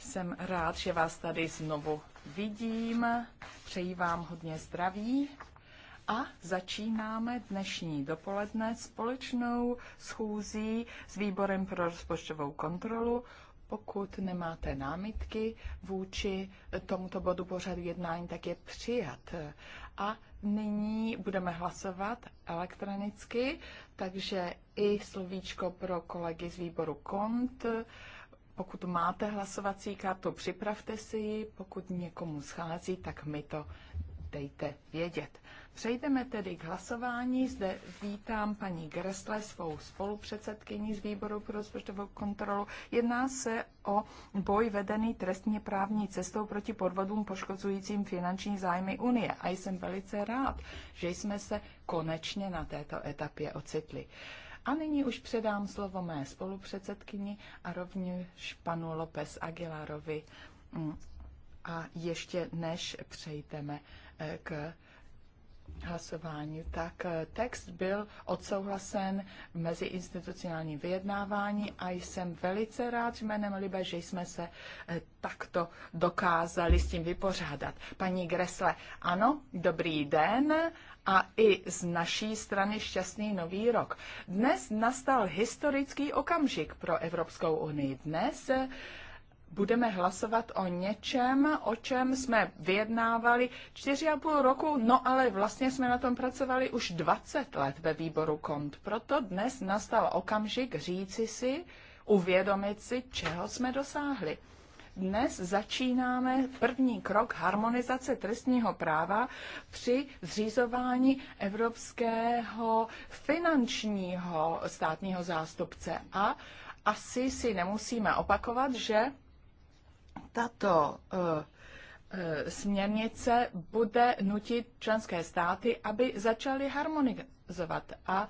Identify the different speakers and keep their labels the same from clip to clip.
Speaker 1: Jsem rád, že vás tady znovu vidím. Přeji vám hodně zdraví. A začínáme dnešní dopoledne společnou schůzí s výborem pro rozpočtovou kontrolu. Pokud nemáte námitky vůči tomuto bodu pořadu jednání, tak je přijat. A nyní budeme hlasovat elektronicky, takže i slovíčko pro kolegy z výboru KONT pokud máte hlasovací kartu, připravte si ji, pokud někomu schází, tak mi to dejte vědět. Přejdeme tedy k hlasování. Zde vítám paní Gresle, svou spolupředsedkyní z výboru pro rozpočtovou kontrolu. Jedná se o boj vedený trestně právní cestou proti podvodům poškozujícím finanční zájmy Unie. A jsem velice rád, že jsme se konečně na této etapě ocitli. A nyní už předám slovo mé spolupředsedkyni a rovněž panu López Aguilarovi. Mm, a ještě než přejdeme eh, k hlasování, tak eh, text byl odsouhlasen v institucionální vyjednávání a jsem velice rád jménem Libe, že jsme se eh, takto dokázali s tím vypořádat. Paní Gresle, ano, dobrý den, a i z naší strany šťastný nový rok. Dnes nastal historický okamžik pro Evropskou unii. Dnes eh, budeme hlasovat o něčem, o čem jsme vyjednávali čtyři a půl roku, no ale vlastně jsme na tom pracovali už 20 let ve výboru KONT. Proto dnes nastal okamžik říci si, uvědomit si, čeho jsme dosáhli. Dnes začínáme první krok harmonizace trestního práva při zřizování evropského finančního státního zástupce. A asi si nemusíme opakovat, že tato eh, eh, směrnice bude nutit členské státy, aby začaly harmonizovat. A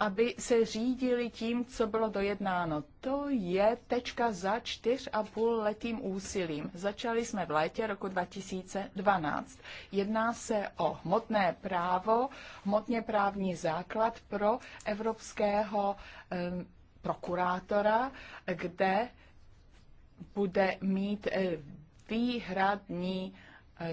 Speaker 1: aby se řídili tím, co bylo dojednáno. To je tečka za čtyř a půl letým úsilím. Začali jsme v létě roku 2012. Jedná se o hmotné právo, hmotně právní základ pro evropského um, prokurátora, kde bude mít eh, výhradní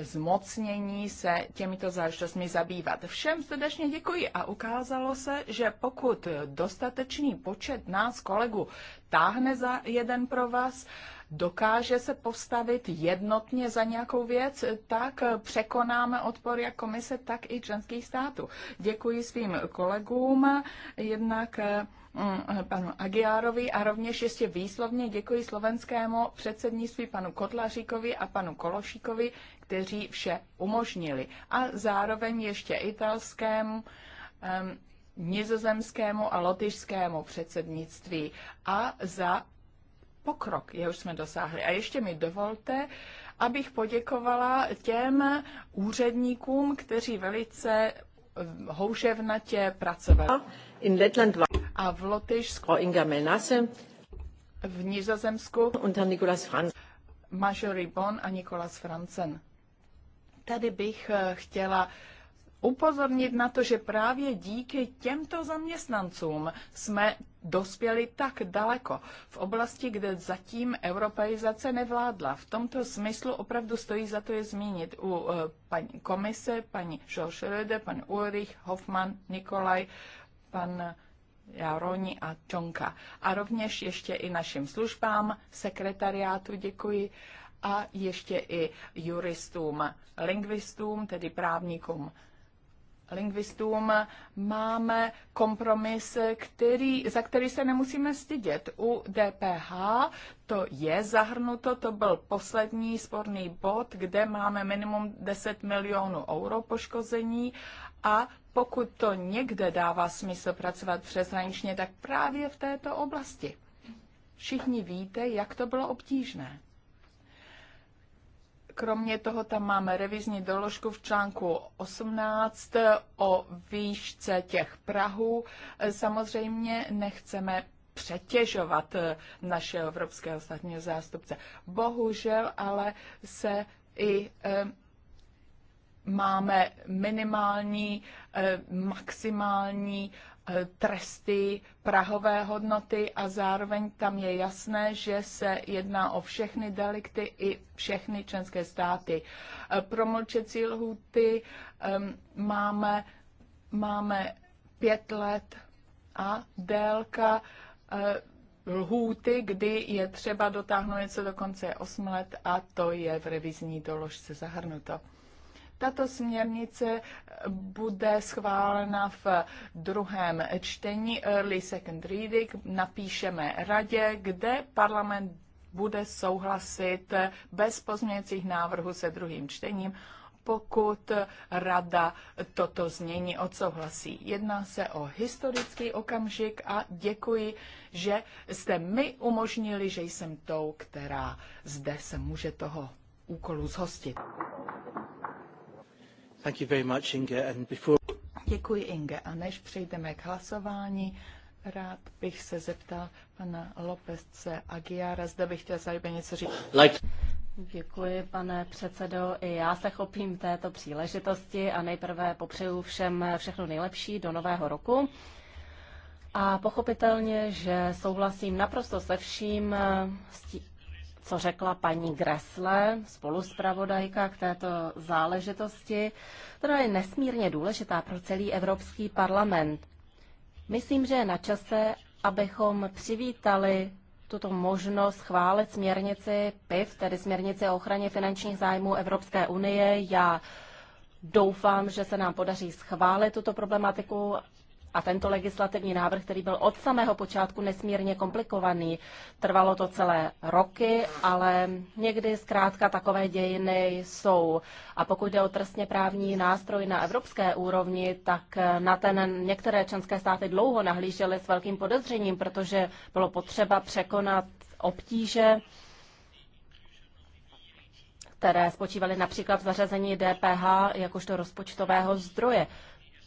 Speaker 1: zmocnění se těmito záležitostmi zabývat. Všem srdečně děkuji a ukázalo se, že pokud dostatečný počet nás kolegů táhne za jeden pro vás, dokáže se postavit jednotně za nějakou věc, tak překonáme odpor jak komise, tak i členských států. Děkuji svým kolegům, jednak Mm, panu Agiárovi a rovněž ještě výslovně děkuji slovenskému předsednictví panu Kotlaříkovi a panu Kološíkovi, kteří vše umožnili. A zároveň ještě italskému, um, nizozemskému a lotyšskému předsednictví a za pokrok, jehož jsme dosáhli. A ještě mi dovolte, abych poděkovala těm úředníkům, kteří velice houževnatě pracovali. In Lettland a v Lotyšsku Inga Melnase, v Nizozemsku Herr Nikolas Franz. Major Ribon a Nikolas Franzen. Tady bych eh, chtěla upozornit na to, že právě díky těmto zaměstnancům jsme dospěli tak daleko v oblasti, kde zatím europeizace nevládla. V tomto smyslu opravdu stojí za to je zmínit u eh, paní komise, paní Schröder, pan Ulrich, Hoffman, Nikolaj, pan Jaroni a Čonka. A rovněž ještě i našim službám, sekretariátu děkuji a ještě i juristům, lingvistům, tedy právníkům lingvistům máme kompromis, který, za který se nemusíme stydět. U DPH to je zahrnuto, to byl poslední sporný bod, kde máme minimum 10 milionů euro poškození a pokud to někde dává smysl pracovat přeshraničně, tak právě v této oblasti. Všichni víte, jak to bylo obtížné. Kromě toho tam máme revizní doložku v článku 18 o výšce těch Prahů. Samozřejmě nechceme přetěžovat našeho evropského státního zástupce. Bohužel ale se i e, máme minimální, e, maximální Eh, tresty prahové hodnoty a zároveň tam je jasné, že se jedná o všechny delikty i všechny členské státy. Eh, promlčecí lhuty máme, máme pět let a délka eh, lhůty, kdy je třeba dotáhnout něco do konce 8 let a to je v revizní doložce zahrnuto. Tato směrnice bude schválena v druhém čtení Early Second Reading. Napíšeme radě, kde parlament bude souhlasit bez pozměňujících návrhů se druhým čtením pokud rada toto znění odsouhlasí. Jedná se o historický okamžik a děkuji, že jste mi umožnili, že jsem tou, která zde se může toho úkolu zhostit.
Speaker 2: Thank you very much, Inge. And before...
Speaker 1: Děkuji, Inge. A než přejdeme k hlasování, rád bych se zeptal pana Lopezce Agiara, zda bych chtěl zajímavě něco říct. Like... Děkuji, pane předsedo. I já
Speaker 3: se chopím této příležitosti a nejprve popřeju všem všechno nejlepší do nového roku. A pochopitelně, že souhlasím naprosto se vším, co řekla paní Gressle, spoluspravodajka k této záležitosti, která je nesmírně důležitá pro celý Evropský parlament. Myslím, že je na čase, abychom přivítali tuto možnost schválit směrnici PIF, tedy směrnici o ochraně finančních zájmů Evropské unie. Já doufám, že se nám podaří schválit tuto problematiku a tento legislativní návrh, který byl od samého počátku nesmírně komplikovaný. Trvalo to celé roky, ale někdy zkrátka takové dějiny jsou. A pokud jde o trestně právní nástroj na evropské úrovni, tak na ten některé členské státy dlouho nahlížely s velkým podezřením, protože bylo potřeba překonat obtíže, které spočívaly například v zařazení DPH jakožto rozpočtového zdroje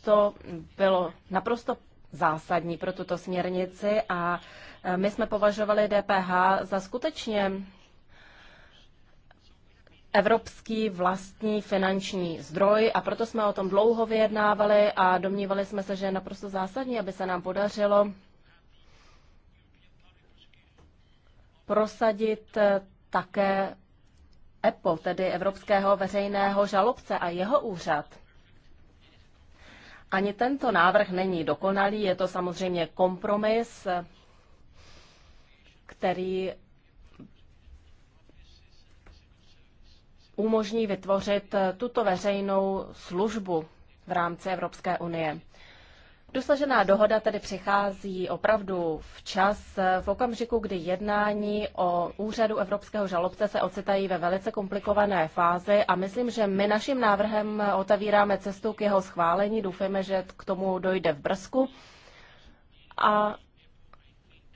Speaker 3: to bylo naprosto zásadní pro tuto směrnici a e, my jsme považovali DPH za skutečně evropský vlastní finanční zdroj a proto jsme o tom dlouho vyjednávali a domnívali jsme se, že je naprosto zásadní, aby se nám podařilo prosadit e, také EPO, tedy Evropského veřejného žalobce a jeho úřad. Ani tento návrh není dokonalý, je to samozřejmě kompromis, který umožní vytvořit tuto veřejnou službu v rámci Evropské unie. Dosažená dohoda tedy přichází opravdu včas, v okamžiku, kdy jednání o úřadu Evropského žalobce se ocitají ve velice komplikované fázi a myslím, že my naším návrhem otevíráme cestu k jeho schválení. Doufejme, že k tomu dojde v brzku. A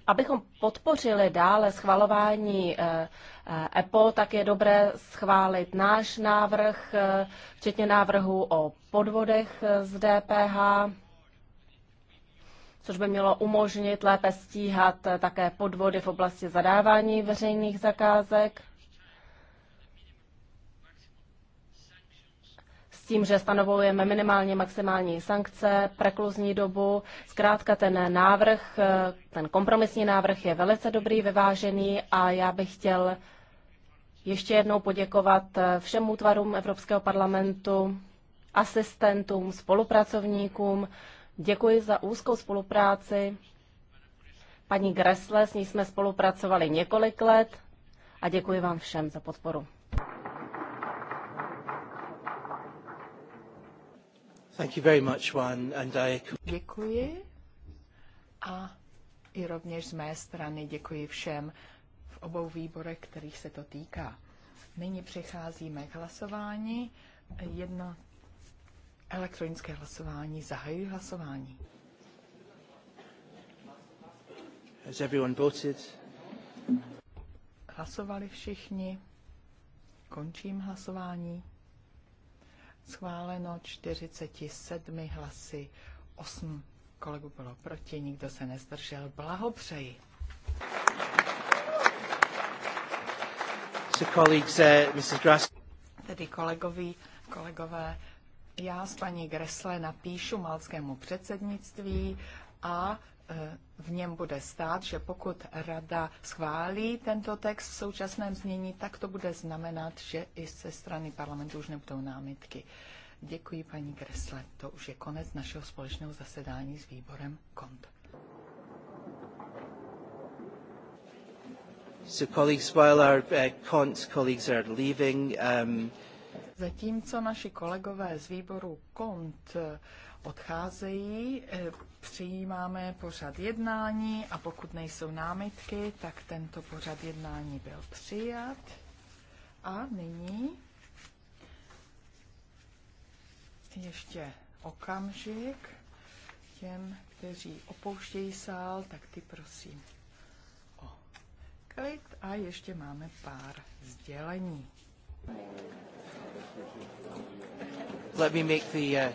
Speaker 3: abychom podpořili dále schvalování EPO, eh, eh, tak je dobré schválit náš návrh, eh, včetně návrhu o podvodech z DPH což by mělo umožnit lépe stíhat také podvody v oblasti zadávání veřejných zakázek. S tím, že stanovujeme minimálně maximální sankce, prekluzní dobu. Zkrátka ten návrh, ten kompromisní návrh je velice dobrý, vyvážený a já bych chtěl ještě jednou poděkovat všem útvarům Evropského parlamentu, asistentům, spolupracovníkům, Děkuji za úzkou spolupráci. Paní Gressle, s ní jsme spolupracovali několik let a děkuji vám všem za podporu.
Speaker 2: Thank you very much, Juan, and I... Děkuji
Speaker 1: a i rovněž z mé strany děkuji všem v obou výborech, kterých se to týká. Nyní přicházíme k hlasování. Jedno Elektronické hlasování. Zahajuji hlasování.
Speaker 2: Has everyone voted?
Speaker 1: Hlasovali všichni. Končím hlasování. Schváleno 47 hlasy, 8 kolegů bylo proti, nikdo se nezdržel. Blahopřeji.
Speaker 2: So colleagues, uh, Mrs. Grass.
Speaker 1: Tedy kolegovi, kolegové, já s paní Gresle napíšu malskému předsednictví a e, v něm bude stát, že pokud rada schválí tento text v současném znění, tak to bude znamenat, že i ze strany parlamentu už nebudou námitky. Děkuji paní Gresle. To už je konec našeho společného zasedání s výborem KONT.
Speaker 2: So colleagues, while our uh, cons colleagues are leaving, um,
Speaker 1: Zatímco naši kolegové z výboru KONT odcházejí, eh, přijímáme pořad jednání a pokud nejsou námitky, tak tento pořad jednání byl přijat. A nyní ještě okamžik těm, kteří opouštějí sál, tak ty prosím o klid a ještě máme pár sdělení.
Speaker 2: Let me make the, uh,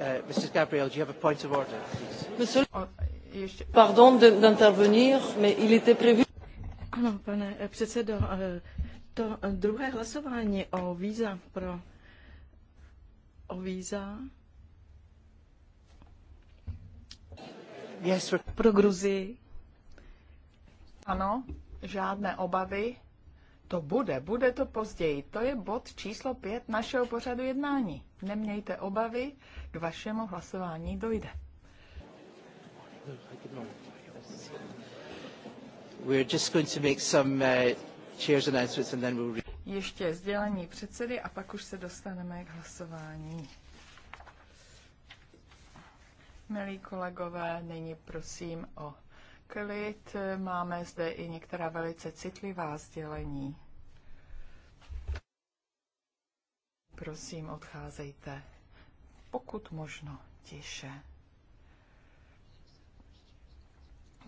Speaker 2: uh, Mrs. Gabriel, do you have a point of order, please?
Speaker 4: Monsieur... Oh, Pardon d'intervenir, mais il était prévu... Ano, pane eh, předsedo, eh, to druhé hlasování o víza pro o víza
Speaker 2: yes, pro Gruzii.
Speaker 1: Ano, žádné obavy. To bude, bude to později. To je bod číslo pět našeho pořadu jednání. Nemějte obavy, k vašemu hlasování dojde. Uh, Ještě sdělení předsedy a pak už se dostaneme k hlasování. Milí kolegové, nyní prosím o klid. Máme zde i některá velice citlivá sdělení. Prosím, odcházejte. Pokud možno, tiše.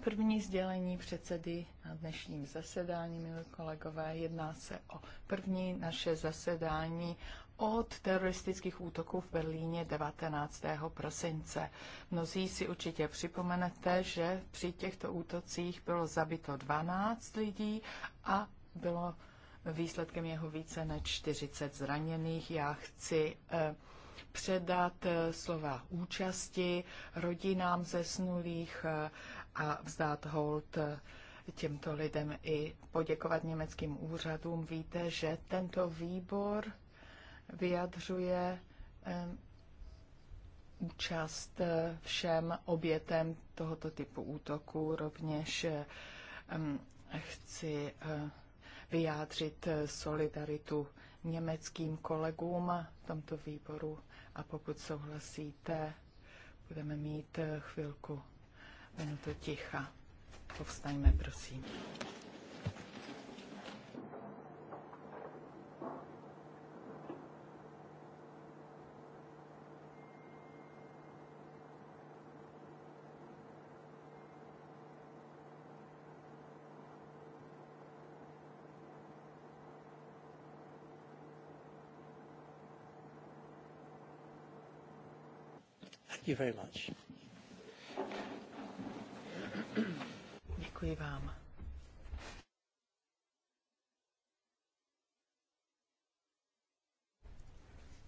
Speaker 1: První sdělení předsedy na dnešním zasedání, milí kolegové, jedná se o první naše zasedání od teroristických útoků v Berlíně 19. prosince. Mnozí si určitě připomenete, že při těchto útocích bylo zabito 12 lidí a bylo výsledkem jeho více než 40 zraněných. Já chci eh, předat eh, slova účasti rodinám zesnulých eh, a vzdát hold těmto lidem i poděkovat německým úřadům. Víte, že tento výbor vyjadřuje účast eh, všem obětem tohoto typu útoku. Rovněž chci eh, vyjádřit eh, solidaritu německým kolegům v tomto výboru a pokud souhlasíte, budeme mít chvilku minutu ticha. Povstaňme, prosím.
Speaker 2: Thank you very much. Děkuji vám.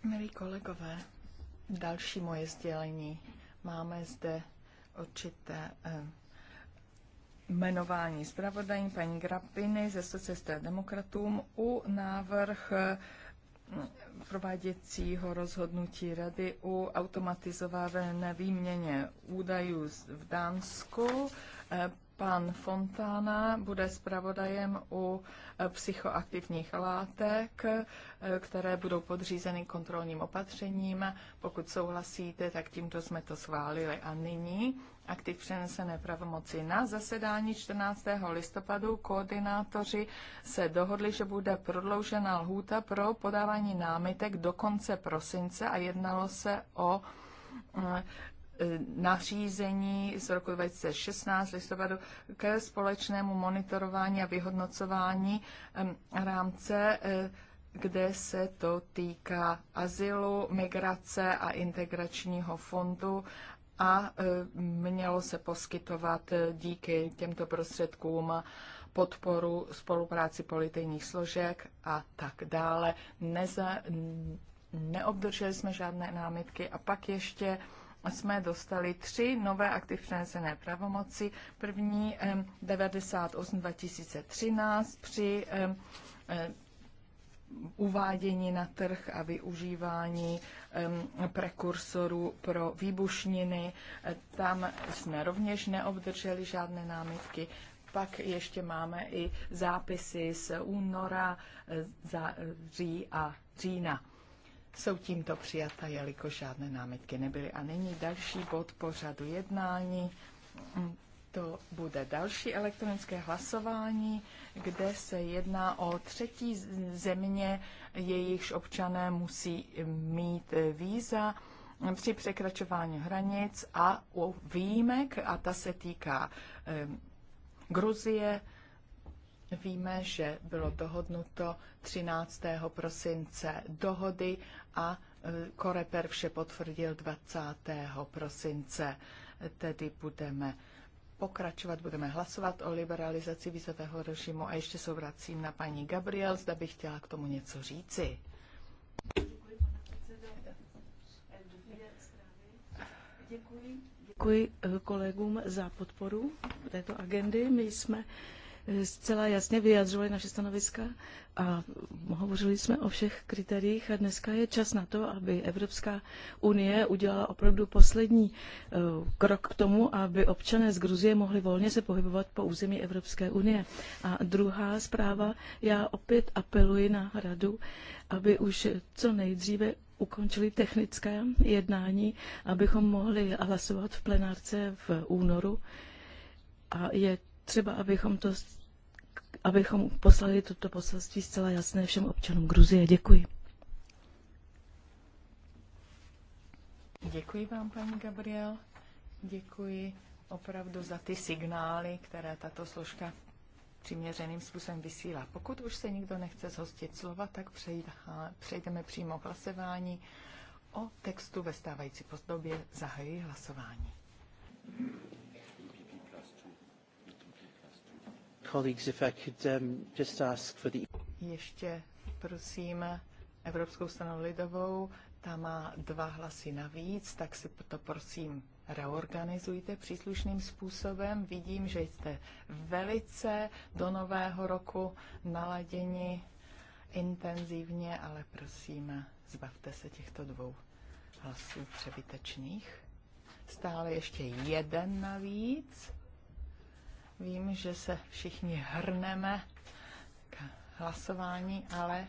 Speaker 1: Milí kolegové, další moje sdělení. Máme zde určité eh, jmenování zpravodajní paní Grapiny ze Socialisté demokratům u návrh eh, prováděcího rozhodnutí rady o automatizované výměně údajů v Dánsku eh, Pan Fontána bude zpravodajem u eh, psychoaktivních látek, eh, které budou podřízeny kontrolním opatřením. Pokud souhlasíte, tak tímto jsme to schválili. A nyní aktiv přenesené pravomoci. Na zasedání 14. listopadu koordinátoři se dohodli, že bude prodloužena lhůta pro podávání námitek do konce prosince a jednalo se o eh, E, nařízení z roku 2016 listopadu ke společnému monitorování a vyhodnocování rámce, e, kde se to týká azylu, migrace a integračního fondu a e, mělo se poskytovat díky těmto prostředkům podporu spolupráci politických složek a tak dále. Neza, neobdrželi jsme žádné námitky a pak ještě jsme dostali tři nové aktiv přenesené pravomoci. První 98-2013 při uvádění na trh a využívání prekursorů pro výbušniny. Tam jsme rovněž neobdrželi žádné námitky. Pak ještě máme i zápisy z února, e, září e, a října jsou tímto přijata, jelikož žádné námitky nebyly. A nyní další bod pořadu jednání. To bude další elektronické hlasování, kde se jedná o třetí země, jejichž občané musí mít víza při překračování hranic a u výjimek, a ta se týká Gruzie, Víme, že bylo dohodnuto 13. prosince dohody a e, Koreper vše potvrdil 20. prosince, tedy budeme pokračovat, budeme hlasovat o liberalizaci vízového režimu a ještě se vracím na paní Gabriel, zda bych chtěla k tomu něco říci. Děkuji. Děkuji
Speaker 4: e, kolegům za podporu této agendy. My jsme zcela jasně vyjadřovali naše stanoviska a hovořili jsme o všech kritériích a dneska je čas na to, aby Evropská unie udělala opravdu poslední e, krok k tomu, aby občané z Gruzie mohli volně se pohybovat po území Evropské unie. A druhá zpráva, já opět apeluji na radu, aby už co nejdříve ukončili technické jednání, abychom mohli hlasovat v plenárce v únoru. A je třeba, abychom to abychom poslali toto poselství zcela jasné všem občanům Gruzie. Děkuji.
Speaker 1: Děkuji vám, paní Gabriel. Děkuji opravdu za ty signály, které tato složka přiměřeným způsobem vysílá. Pokud už se nikdo nechce zhostit slova, tak přejdeme přímo k hlasování o textu ve stávající pozdobě. Zahajuji hlasování.
Speaker 2: colleagues, if I could um, just ask for the...
Speaker 1: Ještě prosím Evropskou stranu lidovou, ta má dva hlasy navíc, tak si to prosím reorganizujte příslušným způsobem. Vidím, že jste velice do nového roku naladěni intenzivně, ale prosím, zbavte se těchto dvou hlasů přebytečných. Stále ještě jeden navíc. Vím, že se všichni hrneme k hlasování, ale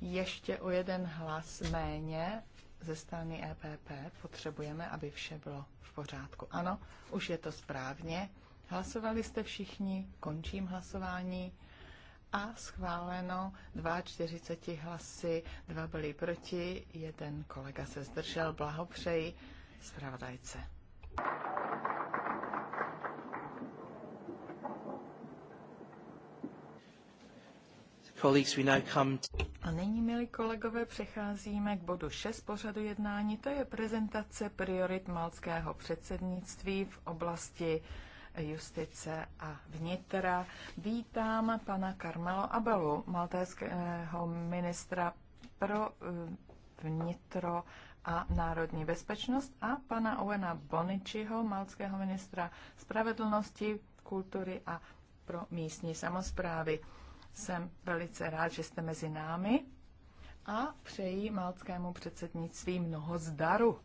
Speaker 1: ještě o jeden hlas méně ze strany EPP potřebujeme, aby vše bylo v pořádku. Ano, už je to správně. Hlasovali jste všichni, končím hlasování a schváleno 42 hlasy, dva byli proti, jeden kolega se zdržel. Blahopřeji zpravodajce.
Speaker 2: Colleagues, we now come to...
Speaker 1: A nyní, milí kolegové, přecházíme k bodu 6 pořadu jednání. To je prezentace priorit maltského předsednictví v oblasti justice a vnitra. Vítám pana Carmelo Abelu, maltéského ministra pro eh, vnitro a národní bezpečnost a pana Owena Boničiho, maltského ministra spravedlnosti, kultury a pro místní samozprávy. Jsem velice rád, že jste mezi námi a přeji maltskému předsednictví mnoho zdaru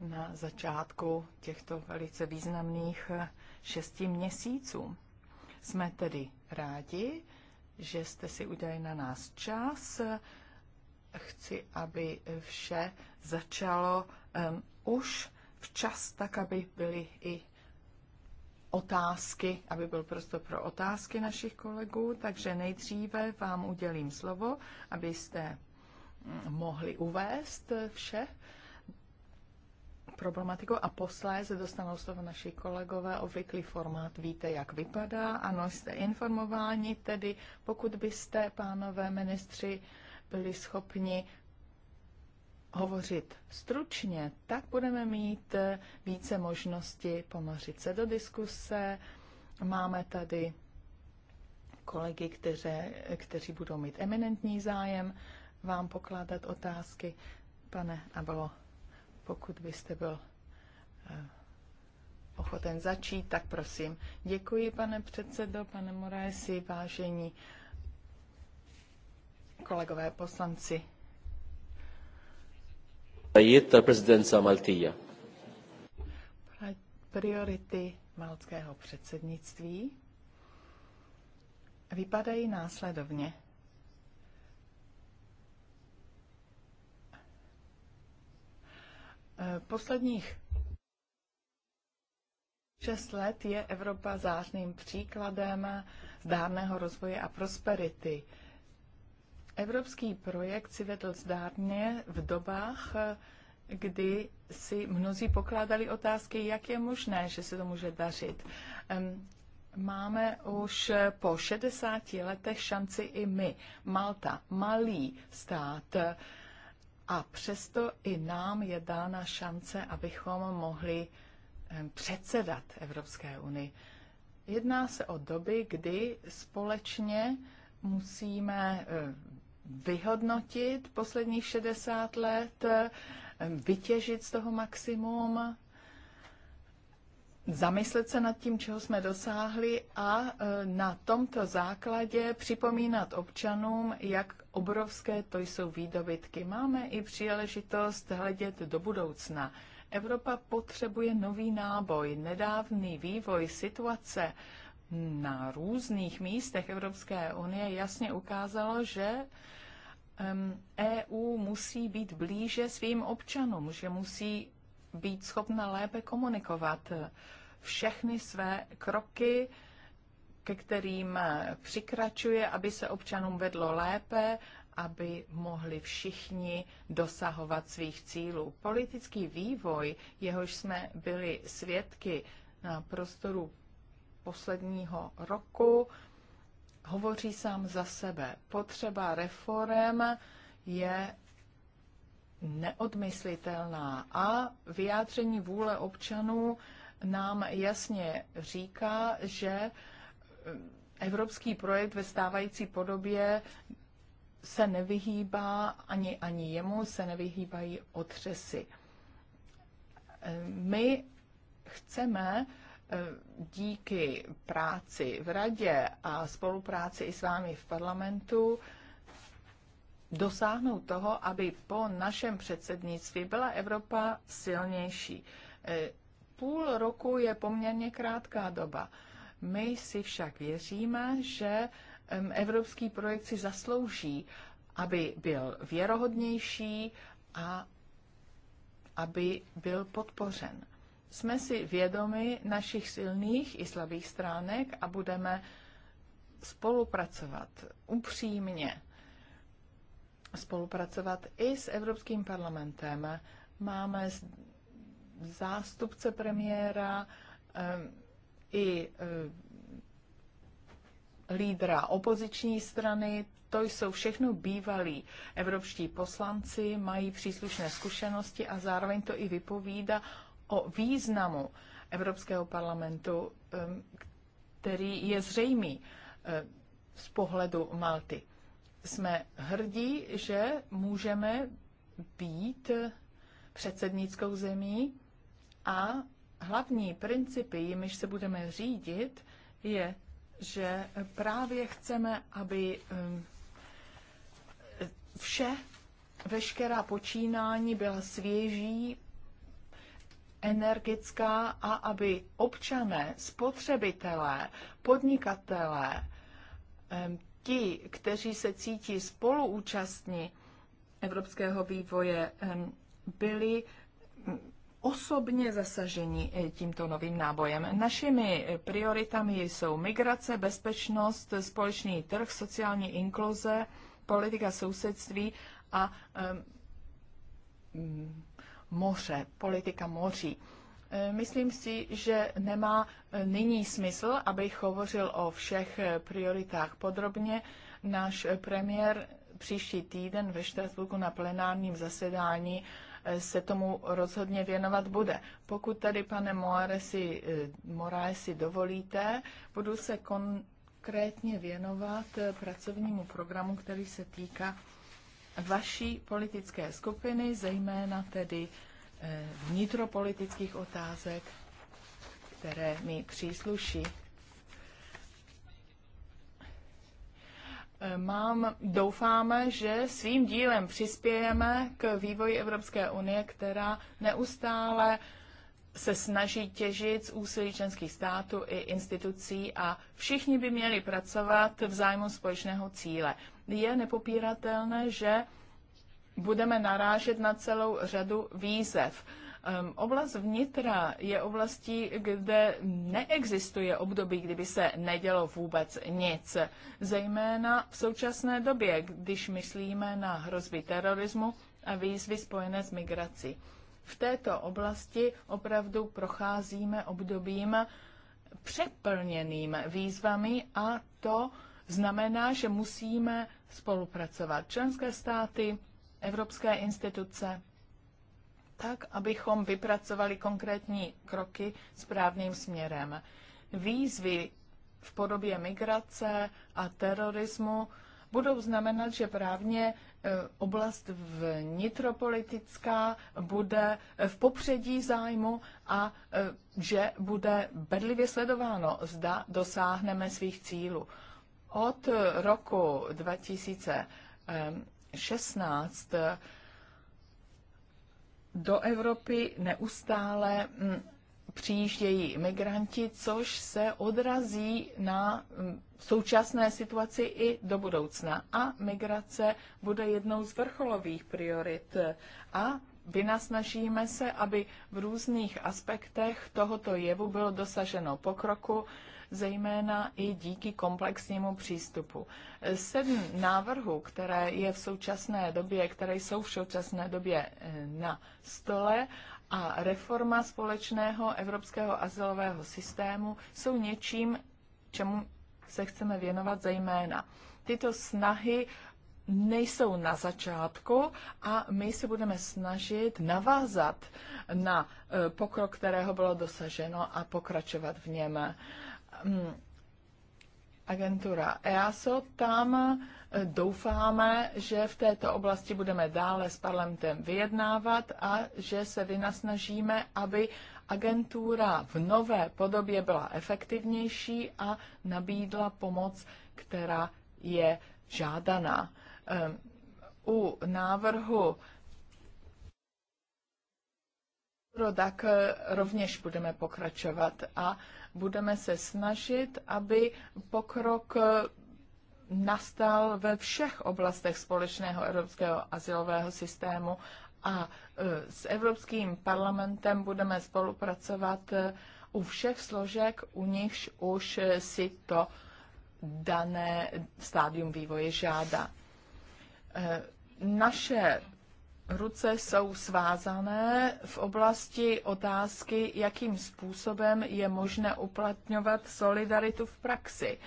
Speaker 1: na začátku těchto velice významných eh, šesti měsíců. Jsme tedy rádi, že jste si udělali na nás čas. Chci, aby vše začalo um, už včas, tak aby byly i otázky, aby byl prostor pro otázky našich kolegů, takže nejdříve vám udělím slovo, abyste mm, mohli uvést vše problematiku a posléze dostanou slovo naši kolegové. Obvyklý formát víte, jak vypadá. Ano, jste informováni, tedy pokud byste, pánové ministři, byli schopni hovořit stručně, tak budeme mít eh, více možnosti ponořit se do diskuse. Máme tady kolegy, kteře, kteří budou mít eminentní zájem vám pokládat otázky. Pane Abelo, pokud byste byl eh, ochoten začít, tak prosím. Děkuji, pane předsedo, pane Moraesi, vážení kolegové poslanci
Speaker 2: prioritajiet tal-Presidenza
Speaker 1: Priority maltského předsednictví vypadají následovně. Eh, posledních šest let je Evropa zářným příkladem zdárného rozvoje a prosperity Evropský projekt si vedl zdárně v dobách, kdy si mnozí pokládali otázky, jak je možné, že se to může dařit. Máme už po 60 letech šanci i my. Malta, malý stát, a přesto i nám je dána šance, abychom mohli předsedat Evropské unii. Jedná se o doby, kdy společně musíme vyhodnotit posledních 60 let, eh, vytěžit z toho maximum, zamyslet se nad tím, čeho jsme dosáhli a eh, na tomto základě připomínat občanům, jak obrovské to jsou výdobytky. Máme i příležitost hledět do budoucna. Evropa potřebuje nový náboj. Nedávný vývoj situace na různých místech Evropské unie jasně ukázalo, že EU e musí být blíže svým občanům, že musí být schopna lépe komunikovat eh, všechny své kroky, ke kterým eh, přikračuje, aby se občanům vedlo lépe, aby mohli všichni dosahovat svých cílů. Politický vývoj, jehož jsme byli svědky na prostoru posledního roku, hovoří sám za sebe. Potřeba reform je neodmyslitelná a vyjádření vůle občanů nám jasně říká, že eh, evropský projekt ve stávající podobě se nevyhýbá, ani, ani jemu se nevyhýbají otřesy. Eh, my chceme Eh, díky práci v radě a spolupráci i s vámi v parlamentu dosáhnout toho, aby po našem předsednictví byla Evropa silnější. Eh, půl roku je poměrně krátká doba. My si však věříme, že evropský projekt si zaslouží, aby byl věrohodnější a aby byl podpořen jsme si vědomi našich silných i slabých stránek a budeme spolupracovat upřímně. Spolupracovat i s Evropským parlamentem. Máme zástupce premiéra i eh, lídra opoziční strany. To jsou všechno bývalí evropští poslanci, mají příslušné zkušenosti a zároveň to i vypovídá o významu Evropského parlamentu, který je zřejmý z pohledu Malty. Jsme hrdí, že můžeme být předsednickou zemí a hlavní principy, jimiž se budeme řídit, je, že právě chceme, aby vše, veškerá počínání byla svěží, energická a aby občané, spotřebitelé, podnikatelé, ti, kteří se cítí spoluúčastní evropského vývoje, byli osobně zasaženi e, tímto novým nábojem. Našimi prioritami jsou migrace, bezpečnost, společný trh, sociální inkluze, politika sousedství a um, moře, politika moří. E, myslím si, že nemá e, nyní smysl, abych hovořil o všech e, prioritách podrobně. Náš premiér příští týden ve Štrasburku na plenárním zasedání se tomu rozhodně věnovat bude. Pokud tady, pane Moaresi, Moraesi, dovolíte, budu se konkrétně věnovat pracovnímu programu, který se týká vaší politické skupiny, zejména tedy eh, vnitropolitických otázek, které mi přísluší. Eh, mám, doufáme, že svým dílem přispějeme k vývoji Evropské unie, která neustále se snaží těžit z úsilí členských států i institucí a všichni by měli pracovat v zájmu společného cíle. Je nepopíratelné, že budeme narážet na celou řadu výzev. Ehm, oblast vnitra je oblastí, kde neexistuje období, kdyby se nedělo vůbec nic. Zejména v současné době, když myslíme na hrozby terorismu a výzvy spojené s migrací v této oblasti opravdu procházíme obdobím přeplněným výzvami a to znamená, že musíme spolupracovat členské státy, evropské instituce, tak, abychom vypracovali konkrétní kroky správným směrem. Výzvy v podobě migrace a terorismu budou znamenat, že právně Eh, oblast vnitropolitická bude v popředí zájmu a eh, že bude bedlivě sledováno, zda dosáhneme svých cílů. Od eh, roku 2016 do Evropy neustále mm, přijíždějí imigranti, což se odrazí na mm, současné situaci i do budoucna. A migrace bude jednou z vrcholových priorit. A vynasnažíme se, aby v různých aspektech tohoto jevu bylo dosaženo pokroku, zejména i díky komplexnímu přístupu. Sedm návrhů, které je v současné době, které jsou v současné době eh, na stole a reforma společného evropského azylového systému jsou něčím, čemu se chceme věnovat zejména. Tyto snahy nejsou na začátku a my se budeme snažit navázat na eh, pokrok, kterého bylo dosaženo a pokračovat v něm. Mm agentura EASO, tam eh, doufáme, že v této oblasti budeme dále s parlamentem vyjednávat a že se vynasnažíme, aby agentura v nové podobě byla efektivnější a nabídla pomoc, která je žádaná. Ehm, u návrhu tak eh, rovněž budeme pokračovat a Budeme se snažit, aby pokrok eh, nastal ve všech oblastech společného evropského asilového systému a eh, s Evropským parlamentem budeme spolupracovat eh, u všech složek, u nichž už si to dané stádium vývoje žádá. Naše ruce jsou svázané v oblasti otázky, jakým způsobem je možné uplatňovat solidaritu v praxi.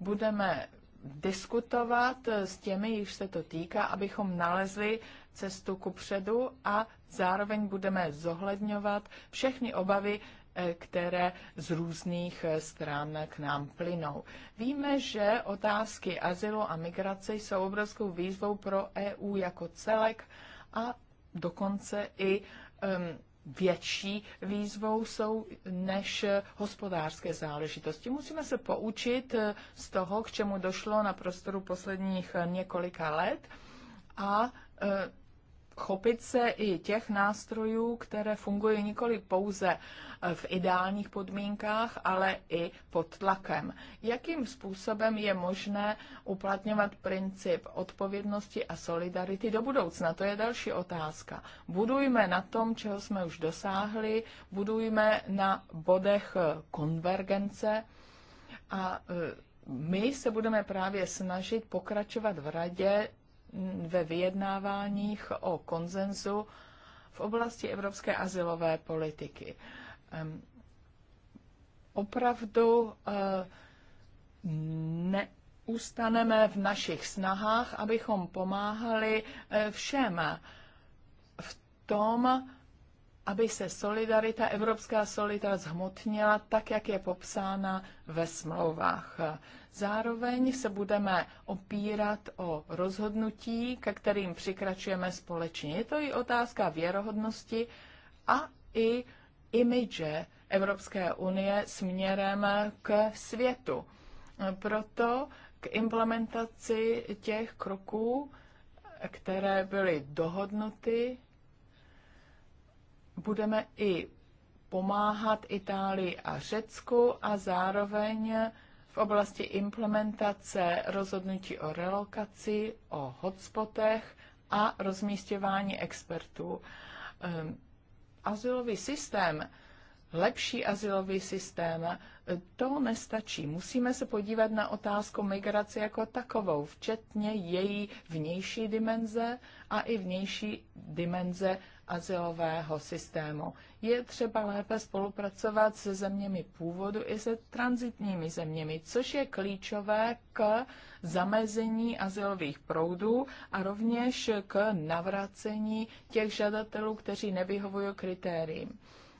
Speaker 1: Budeme diskutovat s těmi, již se to týká, abychom nalezli cestu ku předu a zároveň budeme zohledňovat všechny obavy, eh, které z různých eh, stran k nám plynou. Víme, že otázky azylu a migrace jsou obrovskou výzvou pro EU jako celek a dokonce i um, větší výzvou jsou než hospodářské záležitosti. Musíme se poučit eh, z toho, k čemu došlo na prostoru posledních eh, několika let a eh, chopit se i těch nástrojů, které fungují nikoli pouze eh, v ideálních podmínkách, ale i pod tlakem. Jakým způsobem je možné uplatňovat princip odpovědnosti a solidarity do budoucna? To je další otázka. Budujme na tom, čeho jsme už dosáhli, budujme na bodech eh, konvergence a eh, my se budeme právě snažit pokračovat v radě ve vyjednáváních o konzenzu v oblasti evropské asilové politiky. Opravdu eh, ne, ustaneme v našich snahách, abychom pomáhali eh, všem v tom, aby se solidarita, evropská solidarita zhmotnila tak, jak je popsána ve smlouvách. Zároveň se budeme opírat o rozhodnutí, ke kterým přikračujeme společně. Je to i otázka věrohodnosti a i imidže Evropské unie směrem k světu. Proto k implementaci těch kroků, které byly dohodnuty, budeme i pomáhat Itálii a Řecku a zároveň v oblasti implementace rozhodnutí o relokaci, o hotspotech a rozmístěvání expertů. Ehm, azylový systém lepší asilový systém, to nestačí. Musíme se podívat na otázku migrace jako takovou, včetně její vnější dimenze a i vnější dimenze asilového systému. Je třeba lépe spolupracovat se zeměmi původu i se transitními zeměmi, což je klíčové k zamezení asilových proudů a rovněž k navracení těch žadatelů, kteří nevyhovují kritériím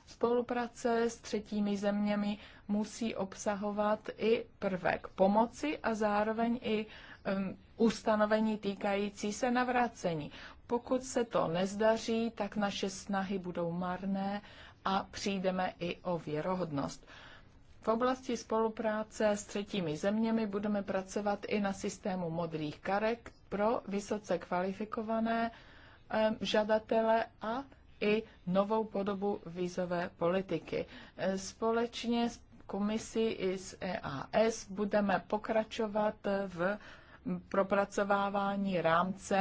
Speaker 1: Spolupráce s třetími zeměmi musí obsahovat i prvek pomoci a zároveň i um, ustanovení týkající se navracení. Pokud se to nezdaří, tak naše snahy budou marné a přijdeme i o věrohodnost. V oblasti spolupráce s třetími zeměmi budeme pracovat i na systému modrých karek pro vysoce kvalifikované um, žadatele a i novou podobu vízové politiky. Společně s komisí i s EAS budeme pokračovat v propracovávání rámce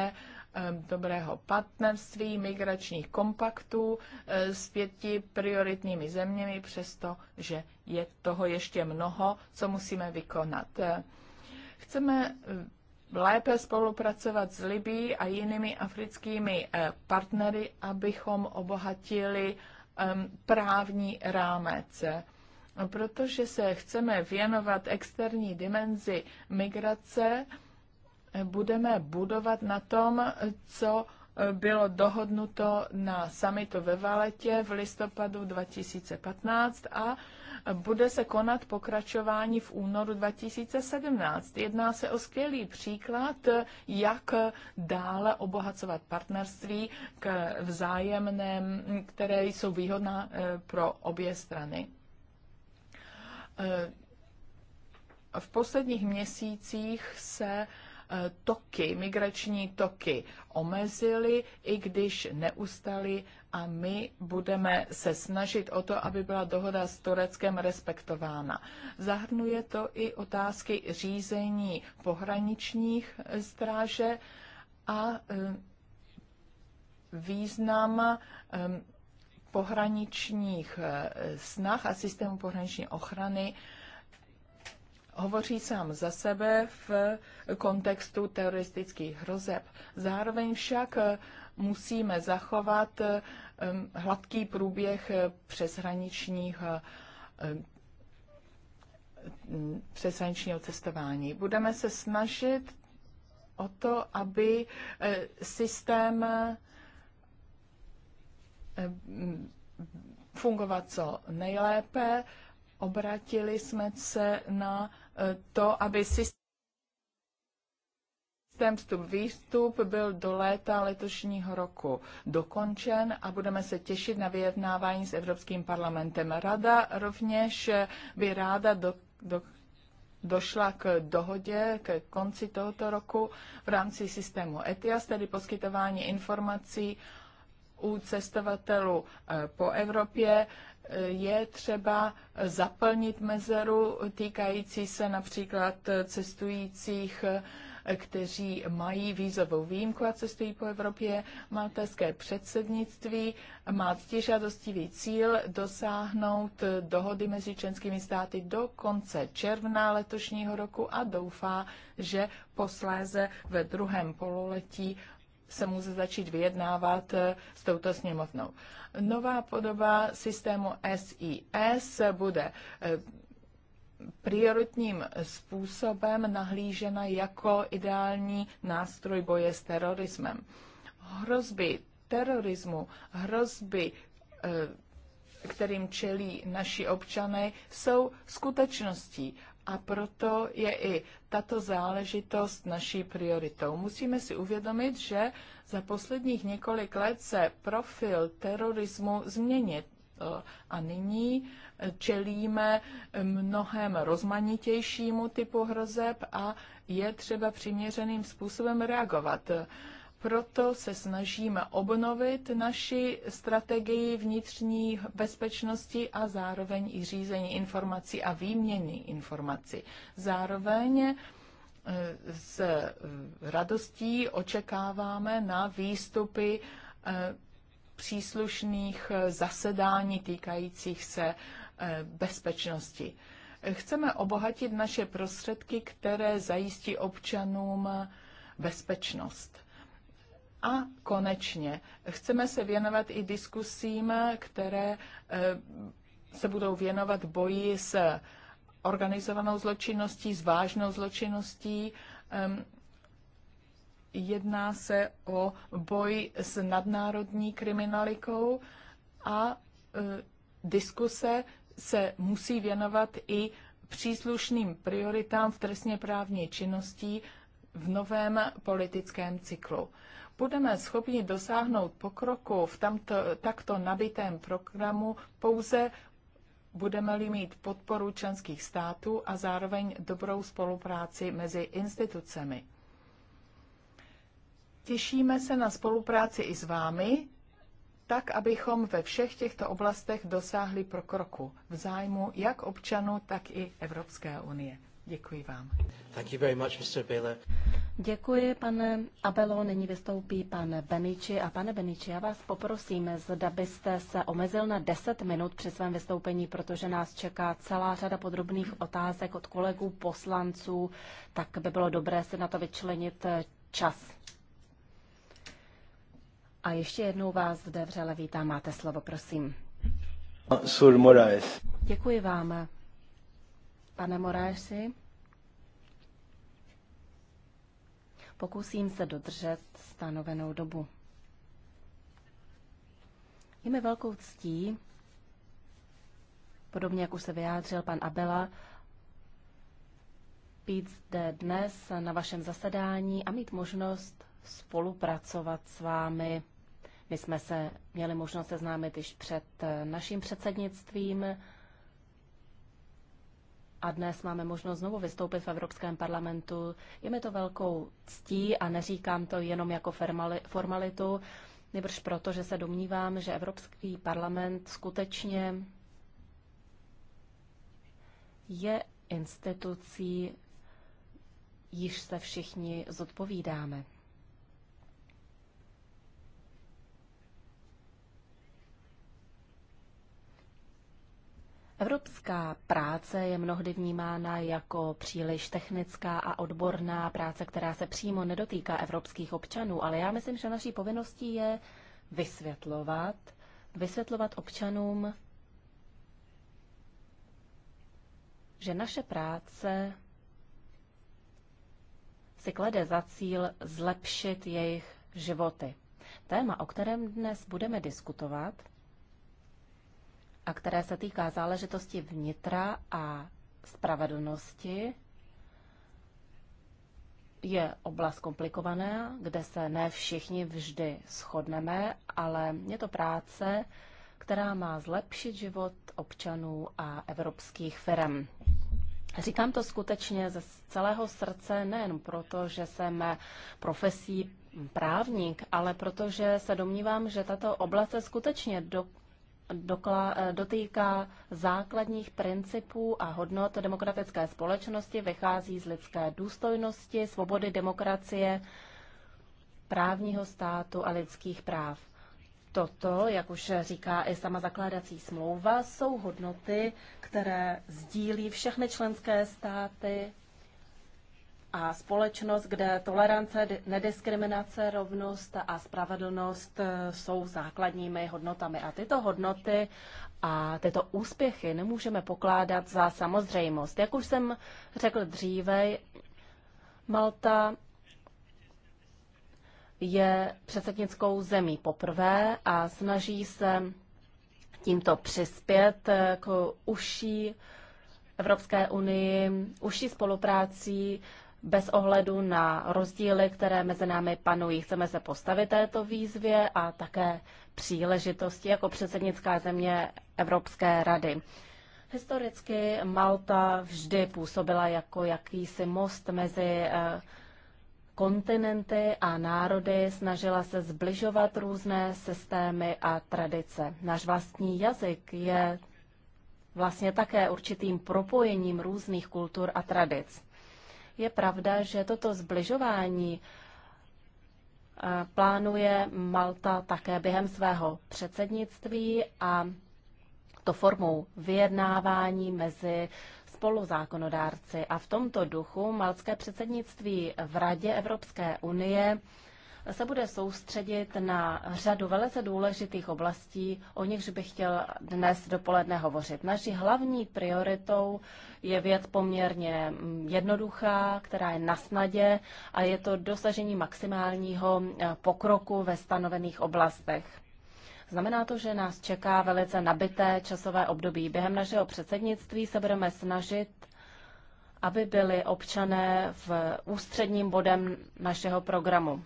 Speaker 1: eh, dobrého partnerství, migračních kompaktů eh, s pěti prioritními zeměmi, přestože je toho ještě mnoho, co musíme vykonat. Eh, chceme lépe spolupracovat s Libí a jinými africkými eh, partnery, abychom obohatili ehm, právní rámec. Protože se chceme věnovat externí dimenzi migrace, eh, budeme budovat na tom, co eh, bylo dohodnuto na summitu ve Valetě v listopadu 2015 a bude se konat pokračování v únoru 2017. Jedná se o skvělý příklad, jak dále obohacovat partnerství k vzájemném, které jsou výhodná eh, pro obě strany. Eh, v posledních měsících se eh, toky, migrační toky omezily, i když neustaly a my budeme se snažit o to, aby byla dohoda s Tureckem respektována. Zahrnuje to i otázky řízení pohraničních stráže a eh, význam eh, pohraničních eh, snah a systému pohraniční ochrany hovoří sám za sebe v kontextu teroristických hrozeb. Zároveň však musíme zachovat eh, hladký průběh eh, přeshraničních eh, přeshraničního cestování. Budeme se snažit o to, aby systém fungovat co nejlépe. Obratili jsme se na to, aby systém Systém vstup-výstup byl do léta letošního roku dokončen a budeme se těšit na vyjednávání s Evropským parlamentem. Rada rovněž by ráda do, do, došla k dohodě k konci tohoto roku v rámci systému ETIAS, tedy poskytování informací u cestovatelů eh, po Evropě eh, je třeba zaplnit mezeru týkající se například cestujících eh, kteří mají vízovou výjimku a cestují po Evropě. Maltéské předsednictví má ctižadostivý cíl dosáhnout dohody mezi členskými státy do konce června letošního roku a doufá, že posléze ve druhém pololetí se může začít vyjednávat s touto sněmovnou. Nová podoba systému SIS bude eh, prioritním způsobem nahlížena jako ideální nástroj boje s terorismem. Hrozby terorismu, hrozby, eh, kterým čelí naši občané, jsou skutečností a proto je i tato záležitost naší prioritou. Musíme si uvědomit, že za posledních několik let se profil terorismu změnit, Eh, a nyní eh, čelíme eh, mnohem rozmanitějšímu typu hrozeb a je třeba přiměřeným způsobem reagovat. Proto se snažíme obnovit naši strategii vnitřní bezpečnosti a zároveň i řízení informací a výměny informací. Zároveň s radostí očekáváme na výstupy příslušných eh, zasedání týkajících se eh, bezpečnosti. Chceme obohatit naše prostředky, které zajistí občanům eh, bezpečnost. A konečně chceme se věnovat i diskusím, které se budou věnovat boji s organizovanou zločinností, s vážnou zločinností, Jedná se o boj s nadnárodní kriminalikou a e, diskuse se musí věnovat i příslušným prioritám v trestně právní činnosti v novém politickém cyklu. Budeme schopni dosáhnout pokroku v tamto, takto nabitém programu pouze budeme-li mít podporu členských států a zároveň dobrou spolupráci mezi institucemi. Těšíme se na spolupráci i s vámi, tak abychom ve všech těchto oblastech dosáhli prokroku v zájmu jak občanů, tak i Evropské unie. Děkuji vám.
Speaker 2: Thank you very much, Mr.
Speaker 3: Děkuji, pane Abelo. Nyní vystoupí pan Beniči. A pane Beniči, já vás poprosím, zda byste se omezil na 10 minut při svém vystoupení, protože nás čeká celá řada podrobných otázek od kolegů poslanců, tak by bylo dobré si na to vyčlenit čas. A ještě jednou vás zde vřele vítám. Máte slovo, prosím.
Speaker 4: Sur Moraes.
Speaker 3: Děkuji vám, pane Moraesi. Pokusím se dodržet stanovenou dobu. Je mi velkou ctí, podobně jak už se vyjádřil pan Abela, být zde dnes na vašem zasedání a mít možnost spolupracovat s vámi. My jsme se měli možnost seznámit již před eh, naším předsednictvím a dnes máme možnost znovu vystoupit v Evropském parlamentu. Je mi to velkou ctí a neříkám to jenom jako formalitu, nebož proto, že se domnívám, že Evropský parlament skutečně je institucí, již se všichni zodpovídáme. Evropská práce je mnohdy vnímána jako příliš technická a odborná práce, která se přímo nedotýká evropských občanů, ale já myslím, že naší povinností je vysvětlovat, vysvětlovat občanům, že naše práce si klade za cíl zlepšit jejich životy. Téma, o kterém dnes budeme diskutovat, a které se týká záležitosti vnitra a spravedlnosti, je oblast komplikovaná, kde se ne všichni vždy shodneme, ale je to práce, která má zlepšit život občanů a evropských firm. Říkám to skutečně ze celého srdce, nejen proto, že jsem profesí právník, ale protože se domnívám, že tato oblast je skutečně do, Eh, dotýká základních principů a hodnot demokratické společnosti, vychází z lidské důstojnosti, svobody demokracie, právního státu a lidských práv. Toto, jak už říká i sama zakládací smlouva, jsou hodnoty, které sdílí všechny členské státy a společnost, kde tolerance, nediskriminace, rovnost a spravedlnost e, jsou základními hodnotami. A tyto hodnoty a tyto úspěchy nemůžeme pokládat za samozřejmost. Jak už jsem řekl dříve, Malta je předsednickou zemí poprvé a snaží se tímto přispět e, k užší Evropské unii, užší spolupráci bez ohledu na rozdíly, které mezi námi panují. Chceme se postavit této výzvě a také příležitosti jako předsednická země Evropské rady. Historicky Malta vždy působila jako jakýsi most mezi eh, kontinenty a národy, snažila se zbližovat různé systémy a tradice. Náš vlastní jazyk je vlastně také určitým propojením různých kultur a tradic. Je pravda, že toto zbližování eh, plánuje Malta také během svého předsednictví a to formou vyjednávání mezi spoluzákonodárci. A v tomto duchu malské předsednictví v Radě Evropské unie se bude soustředit na řadu velice důležitých oblastí, o nichž bych chtěl dnes dopoledne hovořit. Naší hlavní prioritou je věc poměrně mm, jednoduchá, která je na snadě a je to dosažení maximálního e, pokroku ve stanovených oblastech. Znamená to, že nás čeká velice nabité časové období. Během našeho předsednictví se budeme snažit aby byli občané v ústředním bodem našeho programu.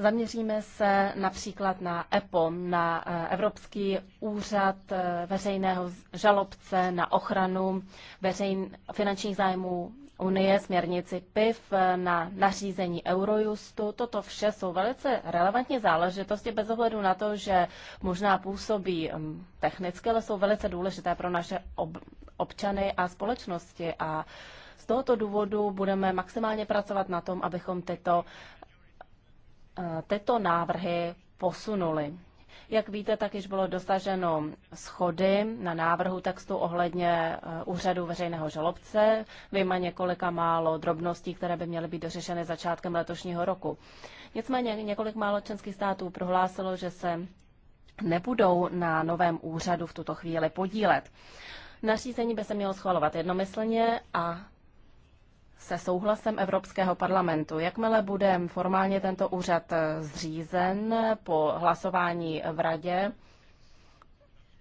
Speaker 3: Zaměříme se například na EPO, na eh, Evropský úřad eh, veřejného žalobce na ochranu veřejn, finančních zájmů Unie, směrnici PIV, eh, na nařízení Eurojustu. Toto vše jsou velice relevantní záležitosti bez ohledu na to, že možná působí mm, technicky, ale jsou velice důležité pro naše ob- občany a společnosti. A z tohoto důvodu budeme maximálně pracovat na tom, abychom tyto Eh, tyto návrhy posunuli. Jak víte, tak již bylo dosaženo schody na návrhu textu ohledně eh, úřadu veřejného žalobce, vyjma několika málo drobností, které by měly být dořešeny začátkem letošního roku. Nicméně několik málo členských států prohlásilo, že se nebudou na novém úřadu v tuto chvíli podílet. Nařízení by se mělo schvalovat jednomyslně a se souhlasem Evropského parlamentu. Jakmile bude formálně tento úřad eh, zřízen po hlasování v Radě,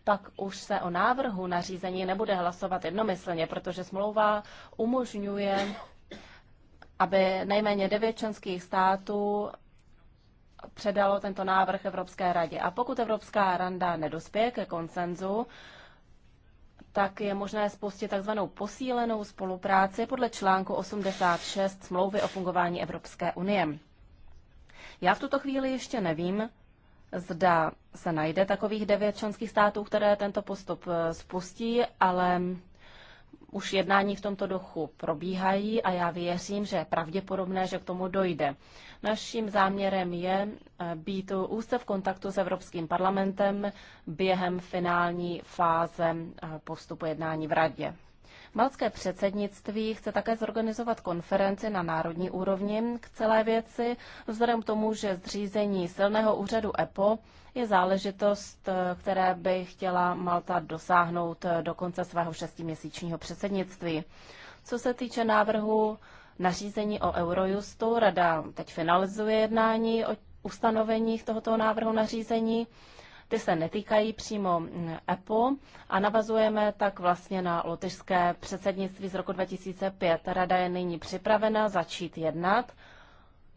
Speaker 3: pak už se o návrhu na řízení nebude hlasovat jednomyslně, protože smlouva umožňuje, aby nejméně devět členských států předalo tento návrh Evropské radě. A pokud Evropská rada nedospěje ke konsenzu, tak je možné spustit tzv. posílenou spolupráci podle článku 86 smlouvy o fungování Evropské unie. Já v tuto chvíli ještě nevím, zda se najde takových devět členských států, které tento postup eh, spustí, ale už jednání v tomto duchu probíhají a já věřím, že je pravděpodobné, že k tomu dojde. Naším záměrem je eh, být úzce v kontaktu s Evropským parlamentem během finální fáze eh, postupu jednání v Radě. Malské předsednictví chce také zorganizovat konferenci na národní úrovni k celé věci, vzhledem k tomu, že zřízení silného úřadu EPO je záležitost, které by chtěla Malta dosáhnout do konce svého šestiměsíčního předsednictví. Co se týče návrhu nařízení o Eurojustu, Rada teď finalizuje jednání o ustanoveních tohoto návrhu nařízení. Ty se netýkají přímo mm, EPO a navazujeme tak vlastně na lotyšské předsednictví z roku 2005. Rada je nyní připravena začít jednat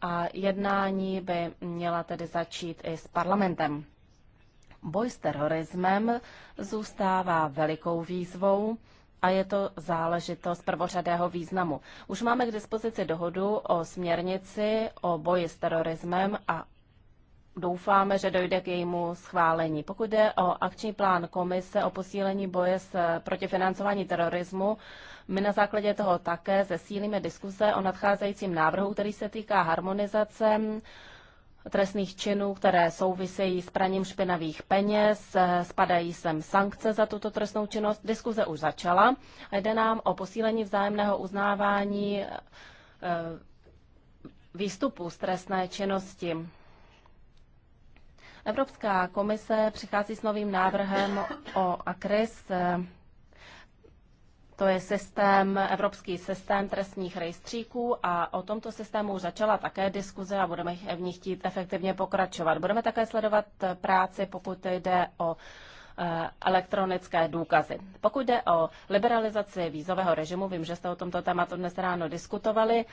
Speaker 3: a jednání by měla tedy začít i s parlamentem. Boj s terorismem zůstává velikou výzvou a je to záležitost prvořadého významu. Už máme k dispozici dohodu o směrnici o boji s terorismem a doufáme, že dojde k jejímu schválení. Pokud jde o akční plán komise o posílení boje s, protifinancování terorismu, my na základě toho také zesílíme diskuse o nadcházejícím návrhu, který se týká harmonizace trestných činů, které souvisejí s praním špinavých peněz, spadají sem sankce za tuto trestnou činnost. Diskuze už začala. Jde nám o posílení vzájemného uznávání eh, výstupu z trestné činnosti. Evropská komise přichází s novým návrhem o ACRIS, to je systém, evropský systém trestních rejstříků a o tomto systému už začala také diskuze a budeme v ní chtít efektivně pokračovat. Budeme také sledovat práci, pokud jde o eh, elektronické důkazy. Pokud jde o liberalizaci vízového režimu, vím, že jste o tomto tématu dnes ráno diskutovali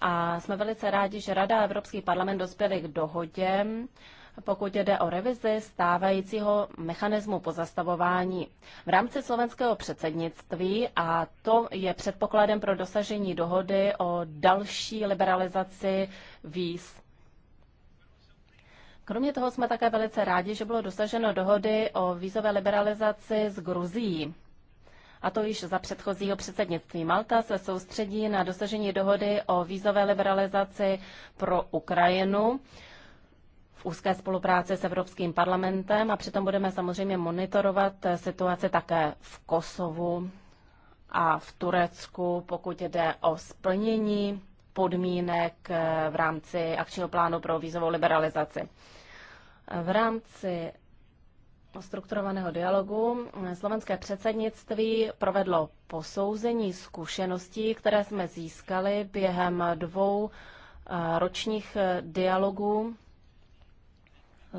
Speaker 3: a jsme velice rádi, že Rada a Evropský parlament dospěli k dohodě pokud jde o revizi stávajícího mechanismu pozastavování v rámci slovenského předsednictví a to je předpokladem pro dosažení dohody o další liberalizaci víz. Kromě toho jsme také velice rádi, že bylo dosaženo dohody o vízové liberalizaci s Gruzií. A to již za předchozího předsednictví Malta se soustředí na dosažení dohody o vízové liberalizaci pro Ukrajinu úzké spolupráci s Evropským parlamentem a přitom budeme samozřejmě monitorovat eh, situaci také v Kosovu a v Turecku, pokud jde o splnění podmínek eh, v rámci akčního plánu pro vízovou liberalizaci. V rámci strukturovaného dialogu eh, slovenské předsednictví provedlo posouzení zkušeností, které jsme získali během dvou ročních dialogů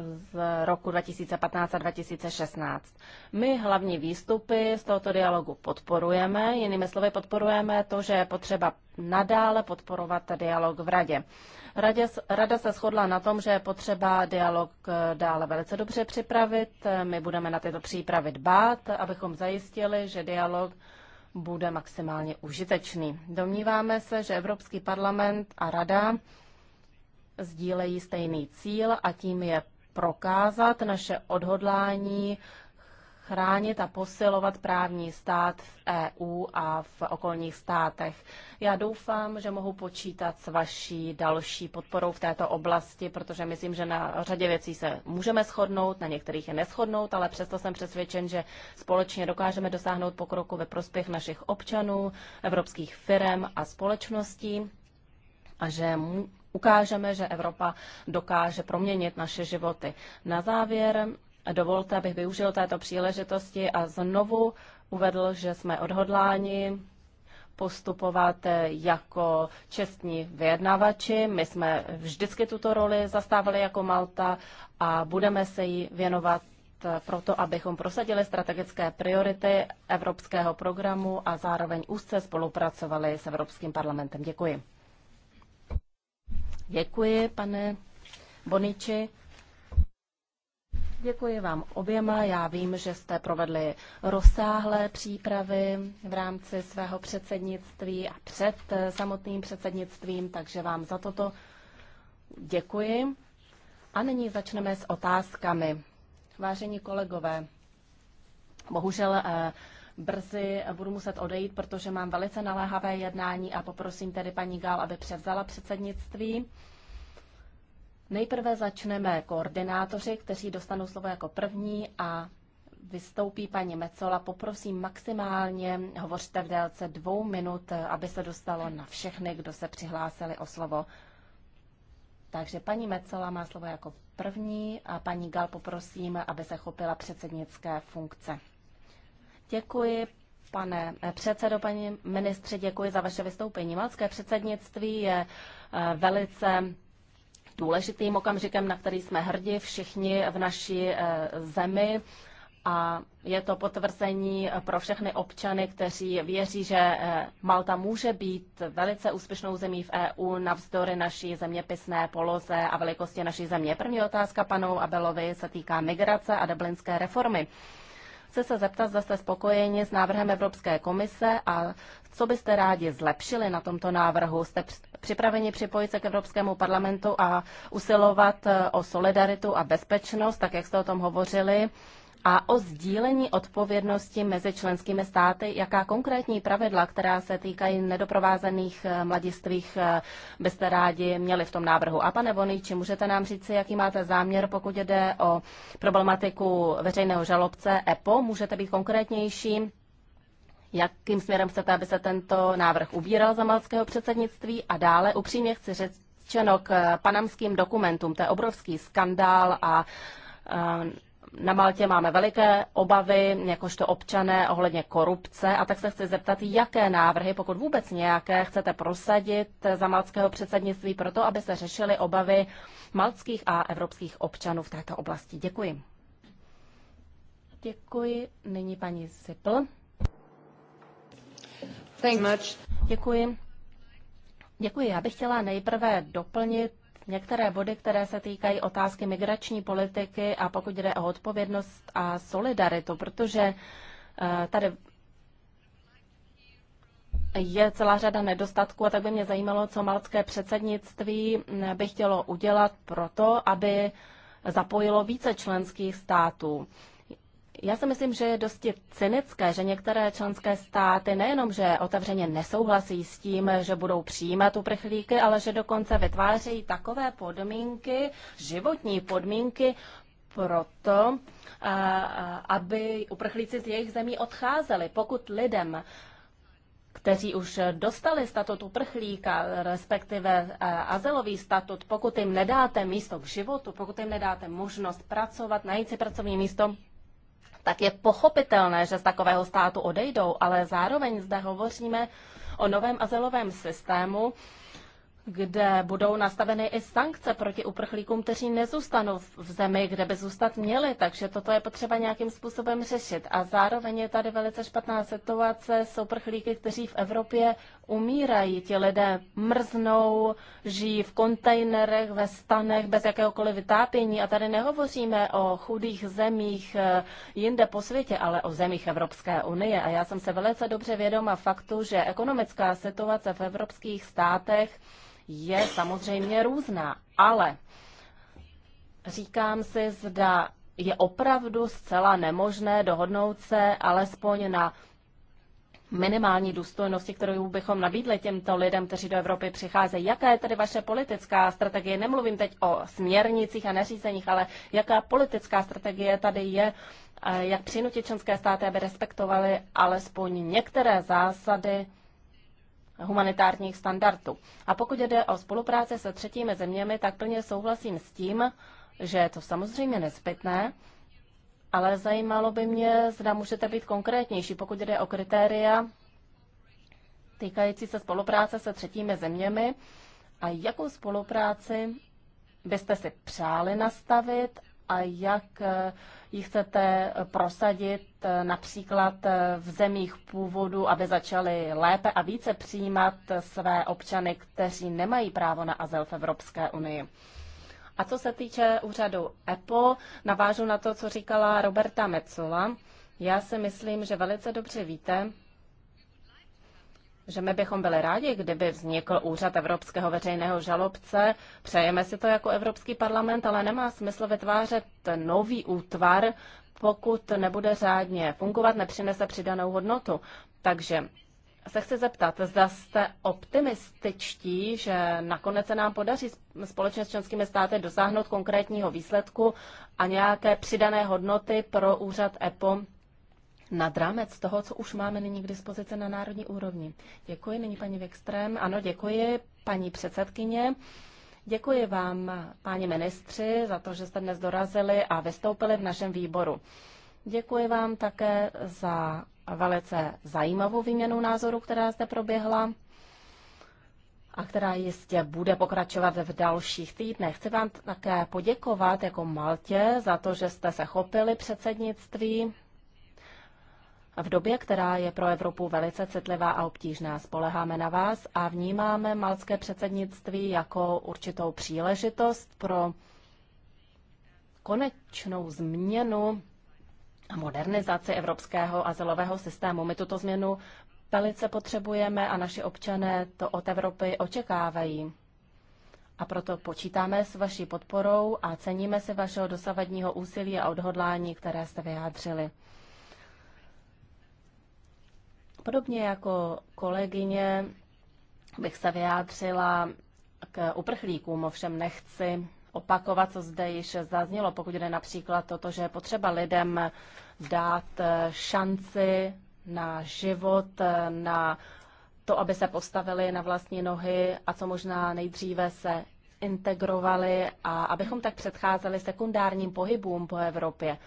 Speaker 3: z roku 2015 a 2016. My hlavní výstupy z tohoto dialogu podporujeme, jinými slovy podporujeme to, že je potřeba nadále podporovat dialog v radě. Radě, rada se shodla na tom, že je potřeba dialog eh, dále velice dobře připravit. My budeme na tyto přípravy dbát, abychom zajistili, že dialog bude maximálně užitečný. Domníváme se, že Evropský parlament a rada sdílejí stejný cíl a tím je prokázat naše odhodlání chránit a posilovat právní stát v EU a v okolních státech. Já doufám, že mohu počítat s vaší další podporou v této oblasti, protože myslím, že na řadě věcí se můžeme shodnout, na některých je neschodnout, ale přesto jsem přesvědčen, že společně dokážeme dosáhnout pokroku ve prospěch našich občanů, evropských firm a společností a že ukážeme, že Evropa dokáže proměnit naše životy. Na závěr dovolte, abych využil této příležitosti a znovu uvedl, že jsme odhodláni postupovat jako čestní vyjednavači. My jsme vždycky tuto roli zastávali jako Malta a budeme se jí věnovat proto, abychom prosadili strategické priority evropského programu a zároveň úzce spolupracovali s Evropským parlamentem. Děkuji. Děkuji, pane Boniči. Děkuji vám oběma. Já vím, že jste provedli rozsáhlé přípravy v rámci svého předsednictví a před samotným předsednictvím, takže vám za toto děkuji. A nyní začneme s otázkami. Vážení kolegové, bohužel eh, brzy budu muset odejít, protože mám velice naléhavé jednání a poprosím tedy paní Gál, aby převzala předsednictví. Nejprve začneme koordinátoři, kteří dostanou slovo jako první a vystoupí paní Mecola. Poprosím maximálně, hovořte v délce dvou minut, aby se dostalo na všechny, kdo se přihlásili o slovo. Takže paní Mecola má slovo jako první a paní Gal poprosím, aby se chopila předsednické funkce. Děkuji, pane eh, předsedo, paní ministře. děkuji za vaše vystoupení. Malské předsednictví je eh, velice důležitým okamžikem, na který jsme hrdi všichni v naší eh, zemi. A je to potvrzení pro všechny občany, kteří věří, že Malta může být velice úspěšnou zemí v EU navzdory naší zeměpisné poloze a velikosti naší země. První otázka panu Abelovi se týká migrace a dublinské reformy chce se zeptat, zda jste spokojeni s návrhem Evropské komise a co byste rádi zlepšili na tomto návrhu? Jste připraveni připojit se k Evropskému parlamentu a usilovat eh, o solidaritu a bezpečnost, tak jak jste o tom hovořili? a o sdílení odpovědnosti mezi členskými státy, jaká konkrétní pravidla, která se týkají nedoprovázených eh, mladistvých, eh, byste rádi měli v tom návrhu. A pane Boniči, můžete nám říci, jaký máte záměr, pokud jde o problematiku veřejného žalobce EPO? Můžete být konkrétnější? Jakým směrem chcete, aby se tento návrh ubíral za malského předsednictví? A dále upřímně chci řečeno k eh, panamským dokumentům. To je obrovský skandál a na Maltě máme veliké obavy, jakožto občané, ohledně korupce. A tak se chci zeptat, jaké návrhy, pokud vůbec nějaké, chcete prosadit za maltského předsednictví proto, aby se řešily obavy maltských a evropských občanů v této oblasti. Děkuji. Děkuji. Nyní paní Zipl. Thanks. Děkuji. Děkuji. Já bych chtěla nejprve doplnit některé body, které se týkají otázky migrační politiky a pokud jde o odpovědnost a solidaritu, protože eh, tady je celá řada nedostatků a tak by mě zajímalo, co maltské předsednictví eh, by chtělo udělat pro to, aby zapojilo více členských států. Já si myslím, že je dosti cynické, že některé členské státy nejenom, že otevřeně nesouhlasí s tím, že budou přijímat uprchlíky, ale že dokonce vytvářejí takové podmínky, životní podmínky, proto, aby uprchlíci z jejich zemí odcházeli. Pokud lidem kteří už dostali statut uprchlíka, respektive azylový statut, pokud jim nedáte místo k životu, pokud jim nedáte možnost pracovat, najít si pracovní místo, tak je pochopitelné, že z takového státu odejdou, ale zároveň zde hovoříme o novém azylovém systému, kde budou nastaveny i sankce proti uprchlíkům, kteří nezůstanou v zemi, kde by zůstat měli, takže toto je potřeba nějakým způsobem řešit. A zároveň je tady velice špatná situace s uprchlíky, kteří v Evropě umírají. Ti lidé mrznou, žijí v kontejnerech, ve stanech, bez jakéhokoliv vytápění. A tady nehovoříme o chudých zemích eh, jinde po světě, ale o zemích Evropské unie. A já jsem se velice dobře vědoma faktu, že ekonomická situace v evropských státech je samozřejmě různá, ale říkám si, zda je opravdu zcela nemožné dohodnout se alespoň na minimální důstojnosti, kterou bychom nabídli těmto lidem, kteří do Evropy přicházejí. Jaká je tedy vaše politická strategie? Nemluvím teď o směrnicích a nařízeních, ale jaká politická strategie tady je, eh, jak přinutit členské státy, aby respektovali alespoň některé zásady humanitárních standardů. A pokud jde o spolupráce se třetími zeměmi, tak plně souhlasím s tím, že je to samozřejmě nezbytné, ale zajímalo by mě, zda můžete být konkrétnější, pokud jde o kritéria týkající se spolupráce se třetími zeměmi a jakou spolupráci byste si přáli nastavit a jak eh, ji chcete eh, prosadit eh, například v zemích původu, aby začaly lépe a více přijímat své občany, kteří nemají právo na azyl v Evropské unii. A co se týče úřadu EPO, navážu na to, co říkala Roberta Mecola. Já si myslím, že velice dobře víte, že my bychom byli rádi, kdyby vznikl úřad Evropského veřejného žalobce. Přejeme si to jako Evropský parlament, ale nemá smysl vytvářet nový útvar, pokud nebude řádně fungovat, nepřinese přidanou hodnotu. Takže se chci zeptat, zda jste optimističtí, že nakonec se nám podaří společně s členskými státy dosáhnout konkrétního výsledku a nějaké přidané hodnoty pro úřad EPO nad rámec toho, co už máme nyní k dispozici na národní úrovni. Děkuji, nyní paní Vekstrém. Ano, děkuji, paní předsedkyně. Děkuji vám, páni ministři, za to, že jste dnes dorazili a vystoupili v našem výboru. Děkuji vám také za velice zajímavou výměnu názoru, která zde proběhla a která jistě bude pokračovat v dalších týdnech. Chci vám také poděkovat jako Maltě za to, že jste se chopili předsednictví v době, která je pro Evropu velice citlivá a obtížná, spoleháme na vás a vnímáme malské předsednictví jako určitou příležitost pro konečnou změnu a modernizaci evropského azylového systému. My tuto změnu velice potřebujeme a naši občané to od Evropy očekávají. A proto počítáme s vaší podporou a ceníme si vašeho dosavadního úsilí a odhodlání, které jste vyjádřili. Podobně jako kolegyně bych se vyjádřila k uprchlíkům, ovšem nechci opakovat, co zde již zaznělo, pokud jde například toto, že je potřeba lidem dát šanci na život, na to, aby se postavili na vlastní nohy a co možná nejdříve se integrovali a abychom tak předcházeli sekundárním pohybům po Evropě.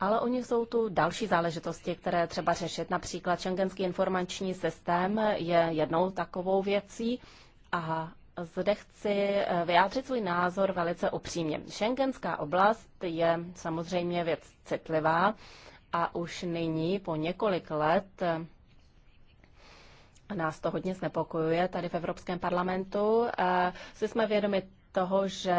Speaker 3: Ale oni jsou tu další záležitosti, které třeba řešit. Například šengenský informační systém je jednou takovou věcí a zde chci eh, vyjádřit svůj názor velice upřímně. Šengenská oblast je samozřejmě věc citlivá a už nyní po několik let eh, nás to hodně znepokojuje tady v Evropském parlamentu. Eh, si jsme vědomi toho, že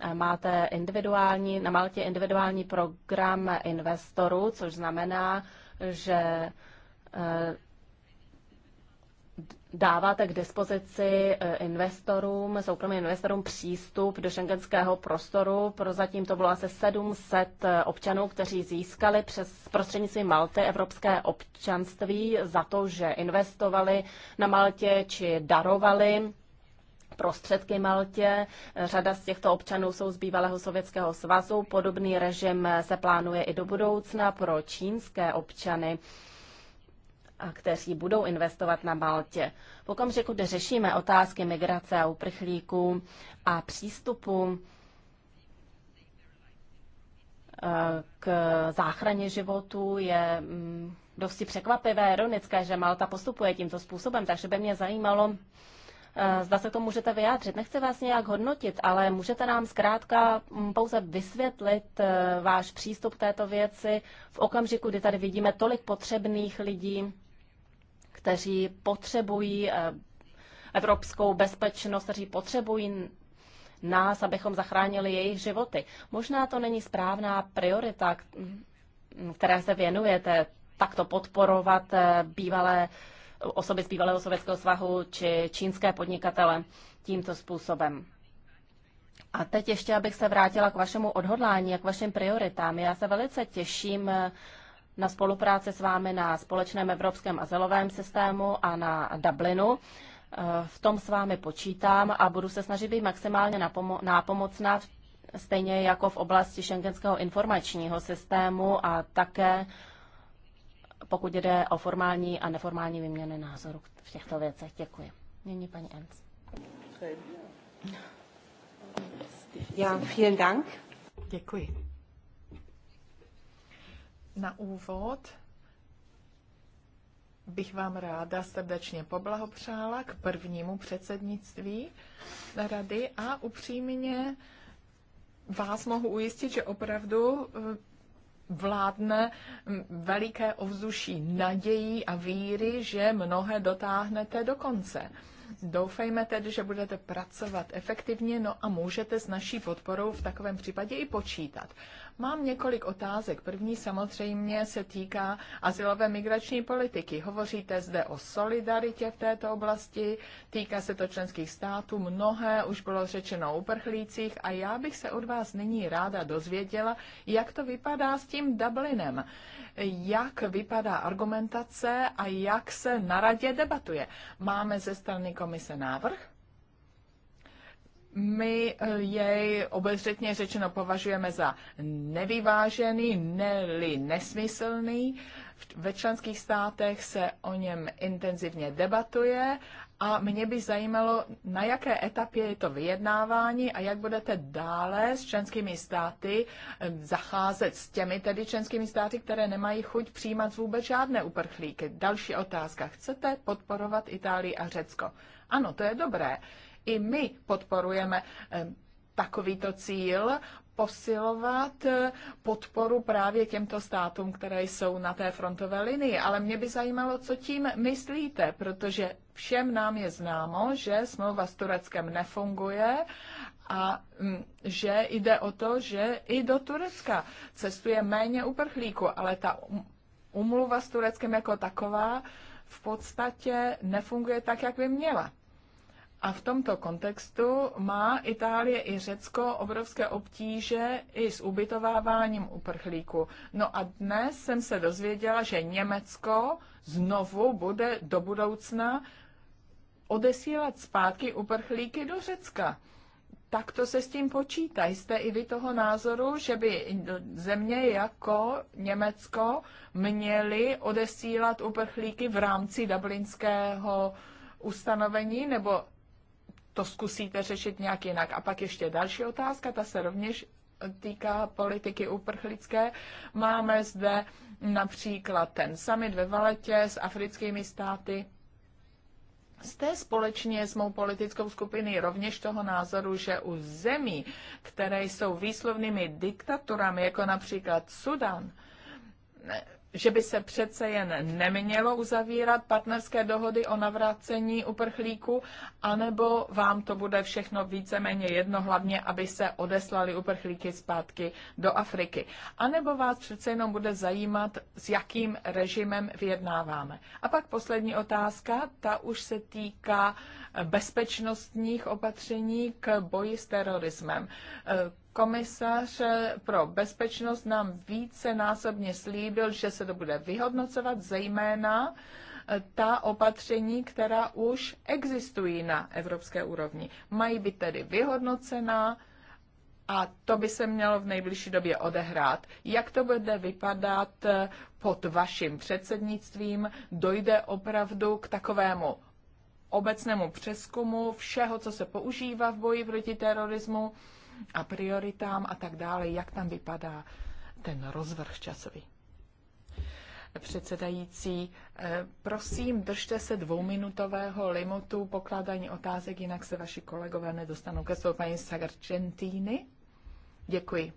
Speaker 3: eh, máte individuální, na Maltě individuální program investorů, což znamená, že eh, dáváte k dispozici eh, investorům, soukromým investorům přístup do šengenského prostoru. Prozatím to bylo asi 700 občanů, kteří získali přes prostřednictvím Malty evropské občanství za to, že investovali na Maltě či darovali prostředky Maltě. Řada z těchto občanů jsou z bývalého Sovětského svazu. Podobný režim se plánuje i do budoucna pro čínské občany kteří budou investovat na Maltě. V okamžiku, kdy řešíme otázky migrace a uprchlíků a přístupu e, k záchraně životů, je mm, dosti překvapivé, ironické, že Malta postupuje tímto způsobem, takže by mě zajímalo, Eh, zda se to můžete vyjádřit. Nechci vás nějak hodnotit, ale můžete nám zkrátka mm, pouze vysvětlit eh, váš přístup k této věci v okamžiku, kdy tady vidíme tolik potřebných lidí, kteří potřebují eh, evropskou bezpečnost, kteří potřebují nás, abychom zachránili jejich životy. Možná to není správná priorita, které se věnujete, takto podporovat bývalé osoby z bývalého Sovětského svahu či čínské podnikatele tímto způsobem. A teď ještě, abych se vrátila k vašemu odhodlání a k vašim prioritám. Já se velice těším eh, na spolupráci s vámi na společném evropském azylovém systému a na Dublinu. Eh, v tom s vámi počítám a budu se snažit být maximálně napomo- nápomocná, stejně jako v oblasti šengenského informačního systému a také pokud jde o formální a neformální výměny názorů v těchto věcech. Děkuji.
Speaker 1: Nyní paní Enz. Já, vielen Dank. Děkuji. Na úvod bych vám ráda srdečně poblahopřála k prvnímu předsednictví rady a upřímně vás mohu ujistit, že opravdu eh, vládne mm, veliké ovzduší nadějí a víry, že mnohé dotáhnete do konce. Doufejme tedy, že budete pracovat efektivně, no a můžete s naší podporou v takovém případě i počítat. Mám několik otázek. První samozřejmě se týká asilové migrační politiky. Hovoříte zde o solidaritě v této oblasti, týká se to členských států, mnohé už bylo řečeno o uprchlících a já bych se od vás nyní ráda dozvěděla, jak to vypadá s tím Dublinem, jak vypadá argumentace a jak se na radě debatuje. Máme ze strany komise návrh? my eh, jej obezřetně řečeno považujeme za nevyvážený, neli nesmyslný. Ve členských státech se o něm intenzivně debatuje a mě by zajímalo, na jaké etapě je to vyjednávání a jak budete dále s členskými státy eh, zacházet s těmi tedy členskými státy, které nemají chuť přijímat vůbec žádné uprchlíky. Další otázka. Chcete podporovat Itálii a Řecko? Ano, to je dobré. I my podporujeme eh, takovýto cíl posilovat eh, podporu právě těmto státům, které jsou na té frontové linii. Ale mě by zajímalo, co tím myslíte, protože všem nám je známo, že smlouva s Tureckem nefunguje a mm, že jde o to, že i do Turecka cestuje méně uprchlíků, ale ta um, umluva s Tureckem jako taková v podstatě nefunguje tak, jak by měla. A v tomto kontextu má Itálie i Řecko obrovské obtíže i s ubytováváním uprchlíků. No a dnes jsem se dozvěděla, že Německo znovu bude do budoucna odesílat zpátky uprchlíky do Řecka. Tak to se s tím počítá. Jste i vy toho názoru, že by země jako Německo měly odesílat uprchlíky v rámci dublinského ustanovení, nebo to zkusíte řešit nějak jinak. A pak ještě další otázka, ta se rovněž týká politiky uprchlické. Máme zde například ten summit ve Valetě s africkými státy. Jste společně s mou politickou skupiny rovněž toho názoru, že u zemí, které jsou výslovnými diktaturami, jako například Sudan, že by se přece jen nemělo uzavírat partnerské dohody o navrácení uprchlíků, anebo vám to bude všechno víceméně jedno, hlavně aby se odeslali uprchlíky zpátky do Afriky. A nebo vás přece jenom bude zajímat, s jakým režimem vyjednáváme. A pak poslední otázka, ta už se týká bezpečnostních opatření k boji s terorismem komisař pro bezpečnost nám více násobně slíbil, že se to bude vyhodnocovat, zejména eh, ta opatření, která už existují na evropské úrovni. Mají být tedy vyhodnocená a to by se mělo v nejbližší době odehrát. Jak to bude vypadat eh, pod vaším předsednictvím? Dojde opravdu k takovému obecnému přeskumu všeho, co se používá v boji proti terorismu? a prioritám a tak dále, jak tam vypadá ten rozvrh časový. Předsedající, eh, prosím, držte se dvouminutového limitu pokládání otázek, jinak se vaši kolegové nedostanou ke slovu. Paní Sargentini, děkuji.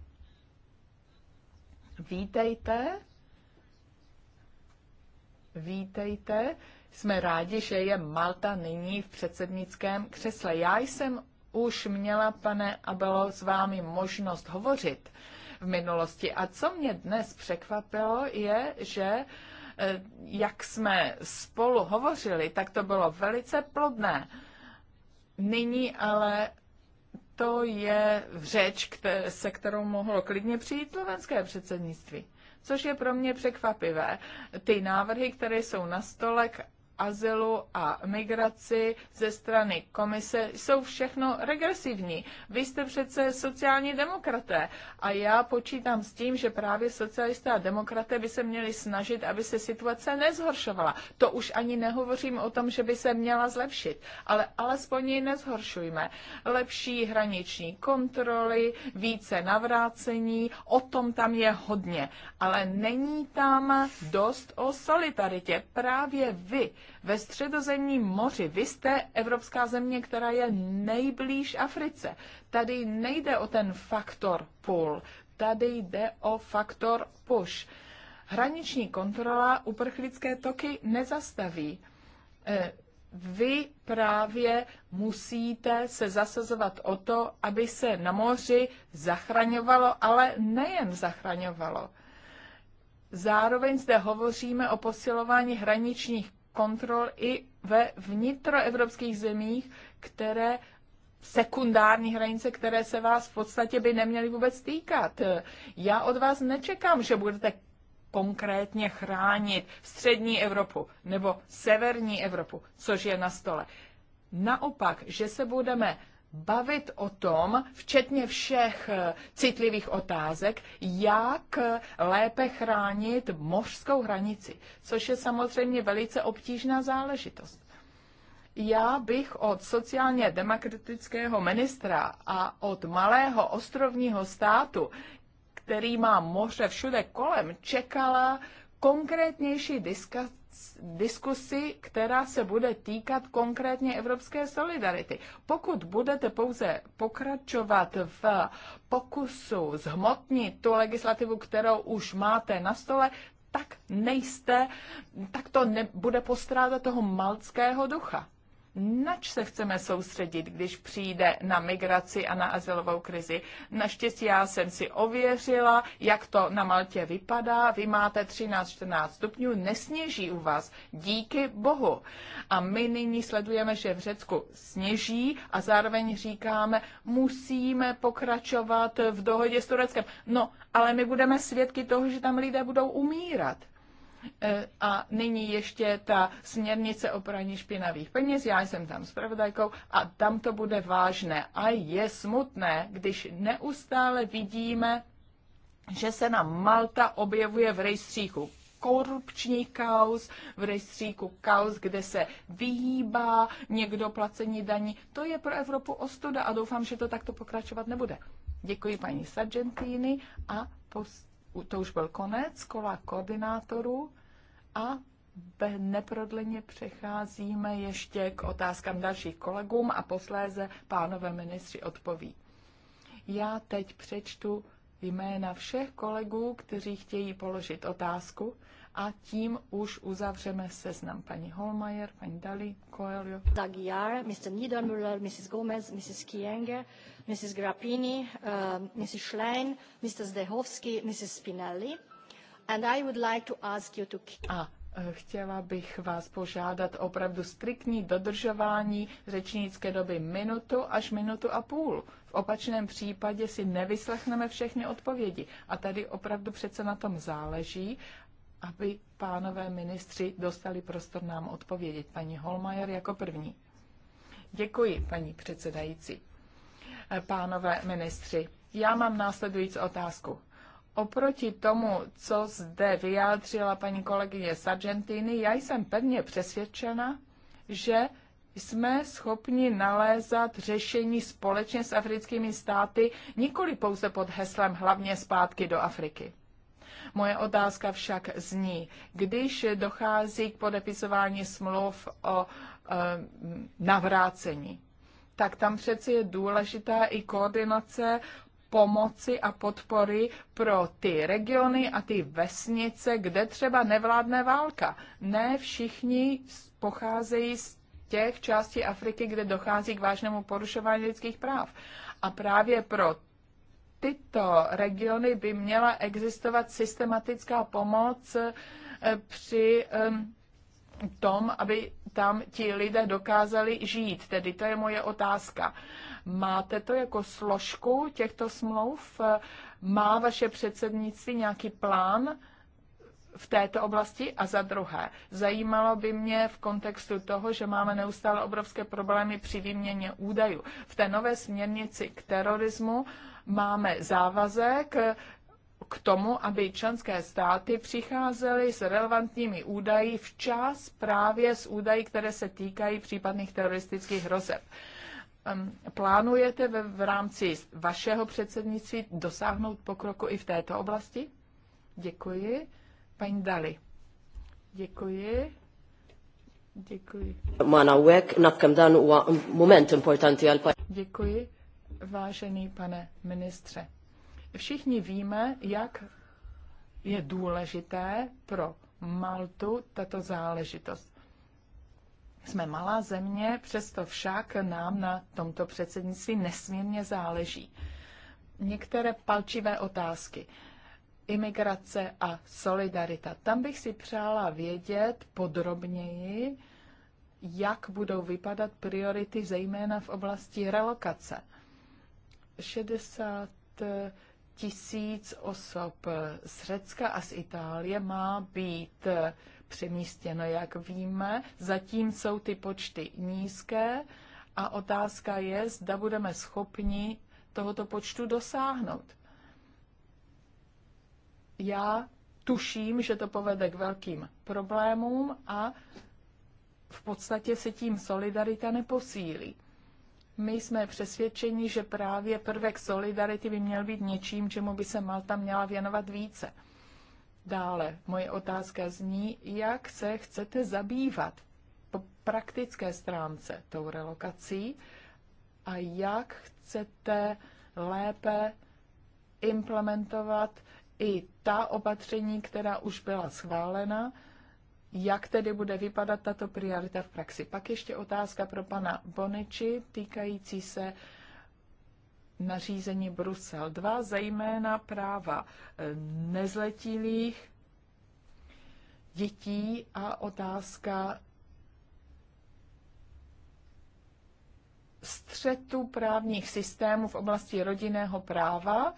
Speaker 1: Vítejte. Vítejte. Jsme rádi, že je Malta nyní v předsednickém křesle. Já jsem už měla, pane Abelo, s vámi možnost hovořit v minulosti. A co mě dnes překvapilo, je, že e, jak jsme spolu hovořili, tak to bylo velice plodné. Nyní ale to je řeč, se kterou mohlo klidně přijít slovenské předsednictví. Což je pro mě překvapivé. Ty návrhy, které jsou na stolek azylu a migraci ze strany komise jsou všechno regresivní. Vy jste přece sociální demokraté a já počítám s tím, že právě socialisté a demokraté by se měli snažit, aby se situace nezhoršovala. To už ani nehovořím o tom, že by se měla zlepšit, ale alespoň ji nezhoršujme. Lepší hraniční kontroly, více navrácení, o tom tam je hodně, ale není tam dost o solidaritě. Právě vy ve středozemním moři. Vy jste evropská země, která je nejblíž Africe. Tady nejde o ten faktor pull, tady jde o faktor push. Hraniční kontrola uprchlické toky nezastaví. Eh, vy právě musíte se zasazovat o to, aby se na moři zachraňovalo, ale nejen zachraňovalo. Zároveň zde hovoříme o posilování hraničních kontrol i ve vnitroevropských zemích, které sekundární hranice, které se vás v podstatě by neměly vůbec týkat. Já od vás nečekám, že budete konkrétně chránit střední Evropu nebo severní Evropu, což je na stole. Naopak, že se budeme bavit o tom, včetně všech eh, citlivých otázek, jak eh, lépe chránit mořskou hranici, což je samozřejmě velice obtížná záležitost. Já bych od sociálně demokratického ministra a od malého ostrovního státu, který má moře všude kolem, čekala konkrétnější diska, diskusi, která se bude týkat konkrétně evropské solidarity. Pokud budete pouze pokračovat v pokusu zhmotnit tu legislativu, kterou už máte na stole, tak nejste, tak to nebude postrádat toho malckého ducha nač se chceme soustředit, když přijde na migraci a na azylovou krizi. Naštěstí já jsem si ověřila, jak to na Maltě vypadá. Vy máte 13-14 stupňů, nesněží u vás, díky bohu. A my nyní sledujeme, že v Řecku sněží a zároveň říkáme, musíme pokračovat v dohodě s Tureckem. No, ale my budeme svědky toho, že tam lidé budou umírat. E, a nyní ještě ta směrnice o praní špinavých peněz, já jsem tam s pravodajkou a tam to bude vážné. A je smutné, když neustále vidíme, že se nám Malta objevuje v rejstříku korupční kaos, v rejstříku kaos, kde se vyhýbá někdo placení daní. To je pro Evropu ostuda a doufám, že to takto pokračovat nebude. Děkuji paní Sargentini a post to už byl konec kola koordinátorů a neprodleně přecházíme ještě k otázkám dalších kolegům a posléze pánové ministři odpoví. Já teď přečtu jména všech kolegů, kteří chtějí položit otázku a tím už uzavřeme seznam paní Holmajer, paní Dali, Coelho. Dagiar, Mr. Niedermüller, Mrs. Gomez, Mrs. Kienge, Mrs. Grappini, uh, Mrs. Schlein, Mr. Zdehovsky, Mrs. Spinelli. And I would like to ask you to... A eh, chtěla bych vás požádat opravdu striktní dodržování řečnické doby minutu až minutu a půl. V opačném případě si nevyslechneme všechny odpovědi. A tady opravdu přece na tom záleží aby pánové ministři dostali prostor nám odpovědět. Paní Holmajer jako první. Děkuji, paní předsedající. Eh, pánové ministři, já mám následující otázku. Oproti tomu, co zde vyjádřila paní kolegyně z Argentiny, já jsem pevně přesvědčena, že jsme schopni nalézat řešení společně s africkými státy, nikoli pouze pod heslem hlavně zpátky do Afriky. Moje otázka však zní, když dochází k podepisování smluv o eh, navrácení, tak tam přeci je důležitá i koordinace pomoci a podpory pro ty regiony a ty vesnice, kde třeba nevládne válka. Ne všichni pocházejí z těch částí Afriky, kde dochází k vážnému porušování lidských práv. A právě pro tyto regiony by měla existovat systematická pomoc eh, při ehm, tom, aby tam ti lidé dokázali žít. Tedy to je moje otázka. Máte to jako složku těchto smlouv? Má vaše předsednictví nějaký plán v této oblasti? A za druhé, zajímalo by mě v kontextu toho, že máme neustále obrovské problémy při výměně údajů. V té nové směrnici k terorismu máme závazek k tomu, aby členské státy přicházely s relevantními údaji včas právě s údaji, které se týkají případných teroristických hrozeb. Plánujete v rámci vašeho předsednictví dosáhnout pokroku i v této oblasti? Děkuji. Paní Dali. Děkuji. Děkuji. Mana Děkuji vážený pane ministře. Všichni víme, jak je důležité pro Maltu tato záležitost. Jsme malá země, přesto však nám na tomto předsednictví nesmírně záleží. Některé palčivé otázky. Imigrace a solidarita. Tam bych si přála vědět podrobněji, jak budou vypadat priority, zejména v oblasti relokace. 60 tisíc osob z Řecka a z Itálie má být přemístěno, jak víme. Zatím jsou ty počty nízké a otázka je, zda budeme schopni tohoto počtu dosáhnout. Já tuším, že to povede k velkým problémům a v podstatě se tím solidarita neposílí. My jsme přesvědčeni, že právě prvek solidarity by měl být něčím, čemu by se Malta měla věnovat více. Dále, moje otázka zní, jak se chcete zabývat po praktické stránce tou relokací a jak chcete lépe implementovat i ta opatření, která už byla schválena, jak tedy bude vypadat tato priorita v praxi. Pak ještě otázka pro pana Boneči týkající se nařízení Brusel 2, zejména práva eh, nezletilých dětí a otázka střetu právních systémů v oblasti rodinného práva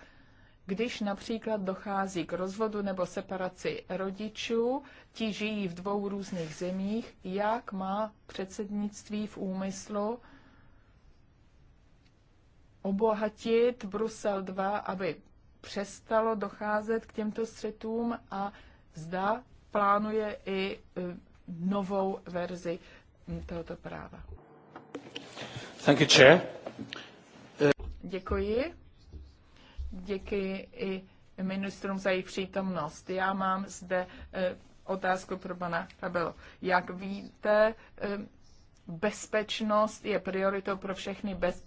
Speaker 1: když například dochází k rozvodu nebo separaci rodičů, ti žijí v dvou různých zemích, jak má předsednictví v úmyslu obohatit Brusel 2, aby přestalo docházet k těmto střetům a zda plánuje i e, novou verzi tohoto práva. Thank you, chair. Děkuji. Děkuji i ministrům za jejich přítomnost. Já mám zde e, otázku pro pana Fabelo. Jak víte, e, bezpečnost je prioritou pro všechny bez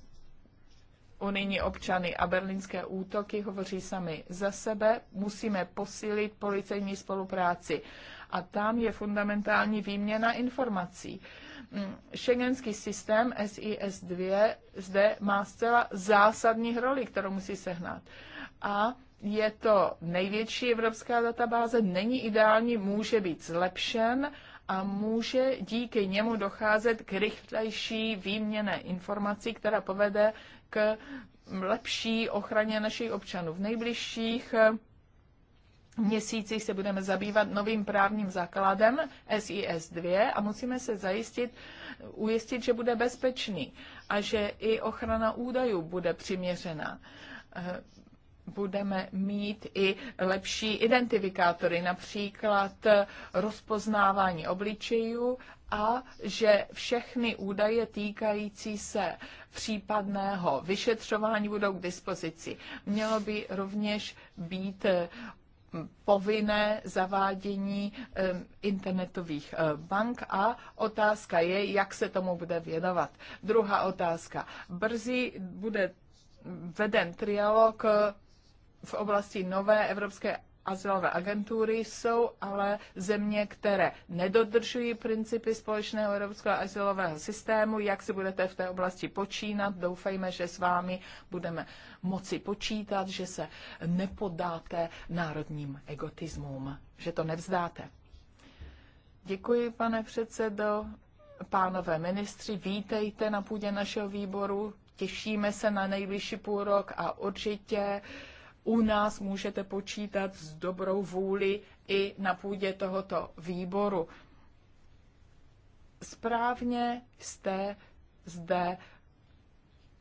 Speaker 1: unijní občany a berlínské útoky hovoří sami za sebe. Musíme posílit policejní spolupráci. A tam je fundamentální výměna informací. Uh, Mm, šengenský systém SIS-2 zde má zcela zásadní roli, kterou musí sehnat. A je to největší evropská databáze, není ideální, může být zlepšen a může díky němu docházet k rychlejší výměně informací, která povede k lepší ochraně našich občanů. V nejbližších eh, Mhm. měsících se budeme zabývat novým právním základem SIS 2 a musíme se zajistit, ujistit, že bude bezpečný a že i ochrana údajů bude přiměřená. Eh, budeme mít i lepší identifikátory, například eh, rozpoznávání obličejů a že všechny údaje týkající se případného vyšetřování budou k dispozici. Mělo by rovněž být eh, povinné zavádění internetových eh, bank a otázka je, jak se tomu bude věnovat. Druhá otázka. Brzy bude veden trialog eh, v oblasti nové evropské azylové agentury jsou ale země, které nedodržují principy společného evropského azylového systému. Jak si budete v té oblasti počínat? Doufejme, že s vámi budeme moci počítat, že se nepodáte národním egotismům, že to nevzdáte. Děkuji, pane předsedo. Pánové ministři, vítejte na půdě našeho výboru. Těšíme se na nejbližší půl rok a určitě uh, u nás můžete počítat s dobrou vůli i na půdě tohoto výboru. Správně jste zde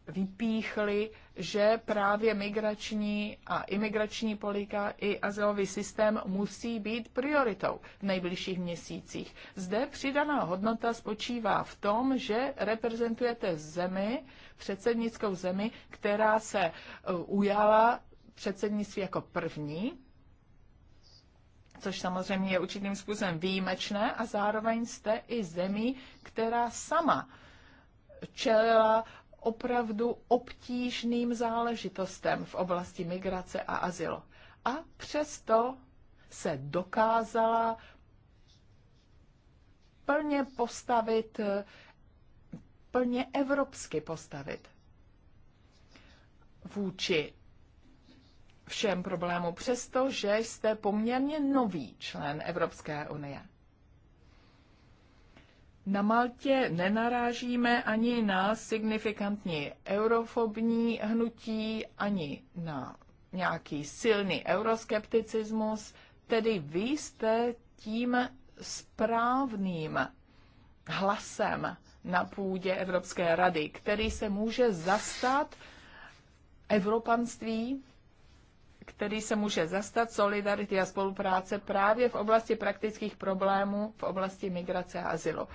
Speaker 1: vypíchli, že právě migrační a imigrační politika i azylový systém musí být prioritou v nejbližších měsících. Zde přidaná hodnota spočívá v tom, že reprezentujete zemi, předsednickou zemi, která se eh, ujala předsednictví jako první, což samozřejmě je určitým způsobem výjimečné a zároveň jste i zemí, která sama čelila opravdu obtížným záležitostem v oblasti migrace a azylu. A přesto se dokázala plně postavit, plně evropsky postavit vůči všem problémům, přestože jste poměrně nový člen Evropské unie. Na Maltě nenarážíme ani na signifikantní eurofobní hnutí, ani na nějaký silný euroskepticismus, tedy vy jste tím správným hlasem na půdě Evropské rady, který se může zastat evropanství který se může zastat solidarity a spolupráce právě v oblasti praktických problémů, v oblasti migrace a azylu.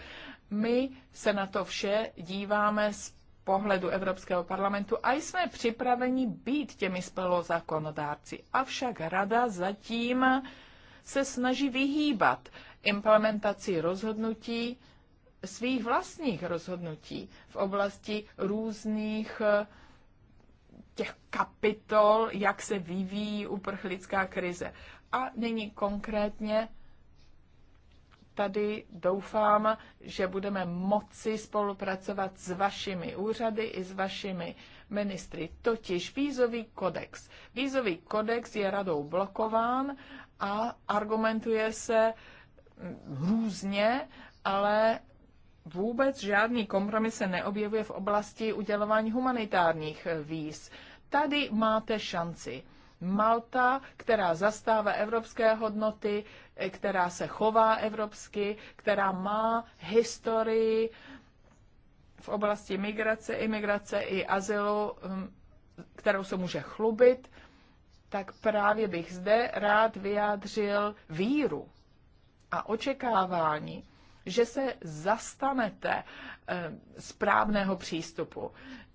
Speaker 1: My se na to vše díváme z pohledu Evropského parlamentu a jsme připraveni být těmi spolozákonodárci. Avšak Rada zatím se snaží vyhýbat implementaci rozhodnutí, svých vlastních rozhodnutí v oblasti různých uh, těch kapitol, jak se vyvíjí uprchlická krize. A nyní konkrétně tady doufám, že budeme moci spolupracovat s vašimi úřady i s vašimi ministry. Totiž vízový kodex. Vízový kodex je radou blokován a argumentuje se různě, ale vůbec žádný kompromis se neobjevuje v oblasti udělování humanitárních víz. Tady máte šanci. Malta, která zastává evropské hodnoty, eh, která se chová evropsky, která má historii v oblasti migrace, imigrace i azylu, hm, kterou se může chlubit, tak právě bych zde rád vyjádřil víru a očekávání, že se zastanete eh, správného přístupu,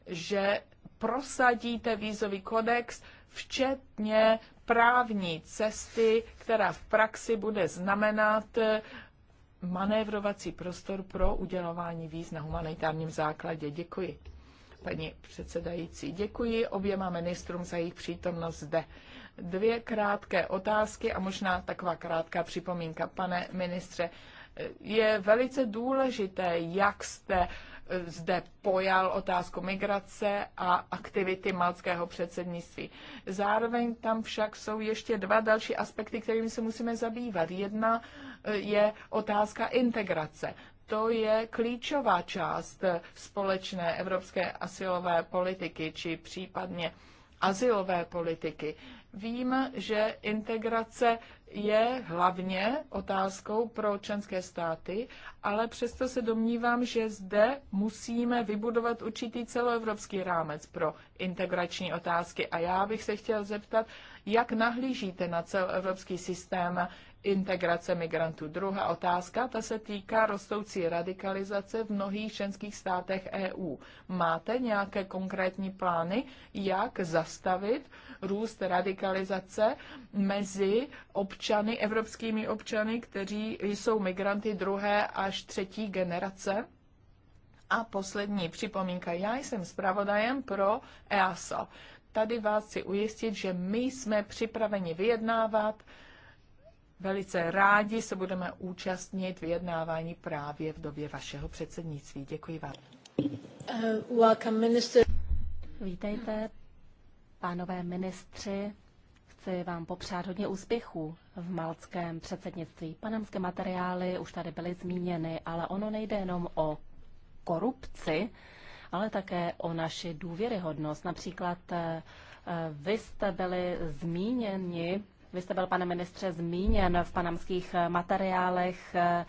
Speaker 1: že prosadíte vízový kodex, včetně právní cesty, která v praxi bude znamenat eh, manévrovací prostor pro udělování víz na humanitárním základě. Děkuji. Paní předsedající, děkuji oběma ministrům za jejich přítomnost zde. Dvě krátké otázky a možná taková krátká připomínka. Pane ministře, je velice důležité, jak jste eh, zde pojal otázku migrace a aktivity malckého předsednictví. Zároveň tam však jsou ještě dva další aspekty, kterými se musíme zabývat. Jedna eh, je otázka integrace. To je klíčová část eh, společné evropské asilové politiky, či případně asilové politiky. Vím, že integrace je hlavně otázkou pro členské státy, ale přesto se domnívám, že zde musíme vybudovat určitý celoevropský rámec pro integrační otázky. A já bych se chtěl zeptat, jak nahlížíte na celoevropský systém integrace migrantů. Druhá otázka, ta se týká rostoucí radikalizace v mnohých členských státech EU. Máte nějaké konkrétní plány, jak zastavit růst radikalizace mezi občany, evropskými občany, kteří jsou migranty druhé až třetí generace? A poslední připomínka. Já jsem zpravodajem pro EASO. Tady vás chci ujistit, že my jsme připraveni vyjednávat, velice rádi se budeme účastnit vyjednávání právě v době vašeho předsednictví. Děkuji vám.
Speaker 2: Uh,
Speaker 3: welcome, minister. Vítejte, pánové ministři. Chci vám popřát hodně úspěchů v malckém předsednictví. Panamské materiály už tady byly zmíněny, ale ono nejde jenom o korupci, ale také o naši důvěryhodnost. Například eh, vy jste byli zmíněni vy jste byl, pane ministře, zmíněn v panamských eh, materiálech. Eh,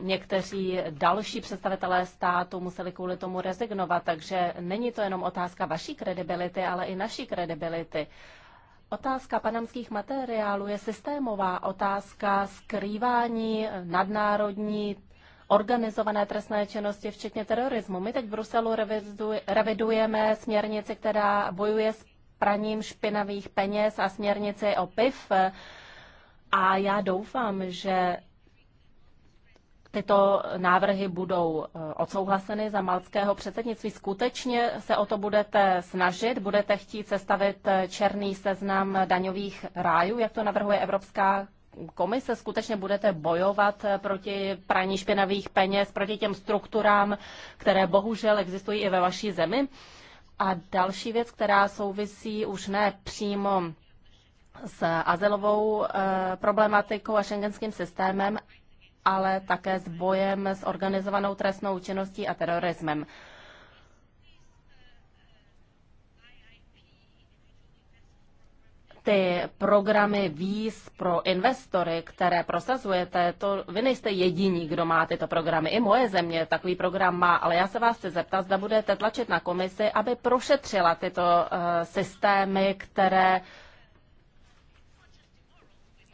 Speaker 3: někteří další představitelé státu museli kvůli tomu rezignovat, takže není to jenom otázka vaší kredibility, ale i naší kredibility. Otázka panamských materiálů je systémová otázka skrývání nadnárodní organizované trestné činnosti, včetně terorismu. My teď v Bruselu revidujeme směrnici, která bojuje s praním špinavých peněz a směrnici o PIV. A já doufám, že tyto návrhy budou eh, odsouhlaseny za malckého předsednictví. Skutečně se o to budete snažit, budete chtít sestavit eh, černý seznam daňových rájů, jak to navrhuje Evropská komise, skutečně budete bojovat eh, proti praní špinavých peněz, proti těm strukturám, které bohužel existují i ve vaší zemi. A další věc, která souvisí už ne přímo s azylovou eh, problematikou a šengenským systémem, ale také s bojem s organizovanou trestnou činností a terorismem. ty programy víz pro investory, které prosazujete, to vy nejste jediní, kdo má tyto programy. I moje země takový program má, ale já se vás chci zeptat, zda budete tlačit na komisi, aby prošetřila tyto uh, systémy, které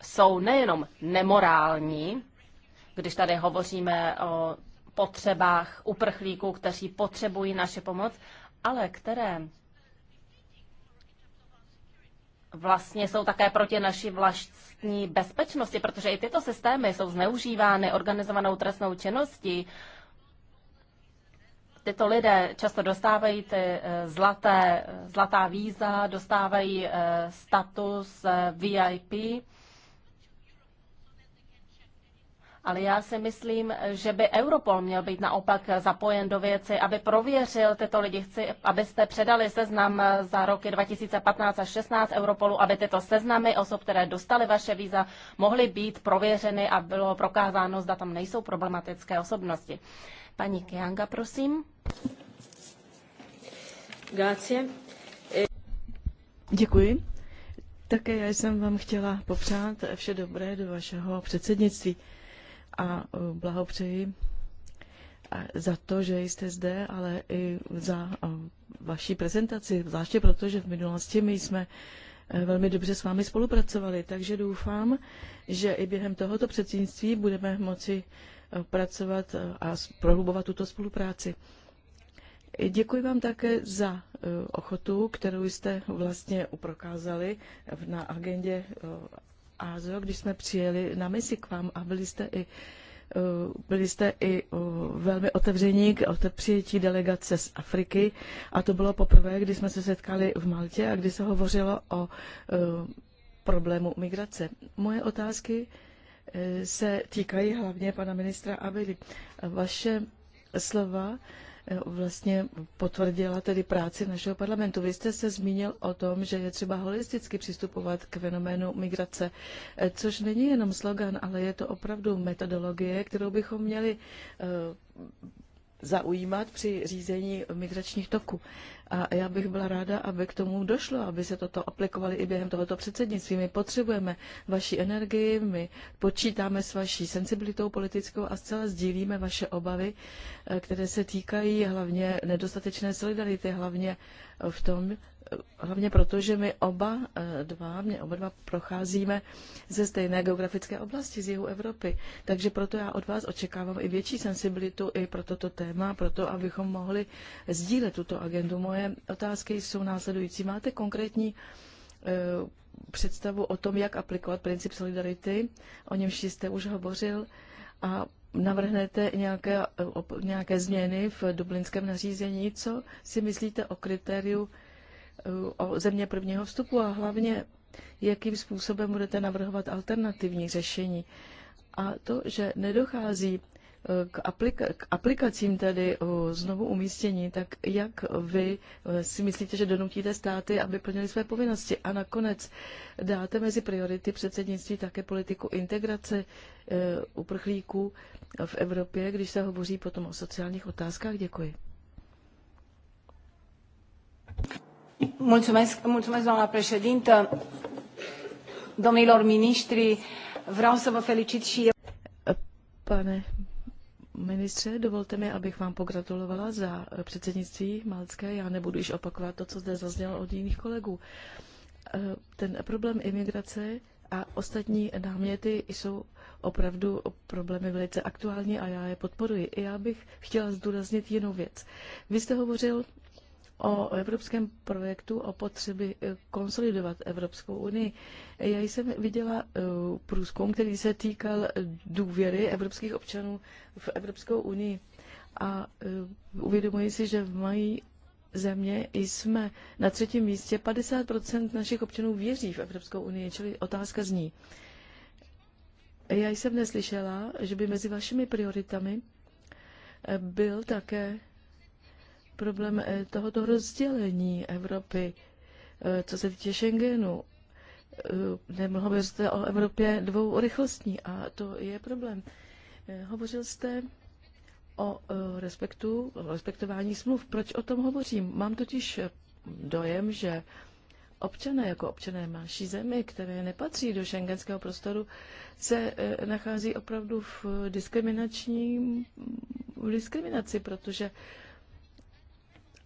Speaker 3: jsou nejenom nemorální, když tady hovoříme o potřebách uprchlíků, kteří potřebují naše pomoc, ale které vlastně jsou také proti naší vlastní bezpečnosti, protože i tyto systémy jsou zneužívány organizovanou trestnou činností. Tyto lidé často dostávají ty eh, zlaté, zlatá víza, dostávají eh, status eh, VIP ale já si myslím, že by Europol měl být naopak zapojen do věci, aby prověřil tyto lidi. Chci, abyste předali seznam za roky 2015 a 16 Europolu, aby tyto seznamy osob, které dostaly vaše víza, mohly být prověřeny a bylo prokázáno, zda tam nejsou problematické osobnosti. Paní Kianga, prosím. Grazie. Děkuji.
Speaker 4: Také já jsem vám chtěla popřát vše dobré do vašeho předsednictví a e, blahopřeji e, za to, že jste zde, ale i za e, vaší prezentaci, zvláště proto, že v minulosti my jsme velmi dobře s vámi spolupracovali, takže doufám, že i během tohoto předsednictví budeme moci pracovat a prohlubovat tuto spolupráci. Děkuji vám také za ochotu, kterou jste vlastně prokázali na agendě Azor, když jsme přijeli na misi k vám a byli jste i eh, byli jste i eh, velmi otevření k přijetí delegace z Afriky a to bylo poprvé, kdy jsme se setkali v Maltě a kdy se hovořilo o eh, problému migrace. Moje otázky se týkají hlavně pana ministra Abily. Vaše slova Eh, vlastně potvrdila tedy práci našeho parlamentu. Vy jste se zmínil o tom, že je třeba holisticky přistupovat k fenoménu migrace, eh, což není jenom slogan, ale je to opravdu metodologie, kterou bychom měli eh, zaujímat při řízení migračních toků. A já bych byla ráda, aby k tomu došlo, aby se toto aplikovali i během tohoto předsednictví. My potřebujeme vaši energii, my počítáme s vaší sensibilitou politickou a zcela sdílíme vaše obavy, eh, které se týkají hlavně nedostatečné solidarity, hlavně v tom, hlavně proto, že my oba eh, dva, mě oba dva procházíme ze stejné geografické oblasti, z jihu Evropy. Takže proto já od vás očekávám i větší sensibilitu i pro toto téma, proto abychom mohli sdílet tuto agendu. Moje otázky jsou následující. Máte konkrétní eh, představu o tom, jak aplikovat princip solidarity, o němž jste už hovořil, a navrhnete nějaké, eh, nějaké změny v dublinském nařízení. Co si myslíte o kritériu o země prvního vstupu a hlavně, jakým způsobem budete navrhovat alternativní řešení. A to, že nedochází e, k, aplika- k aplikacím tedy o znovu umístění, tak jak vy e, si myslíte, že donutíte státy, aby plnili své povinnosti? A nakonec dáte mezi priority předsednictví také politiku integrace e, uprchlíků v Evropě, když se hovoří potom o sociálních otázkách? Děkuji.
Speaker 3: Mulțumesc, mulțumesc doamna președintă, domnilor miniștri, vreau să vă felicit și eu.
Speaker 4: Pane ministře, dovolte mi, abych vám pogratulovala za předsednictví Malcké. Já nebudu již opakovat to, co zde zaznělo od jiných kolegů. Eh, ten problém imigrace a ostatní náměty jsou opravdu problémy velice aktuální a já je podporuji. I já bych chtěla zdůraznit jinou věc. Vy jste hovořil o evropském projektu, o potřeby eh, konsolidovat Evropskou unii. Já jsem viděla eh, průzkum, který se týkal důvěry evropských občanů v Evropskou unii a eh, uvědomuji si, že v mají země jsme na třetím místě. 50% našich občanů věří v Evropskou unii, čili otázka zní. Já jsem neslyšela, že by mezi vašimi prioritami byl také problém eh, tohoto rozdělení Evropy, eh, co se týče Schengenu. Eh, nemohl byste jste o Evropě dvou rychlostní a to je problém. Hovořil jste o respektu, o respektování smluv. Proč o tom hovořím? Mám totiž dojem, že občané jako občané naší zemi, které nepatří do šengenského prostoru, se nachází opravdu v diskriminačním v diskriminaci, protože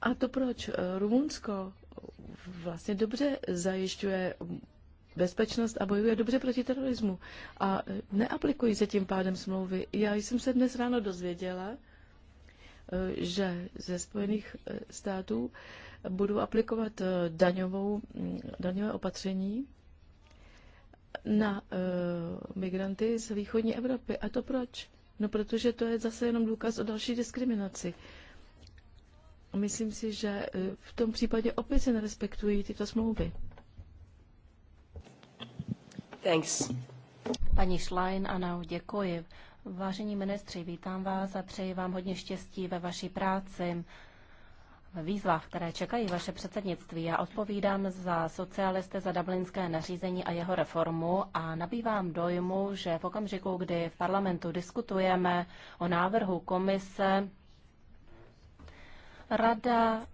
Speaker 4: a to proč? Eh, Rumunsko vlastně dobře zajišťuje bezpečnost a bojuje dobře proti terorismu. A eh, neaplikují se tím pádem smlouvy. Já jsem se dnes ráno dozvěděla, eh, že ze Spojených států budou aplikovat daňovou, mm, daňové opatření na migranty z východní Evropy. A to proč? No protože to je zase jenom důkaz o další diskriminaci. Myslím si, že e, v tom případě opět se nerespektují tyto smlouvy.
Speaker 3: Thanks. Paní Schlein, ano, děkuji. Vážení ministři, vítám vás a přeji vám hodně štěstí ve vaší práci ve výzvách, které čekají vaše předsednictví. Já odpovídám za socialisty, za dublinské nařízení a jeho reformu a nabývám dojmu, že v okamžiku, kdy v parlamentu diskutujeme o návrhu komise Rada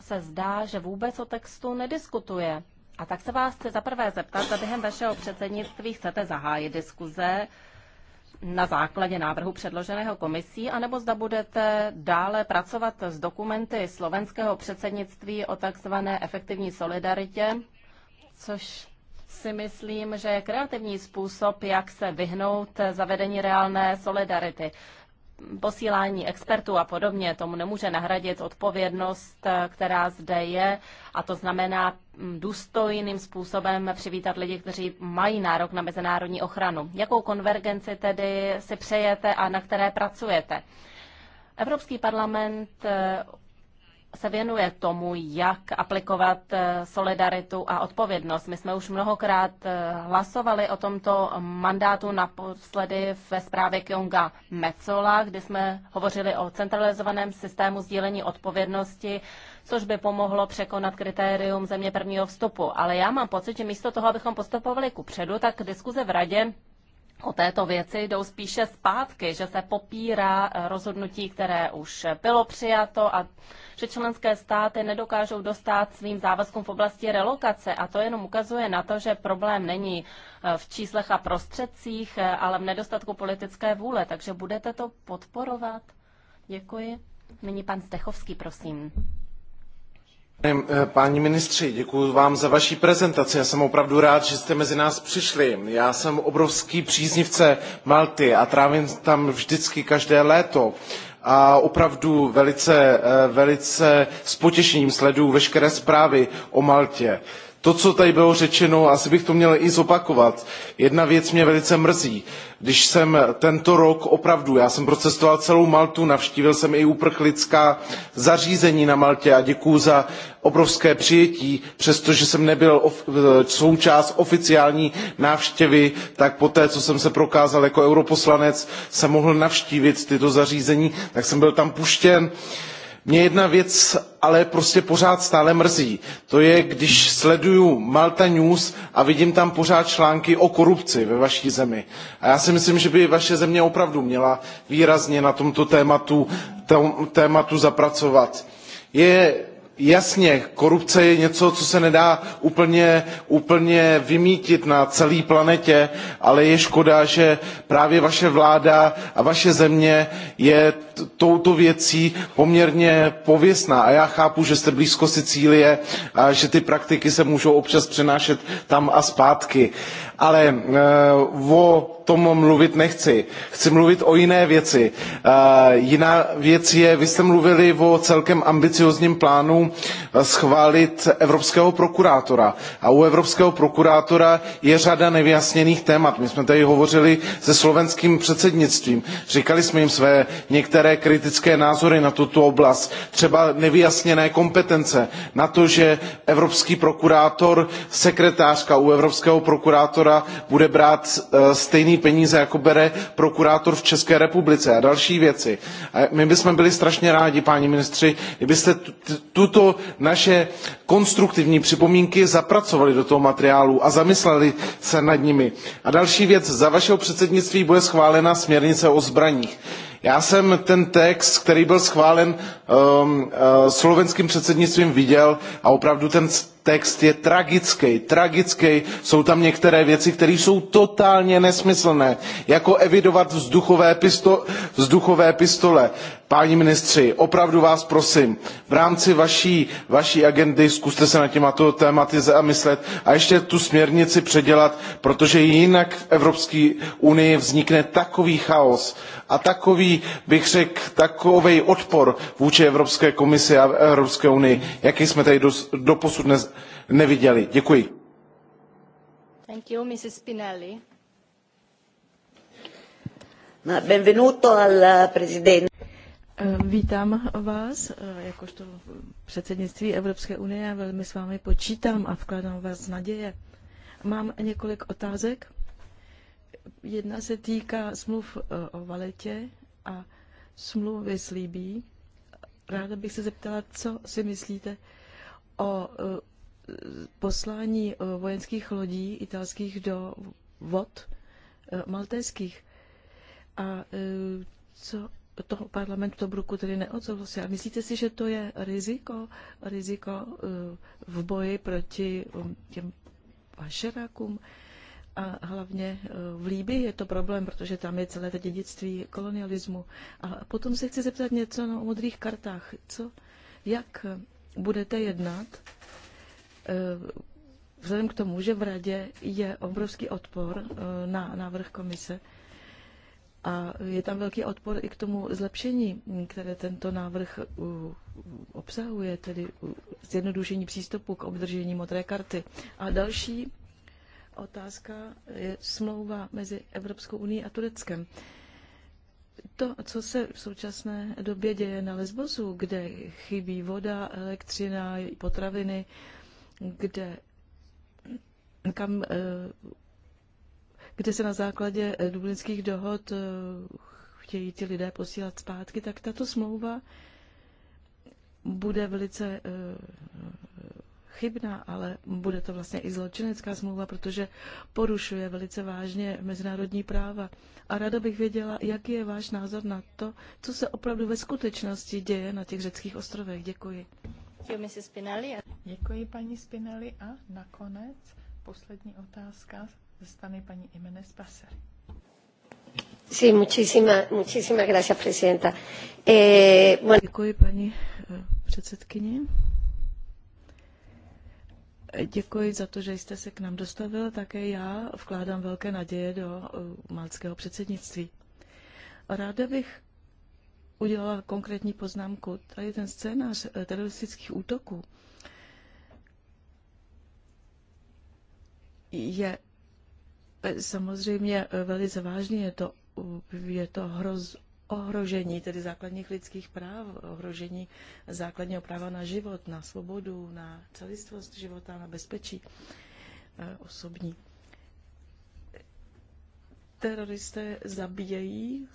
Speaker 3: se zdá, že vůbec o textu nediskutuje. A tak se vás chci zaprvé zeptat, zda během vašeho předsednictví chcete zahájit diskuze na základě návrhu předloženého komisí, anebo zda budete dále pracovat s dokumenty slovenského předsednictví o takzvané efektivní solidaritě, což si myslím, že je kreativní způsob, jak se vyhnout zavedení reálné solidarity posílání expertů a podobně tomu nemůže nahradit odpovědnost, eh, která zde je, a to znamená mm, důstojným způsobem přivítat lidi, kteří mají nárok na mezinárodní ochranu. Jakou konvergenci tedy si přejete a na které pracujete? Evropský parlament eh, se věnuje tomu, jak aplikovat eh, solidaritu a odpovědnost. My jsme už mnohokrát eh, hlasovali o tomto mandátu naposledy ve zprávě Kionga Mecola, kdy jsme hovořili o centralizovaném systému sdílení odpovědnosti, což by pomohlo překonat kritérium země prvního vstupu. Ale já mám pocit, že místo toho, abychom postupovali ku předu, tak diskuze v radě o této věci jdou spíše zpátky, že se popírá eh, rozhodnutí, které už bylo přijato a že členské státy nedokážou dostat svým závazkům v oblasti relokace. A to jenom ukazuje na to, že problém není eh, v číslech a prostředcích, eh, ale v nedostatku politické vůle. Takže budete to podporovat? Děkuji. Nyní pan Stechovský, prosím.
Speaker 5: Eh, páni ministři, děkuji vám za vaši prezentaci. Já jsem opravdu rád, že jste mezi nás přišli. Já jsem obrovský příznivce Malty a trávím tam vždycky každé léto a opravdu velice, eh, velice s potěšením sleduju veškeré zprávy o Maltě. To, co tady bylo řečeno, asi bych to měl i zopakovat. Jedna věc mě velice mrzí. Když jsem tento rok opravdu, já jsem procestoval celou Maltu, navštívil jsem i uprchlická zařízení na Maltě a děkuju za obrovské přijetí, přestože jsem nebyl of, součást oficiální návštěvy, tak poté, co jsem se prokázal jako europoslanec, jsem mohl navštívit tyto zařízení, tak jsem byl tam puštěn. Uh, mě jedna věc ale prostě pořád stále mrzí. To je, když sleduju Malta News a vidím tam pořád články o korupci ve vaší zemi. A já si myslím, že by vaše země opravdu měla výrazně na tomto tématu, tématu zapracovat. Je Jasně, korupce je něco, co se nedá úplně, úplně vymítit na celé planetě, ale je škoda, že právě vaše vláda a vaše země je touto věcí poměrně pověstná. A já chápu, že jste blízko Sicílie a že ty praktiky se můžou občas přenášet tam a zpátky. Ale e, o tom mluvit nechci. Chci mluvit o jiné věci. E, jiná věc je, vy jste mluvili o celkem ambiciózním plánu schválit evropského prokurátora. A u evropského prokurátora je řada nevyjasněných témat. My jsme tady hovořili se slovenským předsednictvím. Říkali jsme jim své některé kritické názory na tuto oblast. Třeba nevyjasněné kompetence na to, že evropský prokurátor, sekretářka u evropského prokurátora bude brát eh, stejný peníze, jako bere prokurátor v České republice a další věci. A my bychom byli strašně rádi, páni ministři, kdybyste tuto tyto naše konstruktivní připomínky zapracovali do toho materiálu a zamysleli se nad nimi. A další věc, za vašeho předsednictví bude schválena směrnice o zbraních. Já jsem ten text, který byl schválen um, uh, slovenským předsednictvím, viděl a opravdu ten text je tragický, tragický. Jsou tam některé věci, které jsou totálně nesmyslné, jako evidovat vzduchové, pisto, vzduchové pistole. Páni ministři, opravdu vás prosím, v rámci vaší, vaší agendy zkuste se nad těmato tématy zamyslet a ještě tu směrnici předělat, protože jinak v Evropské unii vznikne takový chaos a takový, bych řekl, takový odpor vůči Evropské komisi a Evropské unii, jaký jsme tady doposud neviděli. Děkuji.
Speaker 3: Thank you, Mrs. Spinelli.
Speaker 5: Benvenuto
Speaker 4: al presidente. Eh, vítám vás eh, jakožto předsednictví Evropské unie a velmi s vámi počítám a vkládám vás naděje. Mám několik otázek. Jedna se týká smluv eh, o valetě a smluvy s Líbí. Ráda bych se zeptala, co si myslíte o poslání eh, vojenských lodí italských do vod eh, maltéských. A eh, co toho parlament v Tobruku tedy neodsouhlasil. A myslíte si, že to je riziko, riziko v boji proti um, těm pašerákům? A hlavně v Líbii je to problém, protože tam je celé to dědictví kolonialismu. A potom se chci zeptat něco na modrých kartách. Co, jak budete jednat Eh, vzhledem k tomu, že v radě je obrovský odpor eh, na návrh komise a je tam velký odpor i k tomu zlepšení, které tento návrh obsahuje, tedy zjednodušení přístupu k obdržení modré karty. A další otázka je smlouva mezi Evropskou unii a Tureckem. To, co se v současné době děje na Lesbosu, kde chybí voda, elektřina, potraviny, kde, kam, eh, kde se na základě eh, dublinských dohod eh, chtějí ti lidé posílat zpátky, tak tato smlouva bude velice chybná, ale bude to vlastně i zločinecká smlouva, protože porušuje velice vážně mezinárodní práva. A rada bych věděla, jaký je váš názor na to, co se opravdu ve skutečnosti děje na těch řeckých ostrovech. Děkuji.
Speaker 1: Děkuji, paní Spinelli. A nakonec poslední otázka ze strany paní Imenes Passer.
Speaker 2: Sí, muchísima,
Speaker 4: muchísima gracias, presidenta. Eh, bueno... Děkuji, paní eh, předsedkyni. Eh, děkuji za to, že jste se k nám dostavil. Také já vkládám velké naděje do eh, malckého předsednictví. Ráda bych udělala konkrétní poznámku. Tady ten scénář eh, teroristických útoků je eh, samozřejmě eh, velice vážný. Je to, je to hroz, ohrožení tedy základních lidských práv, ohrožení základního práva na život, na svobodu, na celistvost života, na bezpečí osobní. Teroristé zabíjejí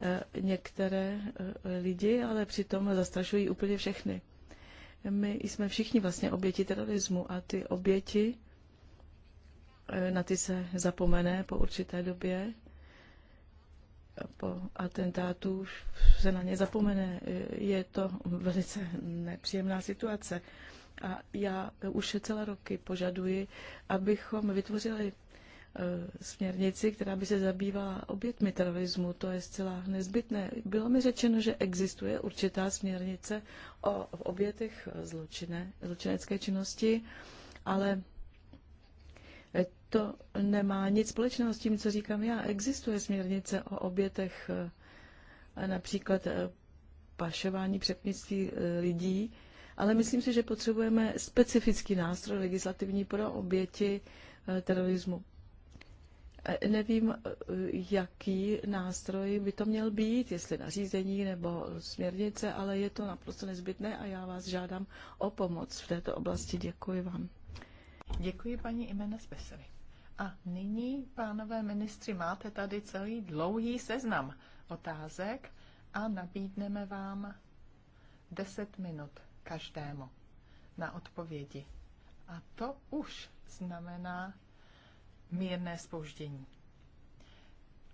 Speaker 4: Eh, některé eh, lidi, ale přitom zastrašují úplně všechny. My jsme všichni vlastně oběti terorismu a ty oběti, eh, na ty se zapomene po určité době, po atentátu se na ně zapomene. Je to velice nepříjemná situace. A já už celé roky požaduji, abychom vytvořili Eh, směrnici, která by se zabývala obětmi terorismu. To je zcela nezbytné. Bylo mi řečeno, že existuje určitá směrnice o obětech zločine, zločinecké činnosti, ale to nemá nic společného s tím, co říkám já. Existuje směrnice o obětech eh, například eh, pašování přepnictví lidí, ale myslím si, že potřebujeme specifický nástroj legislativní pro oběti terorismu. Nevím, jaký nástroj by to měl být, jestli nařízení nebo směrnice, ale je to naprosto nezbytné a já vás žádám o pomoc v této oblasti. Děkuji vám.
Speaker 1: Děkuji paní Imene Spesevi. A nyní, pánové ministři, máte tady celý dlouhý seznam otázek a nabídneme vám 10 minut každému na odpovědi. A to už znamená mírné spouždění,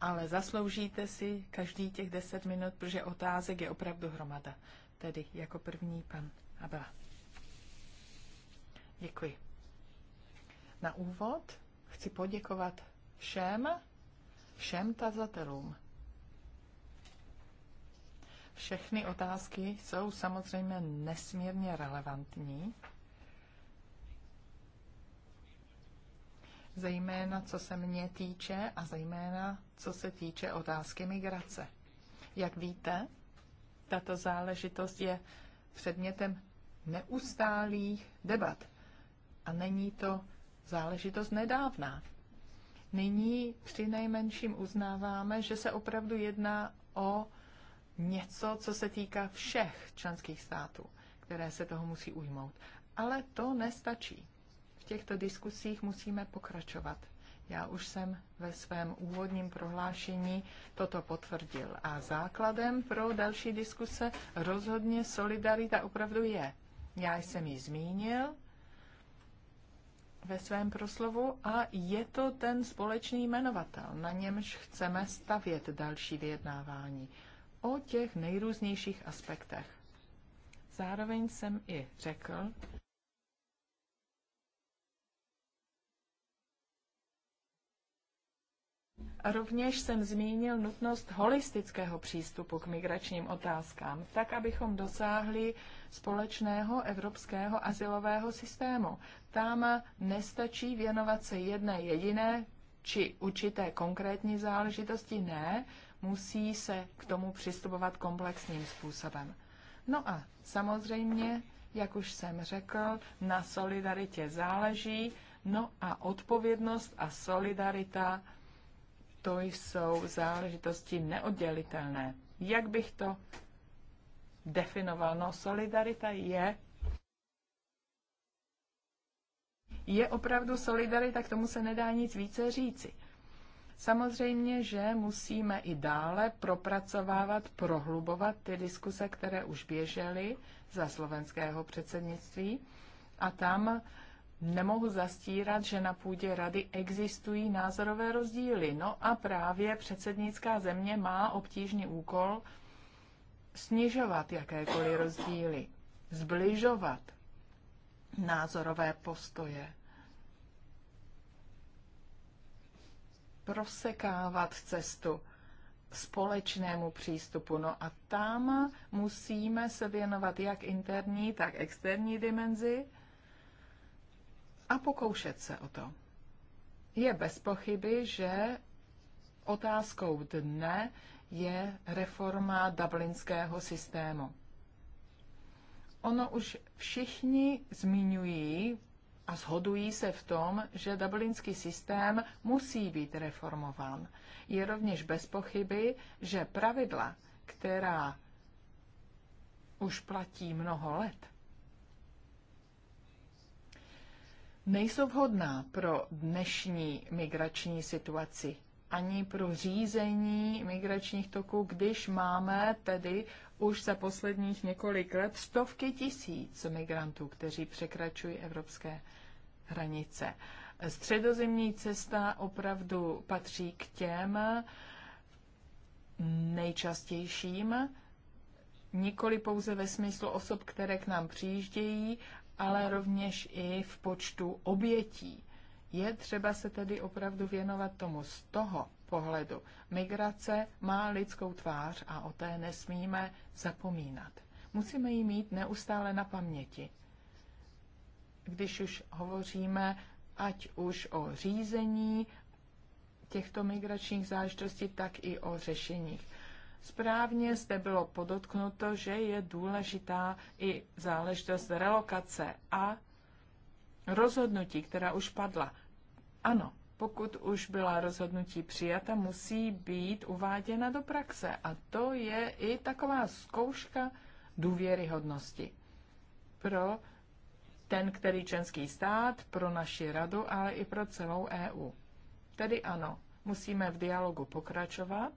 Speaker 1: Ale zasloužíte si každý těch deset minut, protože otázek je opravdu hromada. Tedy jako první pan Abela. Děkuji. Na úvod chci poděkovat všem, všem tazatelům. Všechny otázky jsou samozřejmě nesmírně relevantní zejména co se mě týče a zejména co se týče otázky migrace. Jak víte, tato záležitost je předmětem neustálých debat a není to záležitost nedávná. Nyní při nejmenším uznáváme, že se opravdu jedná o něco, co se týká všech členských států, které se toho musí ujmout. Ale to nestačí v těchto diskusích musíme pokračovat. Já už jsem ve svém úvodním prohlášení toto potvrdil. A základem pro další diskuse rozhodně solidarita opravdu je. Já jsem ji zmínil ve svém proslovu a je to ten společný jmenovatel, na němž chceme stavět další vyjednávání o těch nejrůznějších aspektech. Zároveň jsem i řekl, Rovněž jsem zmínil nutnost holistického přístupu k migračním otázkám, tak abychom dosáhli společného evropského asilového systému. Tam nestačí věnovat se jedné jediné či určité konkrétní záležitosti, ne, musí se k tomu přistupovat komplexním způsobem. No a samozřejmě, jak už jsem řekl, na solidaritě záleží, no a odpovědnost a solidarita to jsou záležitosti neoddělitelné. Jak bych to definoval? No, solidarita je je opravdu solidarita, k tomu se nedá nic více říci. Samozřejmě, že musíme i dále propracovávat, prohlubovat ty diskuse, které už běžely za slovenského předsednictví a tam Nemohu zastírat, že na půdě rady existují názorové rozdíly. No a právě předsednická země má obtížný úkol snižovat jakékoliv rozdíly, zbližovat názorové postoje, prosekávat cestu společnému přístupu. No a tam musíme se věnovat jak interní, tak externí dimenzi a pokoušet se o to. Je bez pochyby, že otázkou dne je reforma dublinského systému. Ono už všichni zmiňují a shodují se v tom, že dublinský systém musí být reformován. Je rovněž bez pochyby, že pravidla, která už platí mnoho let, nejsou vhodná pro dnešní migrační situaci ani pro řízení migračních toků, když máme tedy už za posledních několik let stovky tisíc migrantů, kteří překračují evropské hranice. Středozemní cesta opravdu patří k těm nejčastějším, nikoli pouze ve smyslu osob, které k nám přijíždějí, ale rovněž i v počtu obětí. Je třeba se tedy opravdu věnovat tomu z toho pohledu. Migrace má lidskou tvář a o té nesmíme zapomínat. Musíme ji mít neustále na paměti. Když už hovoříme, ať už o řízení těchto migračních záležitostí, tak i o řešeních. Správně zde bylo podotknuto, že je důležitá i záležitost relokace a rozhodnutí, která už padla. Ano, pokud už byla rozhodnutí přijata, musí být uváděna do praxe. A to je i taková zkouška důvěryhodnosti pro ten, který členský stát, pro naši radu, ale i pro celou EU. Tedy ano, musíme v dialogu pokračovat,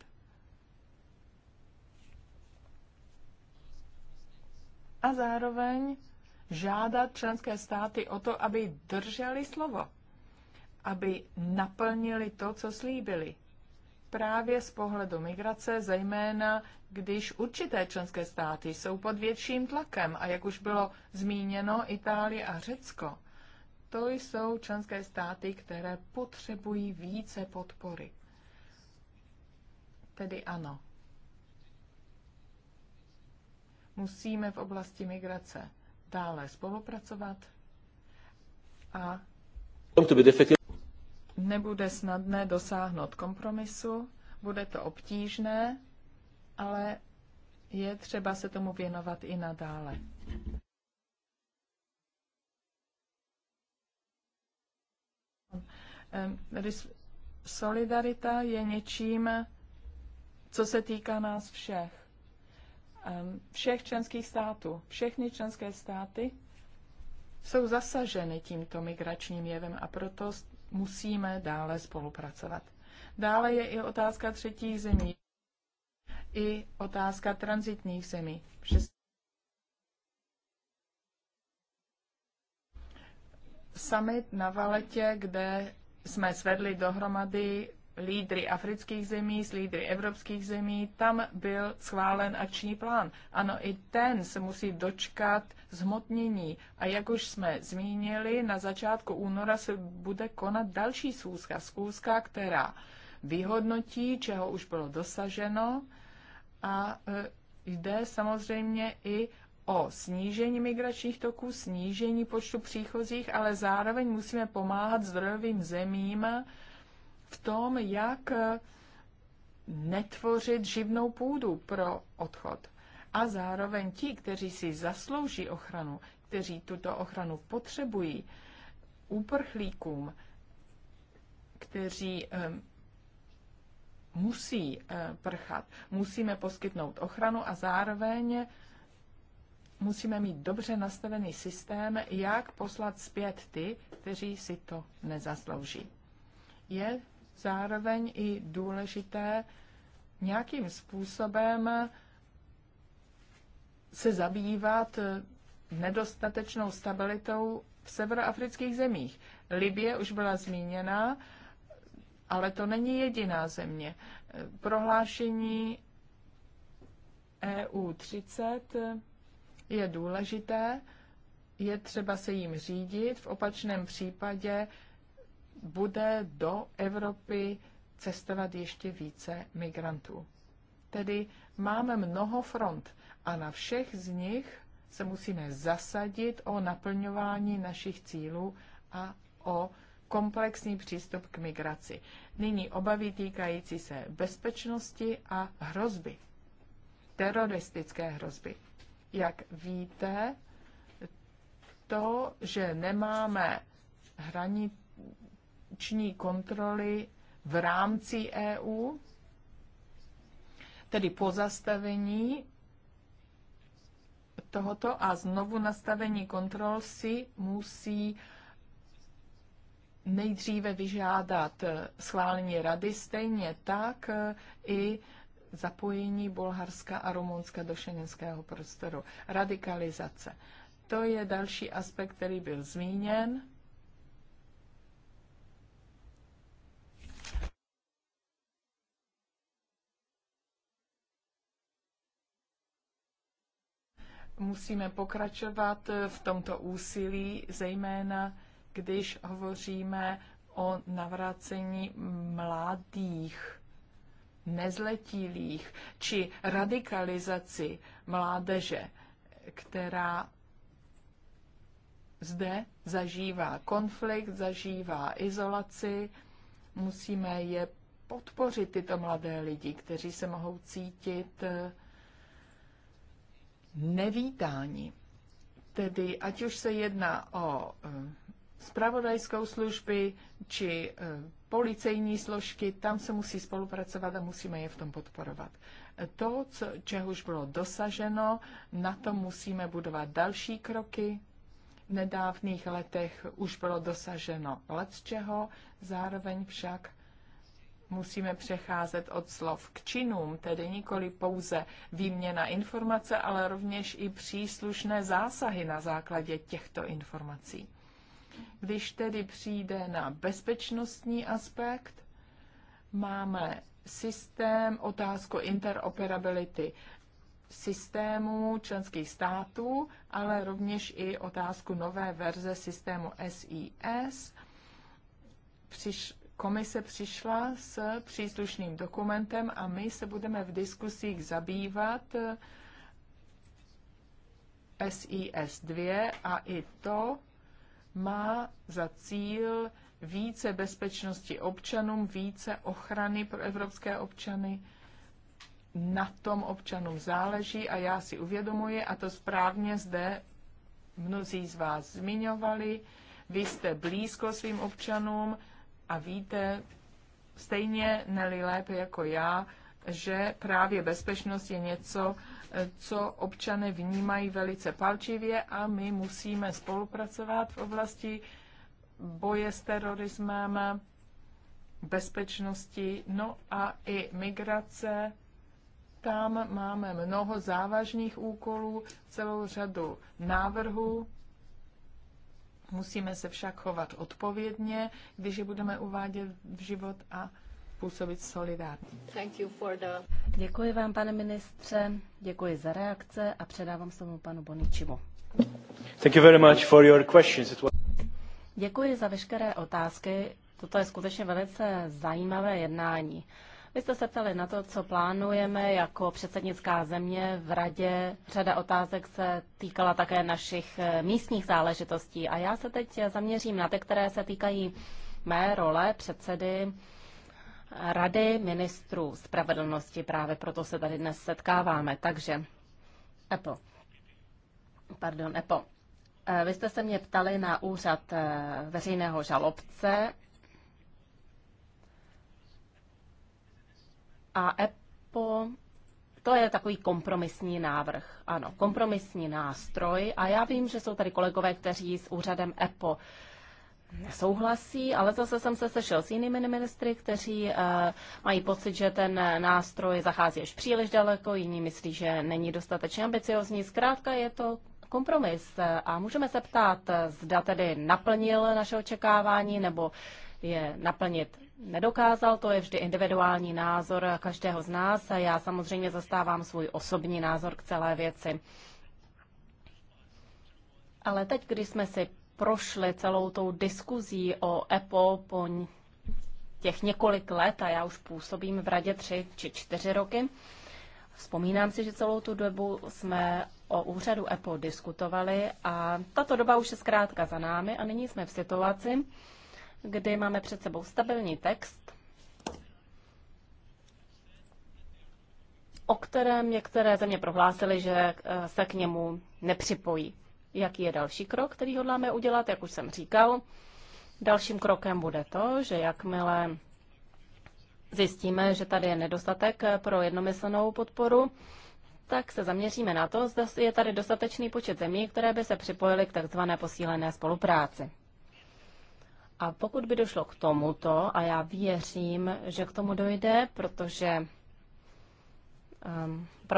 Speaker 1: a zároveň žádat členské státy o to, aby drželi slovo, aby naplnili to, co slíbili. Právě z pohledu migrace, zejména když určité členské státy jsou pod větším tlakem, a jak už bylo zmíněno, Itálie a Řecko, to jsou členské státy, které potřebují více podpory. Tedy ano, Musíme v oblasti migrace dále spolupracovat a nebude snadné dosáhnout kompromisu, bude to obtížné, ale je třeba se tomu věnovat i nadále. Solidarita je něčím, co se týká nás všech. Ehm, všech členských států. Všechny členské státy jsou zasaženy tímto migračním jevem a proto musíme dále spolupracovat. Dále je i otázka třetích zemí, i otázka transitních zemí. Summit na Valetě, kde jsme svedli dohromady lídry afrických zemí, s lídry evropských zemí, tam byl schválen akční plán. Ano, i ten se musí dočkat zhmotnění. A jak už jsme zmínili, na začátku února se bude konat další schůzka, schůzka, která vyhodnotí, čeho už bylo dosaženo a e, jde samozřejmě i o snížení migračních toků, snížení počtu příchozích, ale zároveň musíme pomáhat zdrojovým zemím, v tom, jak eh, netvořit živnou půdu pro odchod. A zároveň ti, kteří si zaslouží ochranu, kteří tuto ochranu potřebují, úprchlíkům, kteří musí eh, prchat, musíme poskytnout ochranu a zároveň musíme mít dobře nastavený systém, jak poslat zpět ty, kteří si to nezaslouží. Je zároveň i důležité nějakým způsobem se zabývat nedostatečnou stabilitou v severoafrických zemích. Libie už byla zmíněna, ale to není jediná země. Prohlášení EU 30 je důležité, je třeba se jim řídit, v opačném případě bude do Evropy cestovat ještě více migrantů. Tedy máme mnoho front a na všech z nich se musíme zasadit o naplňování našich cílů a o komplexní přístup k migraci. Nyní obavy týkající se bezpečnosti a hrozby. Teroristické hrozby. Jak víte, to, že nemáme hraní, činí kontroly v rámci EU, tedy pozastavení tohoto a znovu nastavení kontrol si musí nejdříve vyžádat schválení rady, stejně tak i zapojení Bulharska a Rumunska do šengenského prostoru. Radikalizace. To je další aspekt, který byl zmíněn musíme pokračovat v tomto úsilí, zejména když hovoříme o navracení mladých, nezletilých či radikalizaci mládeže, která zde zažívá konflikt, zažívá izolaci. Musíme je podpořit, tyto mladé lidi, kteří se mohou cítit nevítáni. Tedy ať už se jedná o spravodajskou eh, služby či eh, policejní složky, tam se musí spolupracovat a musíme je v tom podporovat. To, co, už bylo dosaženo, na tom musíme budovat další kroky. V nedávných letech už bylo dosaženo let čeho, zároveň však musíme přecházet od slov k činům, tedy nikoli pouze výměna informace, ale rovněž i příslušné zásahy na základě těchto informací. Když tedy přijde na bezpečnostní aspekt, máme systém, otázku interoperability systému členských států, ale rovněž i otázku nové verze systému SIS, přiš, Komise přišla s příslušným dokumentem a my se budeme v diskusích zabývat SIS eh, 2 a i to má za cíl více bezpečnosti občanům, více ochrany pro evropské občany. Na tom občanům záleží a já si uvědomuji, a to správně zde mnozí z vás zmiňovali, vy jste blízko svým občanům, a víte, stejně neli lépe jako já, že právě bezpečnost je něco, co občané vnímají velice palčivě a my musíme spolupracovat v oblasti boje s terorismem, bezpečnosti, no a i migrace. Tam máme mnoho závažných úkolů, celou řadu návrhů Musíme se však chovat odpovědně, když je budeme uvádět v život a působit solidárně.
Speaker 3: The...
Speaker 1: Děkuji vám, pane
Speaker 3: ministře, děkuji za reakce a předávám slovo panu Boničimu.
Speaker 2: Thank you very much for your questions. It was...
Speaker 3: Děkuji za veškeré otázky. Toto je skutečně velice zajímavé jednání. Vy jste se ptali na to, co plánujeme jako předsednická země v radě. Řada otázek se týkala také našich eh, místních záležitostí a já se teď zaměřím na ty, které se týkají mé role předsedy Rady ministrů spravedlnosti. Právě proto se tady dnes setkáváme. Takže EPO. Pardon, EPO. Eh, vy jste se mě ptali na úřad eh, veřejného žalobce a EPO to je takový kompromisní návrh, ano, kompromisní nástroj a já vím, že jsou tady kolegové, kteří s úřadem EPO nesouhlasí, ale zase jsem se sešel s jinými ministry, kteří uh, mají pocit, že ten nástroj zachází až příliš daleko, jiní myslí, že není dostatečně ambiciozní. Zkrátka je to kompromis a můžeme se ptát, zda tedy naplnil naše očekávání nebo je naplnit nedokázal, to je vždy individuální názor každého z nás a já samozřejmě zastávám svůj osobní názor k celé věci. Ale teď, když jsme si prošli celou tou diskuzí o EPO po těch několik let, a já už působím v radě tři či čtyři roky, vzpomínám si, že celou tu dobu jsme o úřadu EPO diskutovali a tato doba už je zkrátka za námi a nyní jsme v situaci, kdy máme před sebou stabilní text, o kterém některé země prohlásily, že eh, se k němu nepřipojí. Jaký je další krok, který hodláme udělat, jak už jsem říkal? Dalším krokem bude to, že jakmile zjistíme, že tady je nedostatek pro jednomyslnou podporu, tak se zaměříme na to, zda je tady dostatečný počet zemí, které by se připojily k takzvané posílené spolupráci. A pokud by došlo k tomuto, a já věřím, že k tomu dojde, protože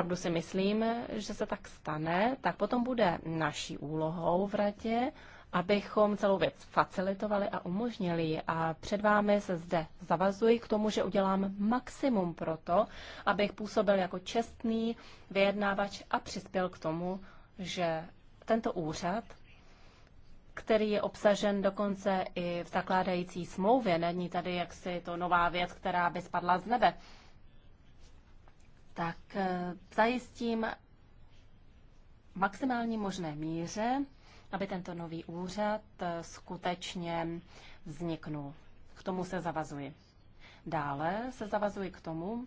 Speaker 3: um, si myslím, že se tak stane, tak potom bude naší úlohou v radě, abychom celou věc facilitovali a umožnili ji. A před vámi se zde zavazuji k tomu, že udělám maximum pro to, abych působil jako čestný vyjednávač a přispěl k tomu, že tento úřad který je obsažen dokonce i v zakládající smlouvě. Není tady jaksi to nová věc, která by spadla z nebe. Tak eh, zajistím maximální možné míře, aby tento nový úřad eh, skutečně vzniknul. K tomu se zavazuji. Dále se zavazuji k tomu,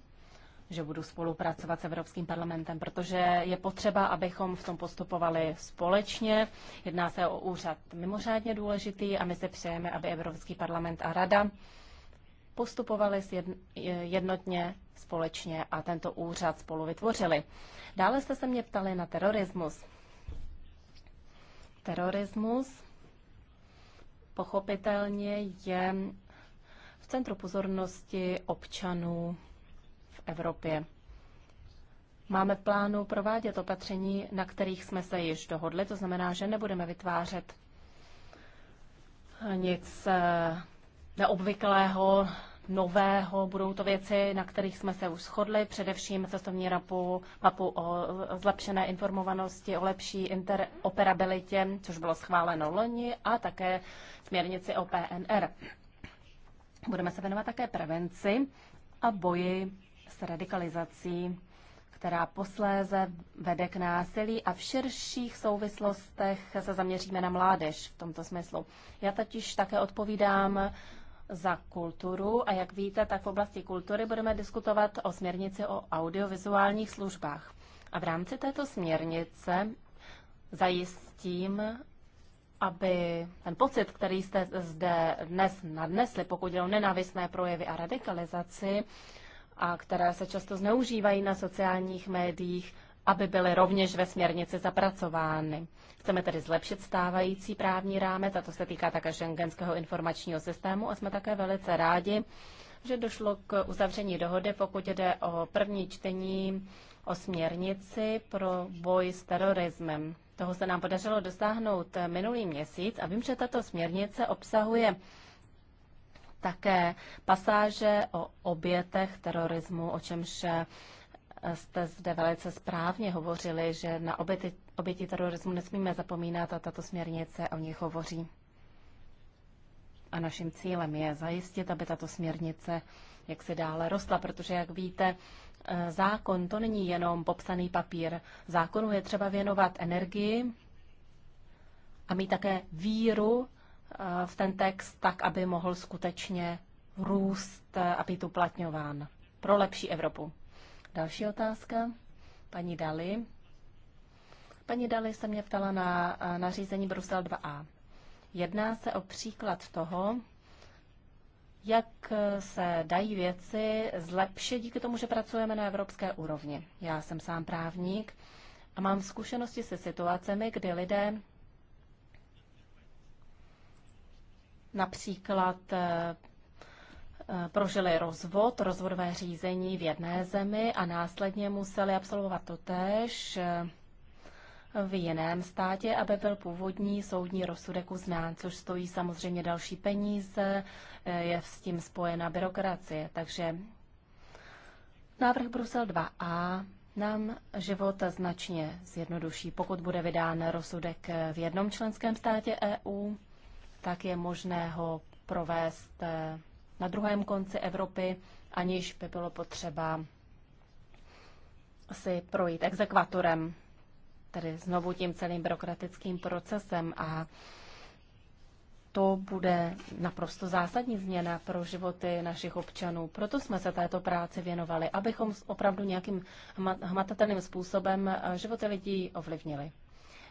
Speaker 3: že budu spolupracovat s Evropským parlamentem, protože je potřeba, abychom v tom postupovali společně. Jedná se o úřad mimořádně důležitý a my se přejeme, aby Evropský parlament a Rada postupovali jednotně, společně a tento úřad spolu vytvořili. Dále jste se mě ptali na terorismus. Terorismus pochopitelně je v centru pozornosti občanů Evropě. Máme v plánu provádět opatření, na kterých jsme se již dohodli, to znamená, že nebudeme vytvářet nic eh, neobvyklého, nového. Budou to věci, na kterých jsme se už shodli, především cestovní rapu, mapu o zlepšené informovanosti, o lepší interoperabilitě, což bylo schváleno loni, a také směrnici o PNR. Budeme se věnovat také prevenci a boji s radikalizací, která posléze vede k násilí a v širších souvislostech se zaměříme na mládež v tomto smyslu. Já totiž také odpovídám za kulturu a jak víte, tak v oblasti kultury budeme diskutovat o směrnici o audiovizuálních službách. A v rámci této směrnice zajistím, aby ten pocit, který jste zde dnes nadnesli, pokud jde o nenávistné projevy a radikalizaci, a které se často zneužívají na sociálních médiích, aby byly rovněž ve směrnici zapracovány. Chceme tedy zlepšit stávající právní rámec, a to se týká také šengenského informačního systému, a jsme také velice rádi, že došlo k uzavření dohody, pokud jde o první čtení o směrnici pro boj s terorismem. Toho se nám podařilo dosáhnout minulý měsíc a vím, že tato směrnice obsahuje také pasáže o obětech terorismu, o čemž eh, jste zde velice správně hovořili, že na oběti, oběti terorismu nesmíme zapomínat a tato směrnice o nich hovoří. A naším cílem je zajistit, aby tato směrnice jak se dále rostla, protože, jak víte, eh, zákon to není jenom popsaný papír. Zákonu je třeba věnovat energii a mít také víru Eh, v ten text tak, aby mohl skutečně růst eh, a být uplatňován pro lepší Evropu. Další otázka, paní Dali. Paní Dali se mě ptala na eh, nařízení Brusel 2a. Jedná se o příklad toho, jak se dají věci zlepšit díky tomu, že pracujeme na evropské úrovni. Já jsem sám právník a mám zkušenosti se situacemi, kdy lidé například eh, eh, prožili rozvod, rozvodové řízení v jedné zemi a následně museli absolvovat to též eh, v jiném státě, aby byl původní soudní rozsudek uznán, což stojí samozřejmě další peníze, je s tím spojena byrokracie. Takže návrh Brusel 2a nám život značně zjednoduší, pokud bude vydán rozsudek v jednom členském státě EU tak je možné ho provést eh, na druhém konci Evropy, aniž by bylo potřeba si projít exekvatorem, tedy znovu tím celým byrokratickým procesem a to bude naprosto zásadní změna pro životy našich občanů. Proto jsme se této práci věnovali, abychom opravdu nějakým hmatatelným způsobem eh, životy lidí ovlivnili.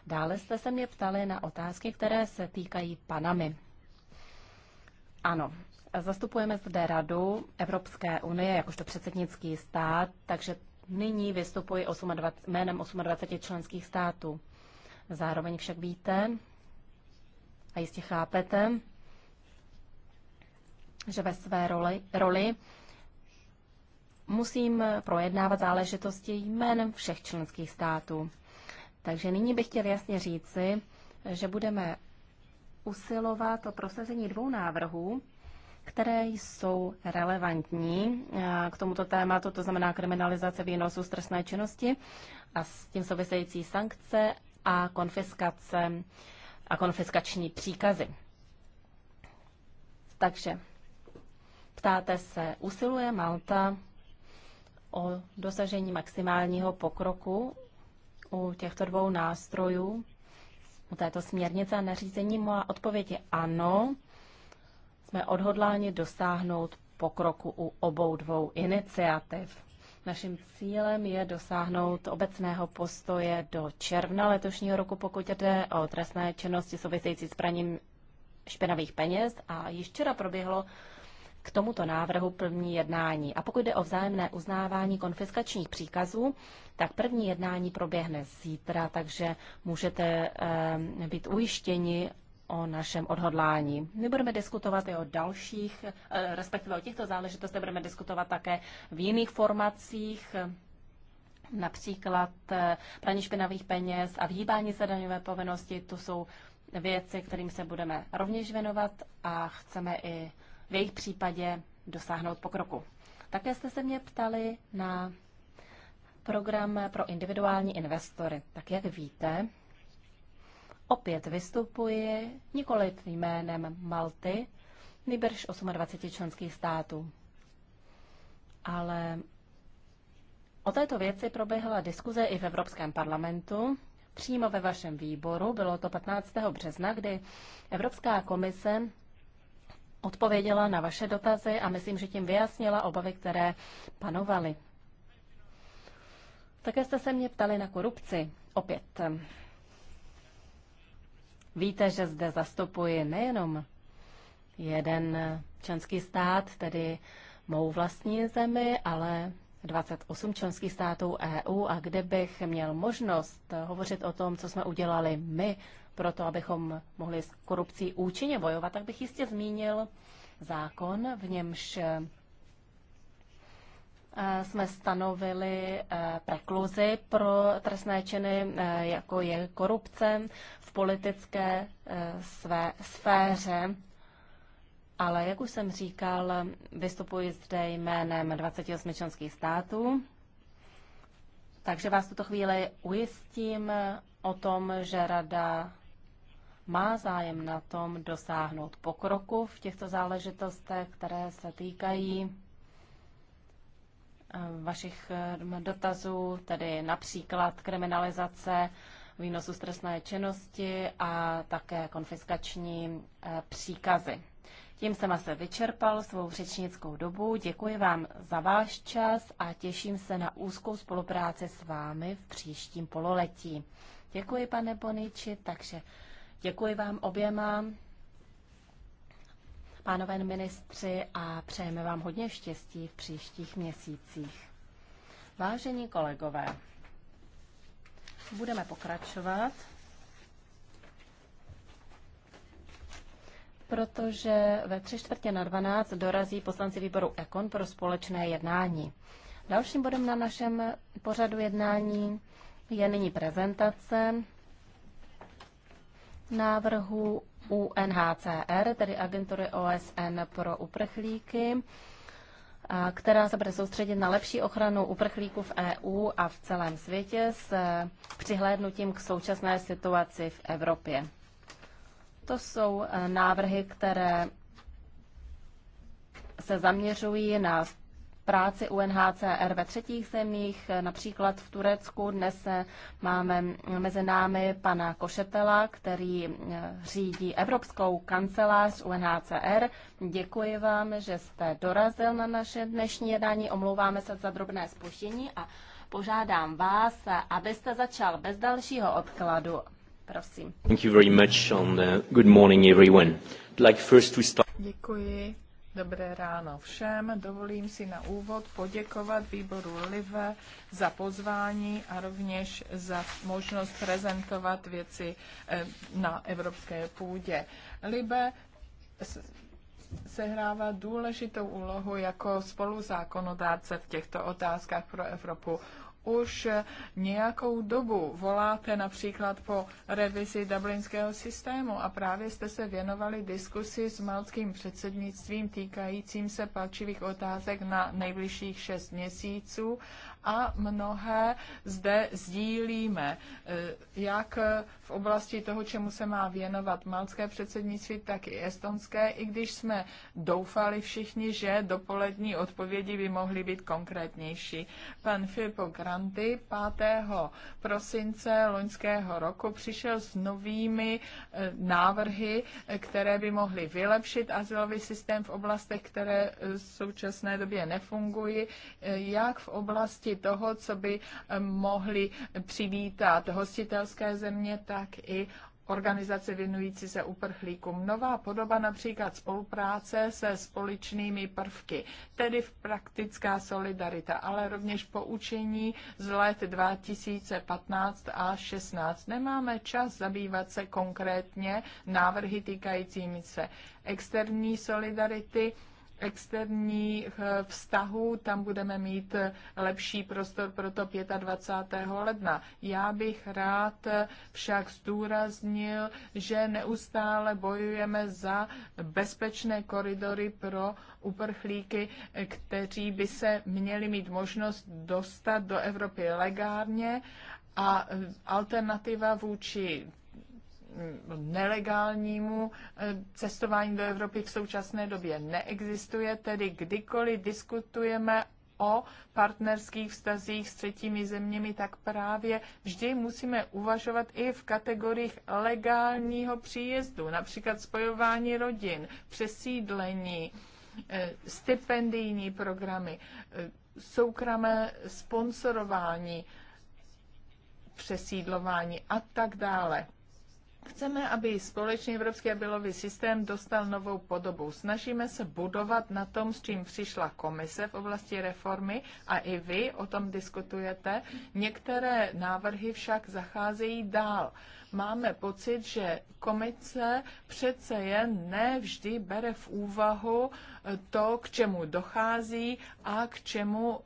Speaker 3: Dále jste se mě ptali na otázky, které se týkají Panamy. Ano, zastupujeme zde Radu Evropské unie jakožto předsednický stát, takže nyní vystupuji 28, jménem 28 členských států. Zároveň však víte a jistě chápete, že ve své roli, roli musím projednávat záležitosti jménem všech členských států. Takže nyní bych chtěl jasně říci, že budeme usilovat o prosazení dvou návrhů, které jsou relevantní eh, k tomuto tématu, to znamená kriminalizace výnosů z trestné činnosti a s tím související sankce a konfiskace a konfiskační příkazy. Takže ptáte se, usiluje Malta o dosažení maximálního pokroku u těchto dvou nástrojů, u této směrnice a nařízení? Moja odpověď je ano. Jsme odhodláni dosáhnout pokroku u obou dvou iniciativ. Naším cílem je dosáhnout obecného postoje do června letošního roku, pokud jde o trestné činnosti související s praním špinavých peněz a již včera proběhlo k tomuto návrhu první jednání. A pokud jde o vzájemné uznávání konfiskačních příkazů, tak první jednání proběhne zítra, takže můžete eh, být ujištěni o našem odhodlání. My budeme diskutovat i o dalších, eh, respektive o těchto záležitostech budeme diskutovat také v jiných formacích, například eh, praní špinavých peněz a vyhýbání se daňové povinnosti. To jsou věci, kterým se budeme rovněž věnovat a chceme i v jejich případě dosáhnout pokroku. Také jste se mě ptali na program pro individuální investory. Tak jak víte, opět vystupuji nikoli jménem Malty, nejbrž 28 členských států. Ale o této věci proběhla diskuze i v Evropském parlamentu, přímo ve vašem výboru, bylo to 15. března, kdy Evropská komise odpověděla na vaše dotazy a myslím, že tím vyjasnila obavy, které panovaly. Také jste se mě ptali na korupci. Opět. Víte, že zde zastupuji nejenom jeden členský stát, tedy mou vlastní zemi, ale 28 členských států EU a kde bych měl možnost hovořit o tom, co jsme udělali my pro to, abychom mohli s korupcí účinně bojovat, tak bych jistě zmínil zákon, v němž eh, jsme stanovili eh, prekluzi pro trestné činy, eh, jako je korupce v politické své sféře. Ale jak už jsem říkal, vystupuji zde jménem 28 členských států. Takže vás tuto chvíli ujistím o tom, že Rada má zájem na tom dosáhnout pokroku v těchto záležitostech, které se týkají eh, vašich eh, dotazů, tedy například kriminalizace výnosu stresné činnosti a také konfiskační eh, příkazy. Tím jsem se vyčerpal svou řečnickou dobu. Děkuji vám za váš čas a těším se na úzkou spolupráci s vámi v příštím pololetí. Děkuji, pane Boniči, takže Děkuji vám oběma, pánové ministři, a přejeme vám hodně štěstí v příštích měsících. Vážení kolegové, budeme pokračovat, protože ve tři čtvrtě na 12 dorazí poslanci výboru EKON pro společné jednání. Dalším bodem na našem pořadu jednání je nyní prezentace návrhu UNHCR, tedy agentury OSN pro uprchlíky, která se bude soustředit na lepší ochranu uprchlíků v EU a v celém světě s e, přihlédnutím k současné situaci v Evropě. To jsou e, návrhy, které se zaměřují na práci UNHCR ve třetích zemích, například v Turecku. Dnes máme mezi námi pana Košetela, který eh, řídí Evropskou kancelář UNHCR. Děkuji vám, že jste dorazil na naše dnešní jednání. Omlouváme se za drobné spoždění a požádám vás, abyste začal bez dalšího odkladu. Prosím.
Speaker 2: Eh,
Speaker 1: Děkuji. Dobré ráno všem. Dovolím si na úvod poděkovat výboru LIVE za pozvání a rovněž za možnost prezentovat věci eh, na evropské půdě. LIBE sehrává důležitou úlohu jako spoluzákonodárce v těchto otázkách pro Evropu už nějakou dobu voláte například po revizi dublinského systému a právě jste se věnovali diskusi s maltským předsednictvím týkajícím se palčivých otázek na nejbližších šest měsíců a mnohé zde sdílíme, eh, jak v oblasti toho, čemu se má věnovat malské předsednictví, tak i estonské, i když jsme doufali všichni, že dopolední odpovědi by mohly být konkrétnější. Pan Filippo Granti 5. prosince loňského roku přišel s novými eh, návrhy, eh, které by mohly vylepšit azylový systém v oblastech, které v současné době nefungují, jak v oblasti oblasti toho, co by eh, mohly přivítat hostitelské země, tak i organizace věnující se uprchlíkům. Nová podoba například spolupráce se společnými prvky, tedy v praktická solidarita, ale rovněž poučení z let 2015 a 16. Nemáme čas zabývat se konkrétně návrhy týkajícími se externí solidarity, externích eh, vztahů, tam budeme mít eh, lepší prostor pro to 25. ledna. Já bych rád eh, však zdůraznil, že neustále bojujeme za bezpečné koridory pro uprchlíky, kteří by se měli mít možnost dostat do Evropy legálně a alternativa vůči nelegálnímu eh, cestování do Evropy v současné době neexistuje, tedy kdykoliv diskutujeme o partnerských vztazích s třetími zeměmi, tak právě vždy musíme uvažovat i v kategoriích legálního příjezdu, například spojování rodin, přesídlení, eh, stipendijní programy, eh, soukromé sponsorování, přesídlování a tak dále. Chceme, aby společný evropský azylový systém dostal novou podobu. Snažíme se budovat na tom, s čím přišla komise v oblasti reformy a i vy o tom diskutujete. Některé návrhy však zacházejí dál máme pocit, že komice přece jen nevždy bere v úvahu eh, to, k čemu dochází a k čemu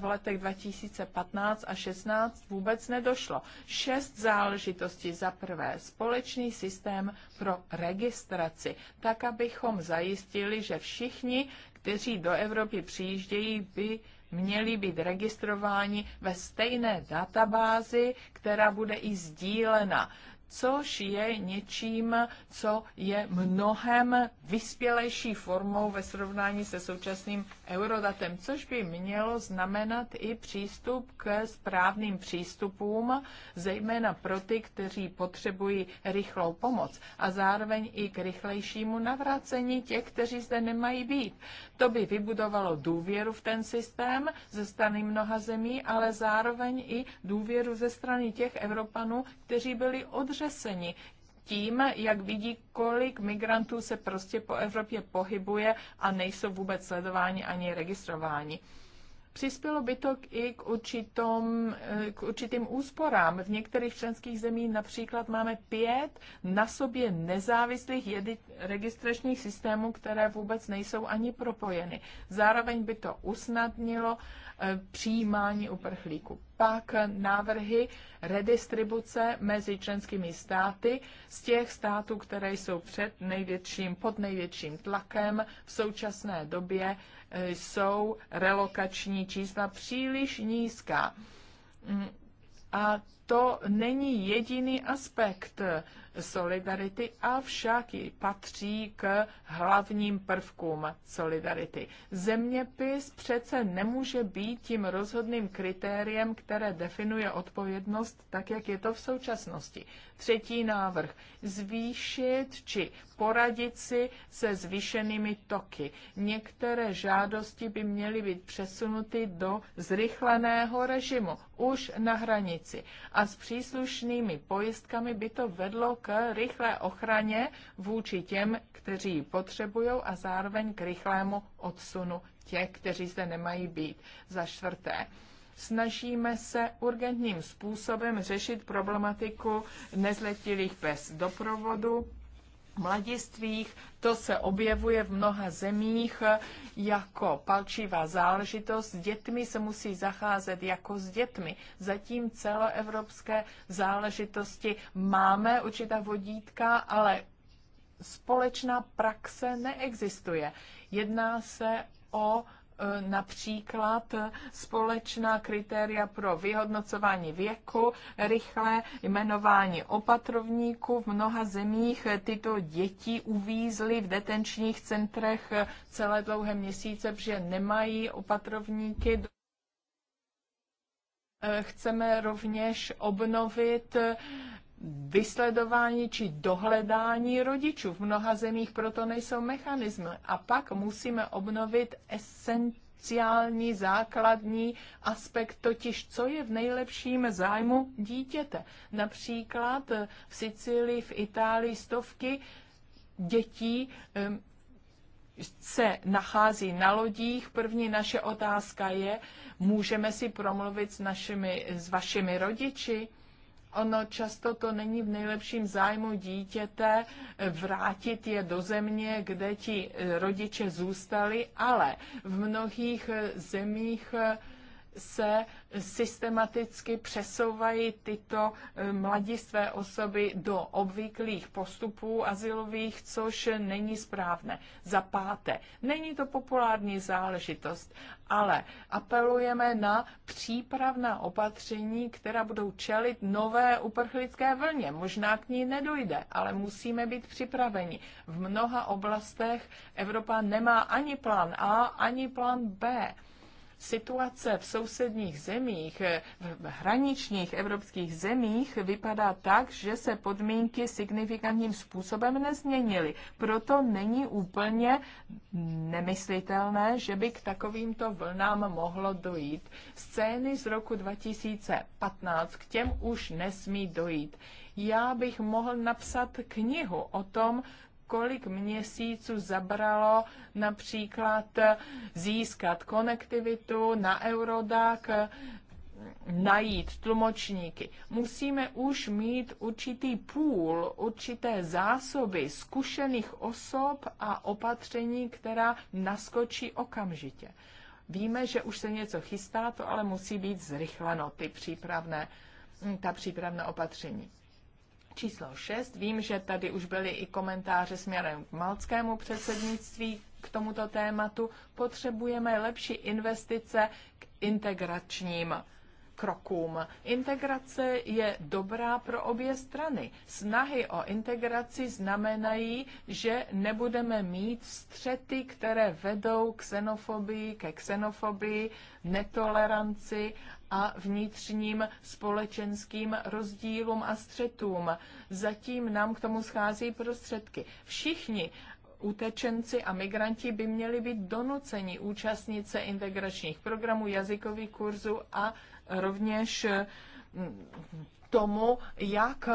Speaker 1: v letech 2015 a 16 vůbec nedošlo. Šest záležitostí. Za prvé, společný systém pro registraci, tak abychom zajistili, že všichni, kteří do Evropy přijíždějí, by měli být registrováni ve stejné databázi, která bude i sdílena což je něčím, co je mnohem vyspělejší formou ve srovnání se současným Eurodatem, což by mělo znamenat i přístup k správným přístupům, zejména pro ty, kteří potřebují rychlou pomoc a zároveň i k rychlejšímu navrácení těch, kteří zde nemají být. To by vybudovalo důvěru v ten systém ze strany mnoha zemí, ale zároveň i důvěru ze strany těch Evropanů, kteří byli odřeseni tím, jak vidí, kolik migrantů se prostě po Evropě pohybuje a nejsou vůbec sledováni ani registrováni. Přispělo by to i k, určitom, eh, k určitým úsporám. V některých členských zemích například máme pět na sobě nezávislých registračních systémů, které vůbec nejsou ani propojeny. Zároveň by to usnadnilo Eh, přijímání uprchlíků. Pak návrhy redistribuce mezi členskými státy z těch států, které jsou před největším, pod největším tlakem v současné době eh, jsou relokační čísla příliš nízká. Mm, a to není jediný aspekt solidarity, avšak ji patří k hlavním prvkům solidarity. Zeměpis přece nemůže být tím rozhodným kritériem, které definuje odpovědnost, tak jak je to v současnosti. Třetí návrh. Zvýšit či poradit si se zvýšenými toky. Některé žádosti by měly být přesunuty do zrychleného režimu už na hranici a s příslušnými pojistkami by to vedlo k rychlé ochraně vůči těm, kteří ji potřebují a zároveň k rychlému odsunu těch, kteří zde nemají být. Za čtvrté, snažíme se urgentním způsobem řešit problematiku nezletilých bez doprovodu mladistvých. To se objevuje v mnoha zemích jako palčivá záležitost. S dětmi se musí zacházet jako s dětmi. Zatím celoevropské záležitosti máme určitá vodítka, ale společná praxe neexistuje. Jedná se o E, například společná kritéria pro vyhodnocování věku, rychlé jmenování opatrovníků. V mnoha zemích tyto děti uvízly v detenčních centrech celé dlouhé měsíce, protože nemají opatrovníky. E, chceme rovněž obnovit vysledování či dohledání rodičů. V mnoha zemích proto nejsou mechanismy. A pak musíme obnovit esenciální základní aspekt, totiž co je v nejlepším zájmu dítěte. Například eh, v Sicílii, v Itálii stovky dětí ehm, se nachází na lodích. První naše otázka je, můžeme si promluvit s, našimi, s vašimi rodiči? ono často to není v nejlepším zájmu dítěte vrátit je do země, kde ti rodiče zůstali, ale v mnohých zemích se systematicky přesouvají tyto eh, mladistvé osoby do obvyklých postupů asilových, což není správné. Za páté, není to populární záležitost, ale apelujeme na přípravná opatření, která budou čelit nové uprchlické vlně. Možná k ní nedojde, ale musíme být připraveni. V mnoha oblastech Evropa nemá ani plán A, ani plán B situace v sousedních zemích, eh, v hraničních evropských zemích vypadá tak, že se podmínky signifikantním způsobem nezměnily. Proto není úplně nemyslitelné, že by k takovýmto vlnám mohlo dojít. Scény z roku 2015 k těm už nesmí dojít. Já bych mohl napsat knihu o tom, kolik měsíců zabralo například získat konektivitu na Eurodac, najít tlumočníky. Musíme už mít určitý půl, určité zásoby zkušených osob a opatření, která naskočí okamžitě. Víme, že už se něco chystá, to ale musí být zrychleno, ty přípravné, ta přípravná opatření. Číslo 6. Vím, že tady už byly i komentáře směrem k malckému předsednictví k tomuto tématu. Potřebujeme lepší investice k integračním krokům. Integrace je dobrá pro obě strany. Snahy o integraci znamenají, že nebudeme mít střety, které vedou k xenofobii, ke xenofobii, netoleranci a vnitřním společenským rozdílům a střetům. Zatím nám k tomu schází prostředky. Všichni utečenci a migranti by měli být donuceni účastnit se integračních programů, jazykových kurzů a rovněž mm, tomu, jak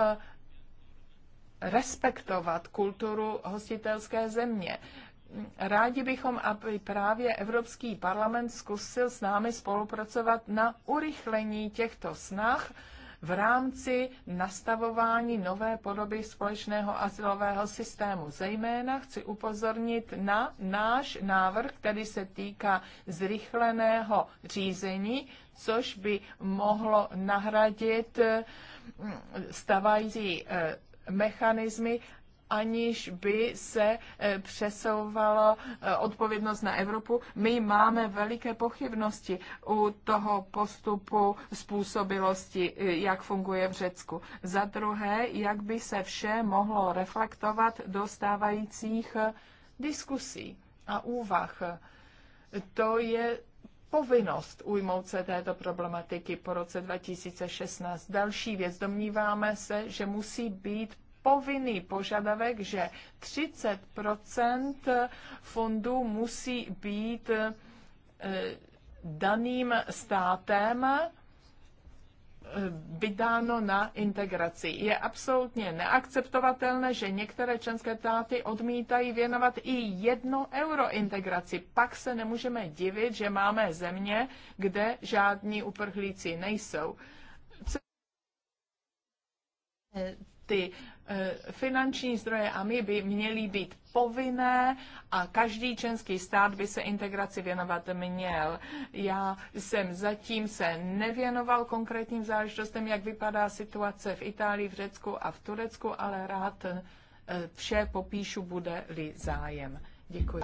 Speaker 1: respektovat kulturu hostitelské země rádi bychom, aby právě Evropský parlament zkusil s námi spolupracovat na urychlení těchto snah v rámci nastavování nové podoby společného asilového systému. Zejména chci upozornit na náš návrh, který se týká zrychleného řízení, což by mohlo nahradit mm, stavající eh, mechanismy aniž by se eh, přesouvalo eh, odpovědnost na Evropu. My máme veliké pochybnosti u toho postupu způsobilosti, eh, jak funguje v Řecku. Za druhé, jak by se vše mohlo reflektovat do stávajících diskusí a úvah. To je povinnost ujmout se této problematiky po roce 2016. Další věc, domníváme se, že musí být povinný požadavek, že 30 fondů musí být eh, daným státem eh, vydáno na integraci. Je absolutně neakceptovatelné, že některé členské státy odmítají věnovat i jedno euro integraci. Pak se nemůžeme divit, že máme země, kde žádní uprchlíci nejsou ty eh, finanční zdroje a my by měly být povinné a každý členský stát by se integraci věnovat měl. Já jsem zatím se nevěnoval konkrétním záležitostem, jak vypadá situace v Itálii, v Řecku a v Turecku, ale rád eh, vše popíšu, bude-li zájem. Děkuji.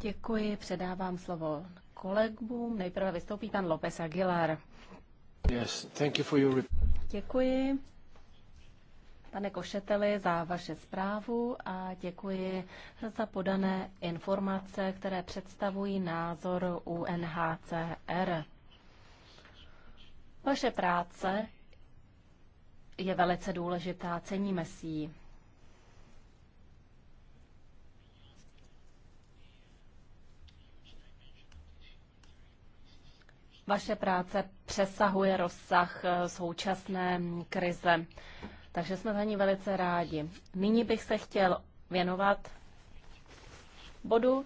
Speaker 1: Děkuji, předávám slovo
Speaker 3: kolegům. Nejprve vystoupí pan López Aguilar.
Speaker 2: Yes, thank you for your...
Speaker 3: Děkuji pane Košeteli, za vaše zprávu a děkuji za podané informace, které představují názor UNHCR. Vaše práce je velice důležitá, ceníme si ji. Vaše práce přesahuje rozsah současné krize takže jsme za ní velice rádi. Nyní bych se chtěl věnovat bodu,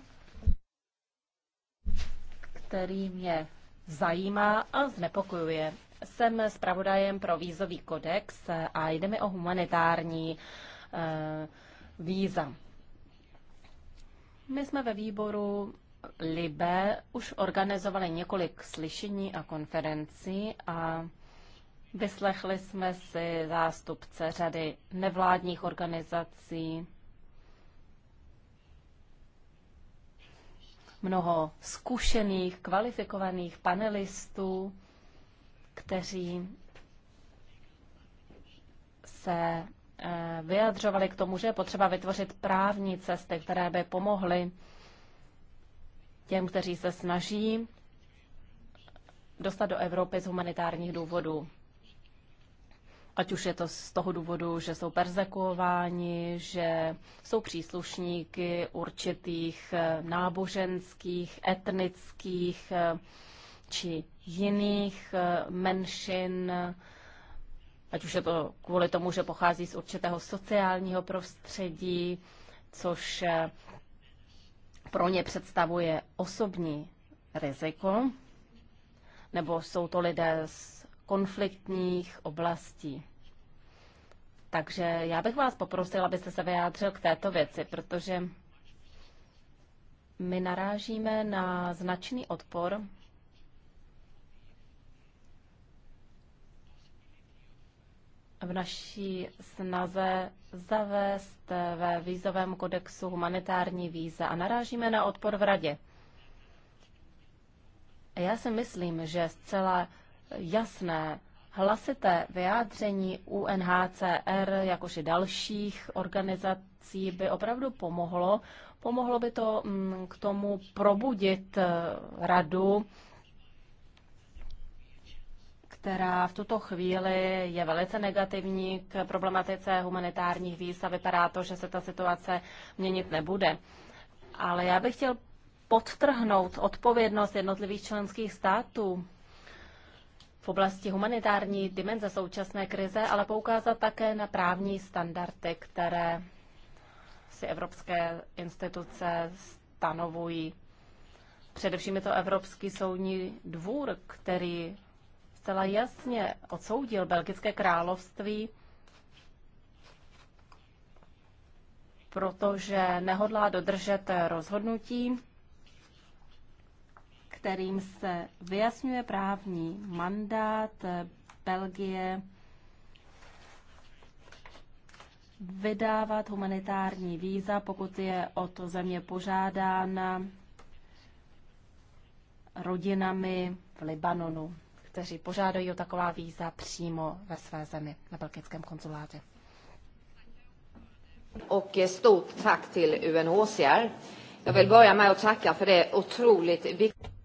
Speaker 3: který mě zajímá a znepokojuje. Jsem zpravodajem pro vízový kodex a jde mi o humanitární eh, víza. My jsme ve výboru Libe už organizovali několik slyšení a konferencí a Vyslechli jsme si zástupce řady nevládních organizací, mnoho zkušených, kvalifikovaných panelistů, kteří se eh, vyjadřovali k tomu, že je potřeba vytvořit právní cesty, které by pomohly těm, kteří se snaží dostat do Evropy z humanitárních důvodů ať už je to z toho důvodu, že jsou persekuováni, že jsou příslušníky určitých eh, náboženských, etnických eh, či jiných eh, menšin, ať už je to kvůli tomu, že pochází z určitého sociálního prostředí, což pro ně představuje osobní riziko, nebo jsou to lidé z konfliktních oblastí. Takže já bych vás poprosil, abyste se vyjádřil k této věci, protože my narážíme na značný odpor v naší snaze zavést ve vízovém kodexu humanitární víza a narážíme na odpor v radě. Já si myslím, že zcela jasné hlasité vyjádření UNHCR, jakož i dalších organizací, by opravdu pomohlo. Pomohlo by to mm, k tomu probudit eh, radu, která v tuto chvíli je velice negativní k problematice humanitárních víz a vypadá to, že se ta situace měnit nebude. Ale já bych chtěl podtrhnout odpovědnost jednotlivých členských států v oblasti humanitární dimenze současné krize, ale poukázat také na právní standardy, které si evropské instituce stanovují. Především je to Evropský soudní dvůr, který zcela jasně odsoudil Belgické království, protože nehodlá dodržet rozhodnutí kterým se vyjasňuje právní mandát Belgie vydávat humanitární víza, pokud je o to země požádána rodinami v Libanonu, kteří požádají o taková víza přímo ve své zemi na belgickém konzulátě. Och stort
Speaker 1: tack till UNHCR. Jag vill börja med att tacka för det otroligt viktiga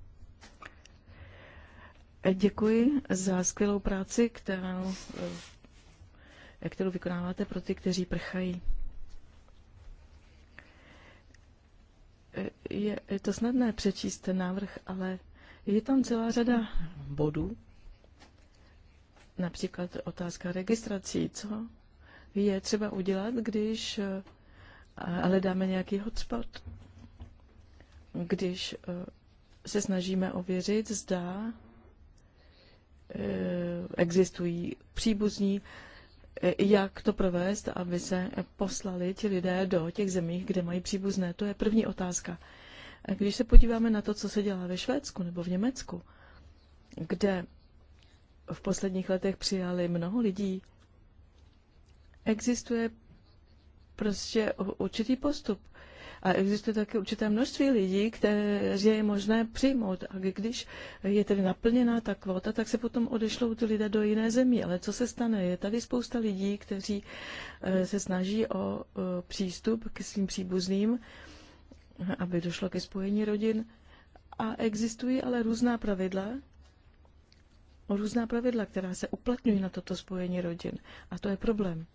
Speaker 4: Děkuji za skvělou práci, kterou, eh, kterou vykonáváte pro ty, kteří prchají. Eh, je, je to snadné přečíst ten návrh, ale je tam celá řada bodů, například otázka registrací, co je třeba udělat, když eh, ale dáme nějaký hotspot, když se snažíme ověřit, zda Eh, existují příbuzní, eh, jak to provést, aby se poslali ti lidé do těch zemí, kde mají příbuzné. To je první otázka. Když se podíváme na to, co se dělá ve Švédsku nebo v Německu, kde v posledních letech přijali mnoho lidí, existuje prostě určitý postup. A existuje také určité množství lidí, kteří je možné přijmout. A když je tedy naplněná ta kvota, tak se potom odešlou ty lidé do jiné země. Ale co se stane? Je tady spousta lidí, kteří eh, se snaží o eh, přístup k svým příbuzným, aby došlo ke spojení rodin. A existují ale různá pravidla, různá pravidla, která se uplatňují na toto spojení rodin. A to je problém.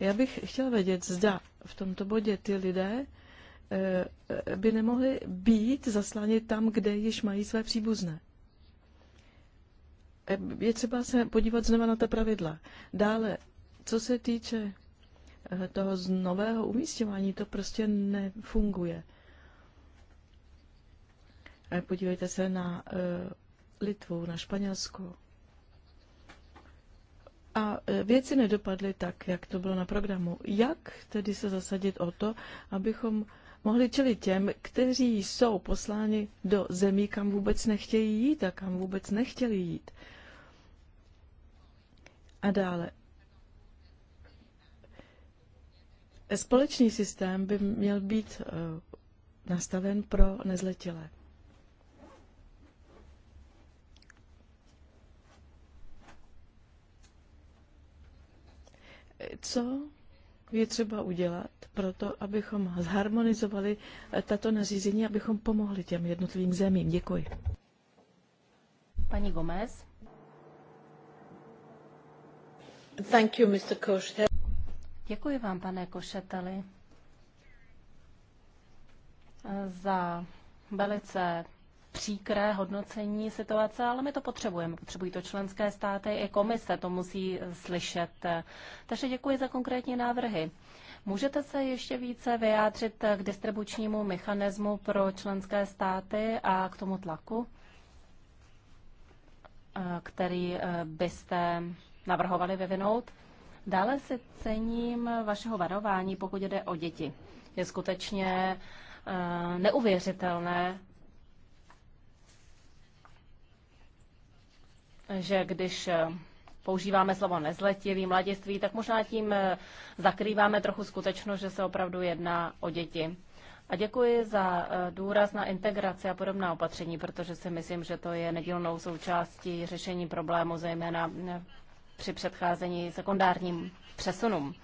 Speaker 4: Já bych chtěla vědět, zda v tomto bodě ty lidé Eh, by nemohli být zasláni tam, kde již mají své příbuzné. Eh, je třeba se podívat znova na ta pravidla. Dále, co se týče eh, toho z nového umístěvání, to prostě nefunguje. Podívejte se na Litvu, na Španělsko. A věci nedopadly tak, jak to bylo na programu. Jak tedy se zasadit o to, abychom mohli čelit těm, kteří jsou posláni do zemí, kam vůbec nechtějí jít a kam vůbec nechtěli jít. A dále. Společný systém by měl být eh, nastaven pro nezletilé. Co je třeba udělat pro to, abychom zharmonizovali eh, tato nařízení, abychom pomohli těm jednotlivým zemím?
Speaker 3: Děkuji. Paní Gomez. Thank you, Mr. Děkuji vám, pane Košeteli, za velice příkré hodnocení situace, ale my to potřebujeme. Potřebují to členské státy i komise, to musí eh, slyšet. Takže děkuji za konkrétní návrhy. Můžete se ještě více vyjádřit eh, k distribučnímu mechanismu pro členské státy a k tomu tlaku, eh, který byste navrhovali vyvinout? Dále si cením vašeho varování, pokud jde o děti. Je skutečně neuvěřitelné, že když eh, používáme slovo nezletilý, mladiství, tak možná tím eh, zakrýváme trochu skutečnost, že se opravdu jedná o děti. A děkuji za eh, důraz na integraci a podobná opatření, protože si myslím, že to je nedílnou součástí řešení problému, zejména při předcházení sekundárním přesunům.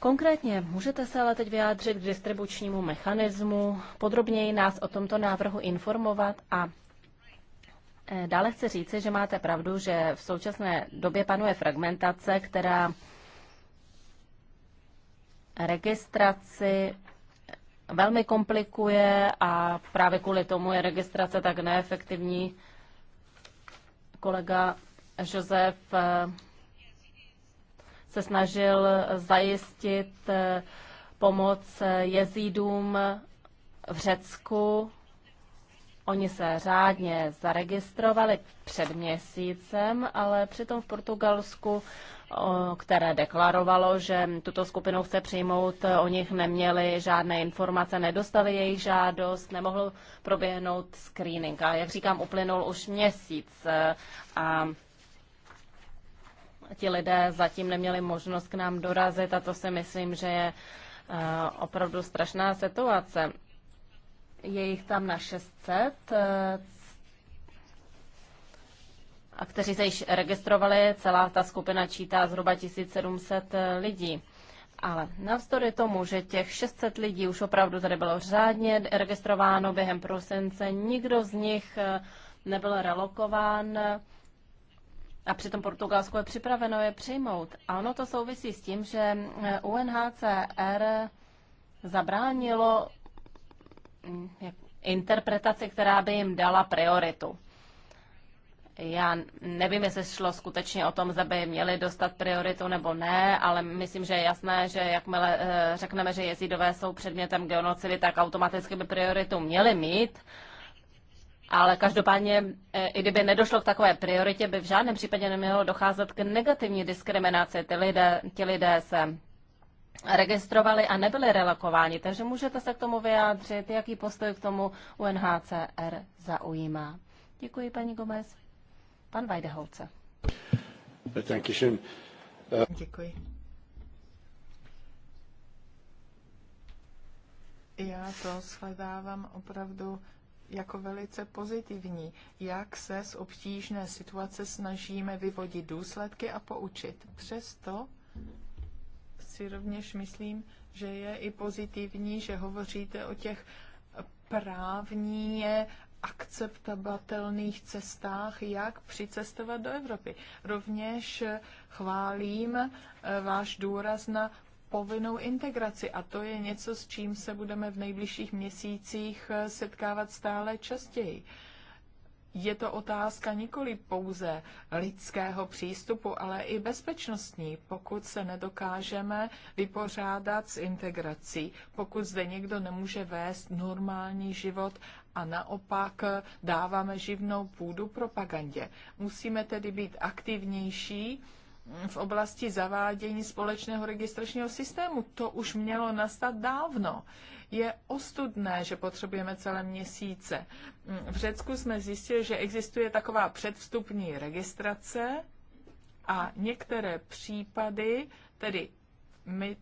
Speaker 3: Konkrétně můžete se ale teď vyjádřit k distribučnímu mechanismu, podrobněji nás o tomto návrhu informovat a Eh, dále chci říci, že máte pravdu, že v současné době panuje fragmentace, která registraci velmi komplikuje a právě kvůli tomu je registrace tak neefektivní. Kolega Josef eh, se snažil zajistit eh, pomoc jezídům v Řecku Oni se řádně zaregistrovali před měsícem, ale přitom v Portugalsku, které deklarovalo, že tuto skupinu chce přijmout, o nich neměli žádné informace, nedostali jejich žádost, nemohl proběhnout screening. A jak říkám, uplynul už měsíc e, a ti lidé zatím neměli možnost k nám dorazit a to si myslím, že je e, opravdu strašná situace je jich tam na 600, eh, a kteří se již registrovali, celá ta skupina čítá zhruba 1700 eh, lidí. Ale navzdory tomu, že těch 600 lidí už opravdu tady bylo řádně registrováno během prosince, nikdo z nich eh, nebyl relokován a přitom Portugalsko je připraveno je přijmout. A ono to souvisí s tím, že UNHCR zabránilo interpretaci, která by jim dala prioritu. Já nevím, jestli šlo skutečně o tom, zda by měli dostat prioritu nebo ne, ale myslím, že je jasné, že jakmile eh, řekneme, že jezidové jsou předmětem genocidy, tak automaticky by prioritu měli mít. Ale každopádně, eh, i kdyby nedošlo k takové prioritě, by v žádném případě nemělo docházet k negativní diskriminaci. Ti lidé, ti lidé se registrovali a nebyli relokováni. Takže můžete se k tomu vyjádřit, jaký postoj k tomu UNHCR zaujímá. Děkuji, paní Gomez. Pan Vajdeholce. Uh, Děkuji.
Speaker 1: Já to shledávám opravdu jako velice pozitivní, jak se z obtížné situace snažíme vyvodit důsledky a poučit. Přesto si rovněž myslím, že je i pozitivní, že hovoříte o těch právně akceptabatelných cestách, jak přicestovat do Evropy. Rovněž chválím eh, váš důraz na povinnou integraci a to je něco, s čím se budeme v nejbližších měsících eh, setkávat stále častěji je to otázka nikoli pouze lidského přístupu, ale i bezpečnostní, pokud se nedokážeme vypořádat s integrací, pokud zde někdo nemůže vést normální život a naopak dáváme živnou půdu propagandě. Musíme tedy být aktivnější, v oblasti zavádění společného registračního systému. To už mělo nastat dávno. Je ostudné, že potřebujeme celé měsíce. V Řecku jsme zjistili, že existuje taková předvstupní registrace a některé případy, tedy my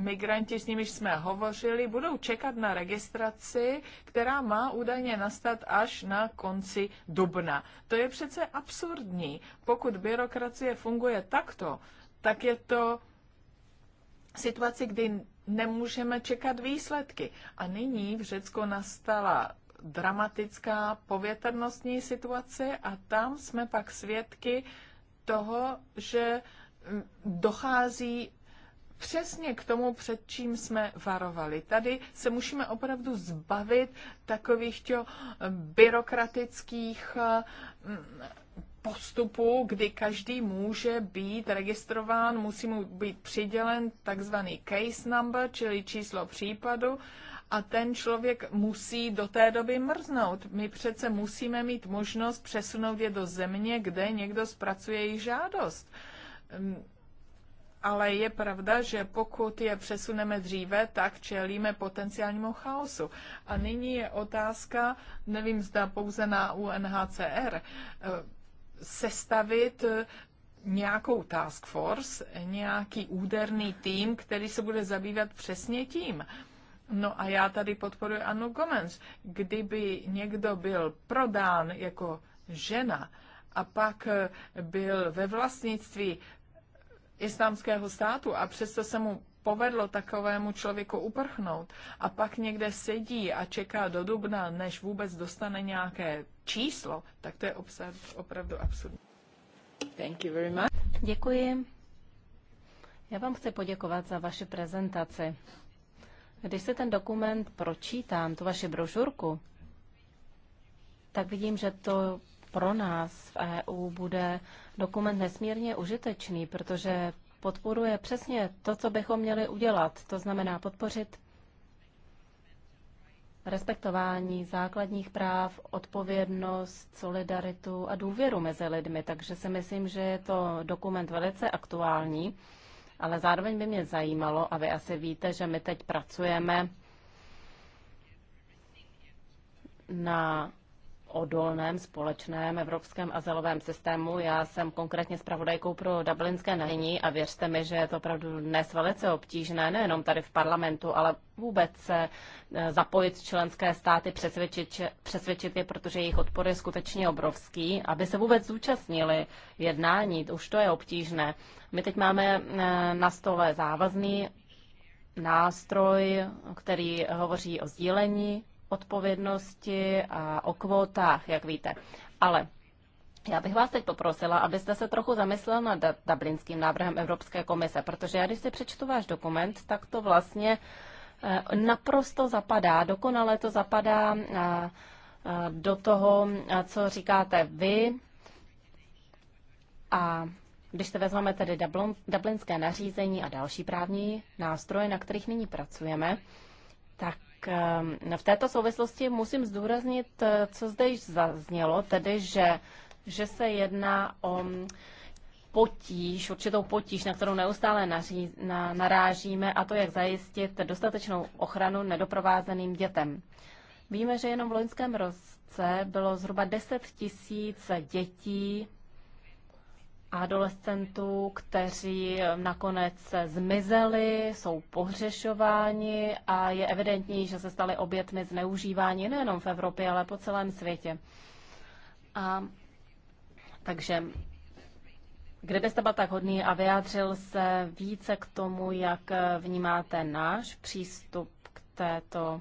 Speaker 1: migranti, s nimiž jsme hovořili, budou čekat na registraci, která má údajně nastat až na konci dubna. To je přece absurdní. Pokud byrokracie funguje takto, tak je to situaci, kdy nemůžeme čekat výsledky. A nyní v Řecku nastala dramatická povětrnostní situace a tam jsme pak svědky toho, že dochází přesně k tomu, před čím jsme varovali. Tady se musíme opravdu zbavit takových těch eh, byrokratických eh, mm, postupu, kdy každý může být registrován, musí mu být přidělen takzvaný case number, čili číslo případu, a ten člověk musí do té doby mrznout. My přece musíme mít možnost přesunout je do země, kde někdo zpracuje jejich žádost. Hm, ale je pravda, že pokud je přesuneme dříve, tak čelíme potenciálnímu chaosu. A nyní je otázka, nevím, zda pouze na UNHCR, eh, sestavit eh, nějakou task force, nějaký úderný tým, který se bude zabývat přesně tím. No a já tady podporuji Anu Gomez. Kdyby někdo byl prodán jako žena a pak eh, byl ve vlastnictví islámského státu a přesto se mu povedlo takovému člověku uprchnout a pak někde sedí a čeká do dubna, než vůbec dostane nějaké číslo, tak to je obsad, opravdu absurdní.
Speaker 3: Thank you very much. Děkuji. Já vám chci poděkovat za vaši prezentaci. Když se ten dokument pročítám, tu vaši brožurku, tak vidím, že to pro nás v EU bude dokument nesmírně užitečný, protože podporuje přesně to, co bychom měli udělat. To znamená podpořit respektování základních práv, odpovědnost, solidaritu a důvěru mezi lidmi. Takže si myslím, že je to dokument velice aktuální, ale zároveň by mě zajímalo, a vy asi víte, že my teď pracujeme na odolném společném evropském azylovém systému. Já jsem konkrétně zpravodajkou pro dublinské nařízení a věřte mi, že je to opravdu dnes velice obtížné, nejenom tady v parlamentu, ale vůbec se e, zapojit členské státy, přesvědčit, přesvědčit je, protože jejich odpor je skutečně obrovský, aby se vůbec zúčastnili jednání, už to je obtížné. My teď máme e, na stole závazný nástroj, který hovoří o sdílení odpovědnosti a o kvótách, jak víte. Ale já bych vás teď poprosila, abyste se trochu zamyslel nad dublinským návrhem Evropské komise, protože já, když si přečtu váš dokument, tak to vlastně eh, naprosto zapadá, dokonale to zapadá eh, eh, do toho, co říkáte vy. A když se vezmeme tedy Dublin, dublinské nařízení a další právní nástroje, na kterých nyní pracujeme, tak Ehm, v této souvislosti musím zdůraznit, eh, co zde již zaznělo, tedy, že, že se jedná o potíž, určitou potíž, na kterou neustále naří, na, narážíme, a to, jak zajistit dostatečnou ochranu nedoprovázeným dětem. Víme, že jenom v loňském roce bylo zhruba 10 tisíc dětí adolescentů, kteří nakonec zmizeli, jsou pohřešováni a je evidentní, že se stali obětmi zneužívání nejenom v Evropě, ale po celém světě. A takže kdybyste byl tak hodný a vyjádřil se více k tomu, jak vnímáte náš přístup k této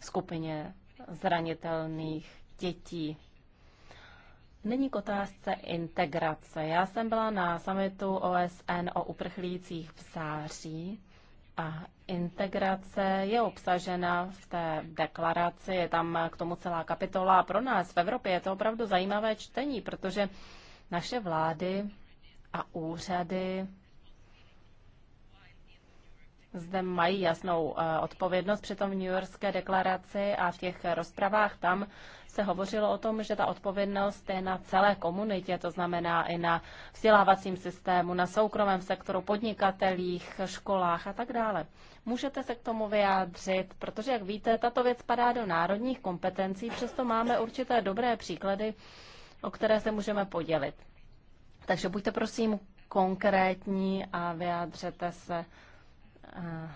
Speaker 3: skupině zranitelných dětí. Není k otázce integrace. Já jsem byla na summitu OSN o uprchlících v září a integrace je obsažena v té deklaraci, je tam k tomu celá kapitola. pro nás v Evropě je to opravdu zajímavé čtení, protože naše vlády a úřady zde mají jasnou eh, odpovědnost při tom New Yorkské deklaraci a v těch rozpravách tam se hovořilo o tom, že ta odpovědnost je na celé komunitě, to znamená i na vzdělávacím systému, na soukromém sektoru, podnikatelích, školách a tak dále. Můžete se k tomu vyjádřit, protože, jak víte, tato věc padá do národních kompetencí, přesto máme určité dobré příklady, o které se můžeme podělit. Takže buďte prosím konkrétní a vyjádřete se eh,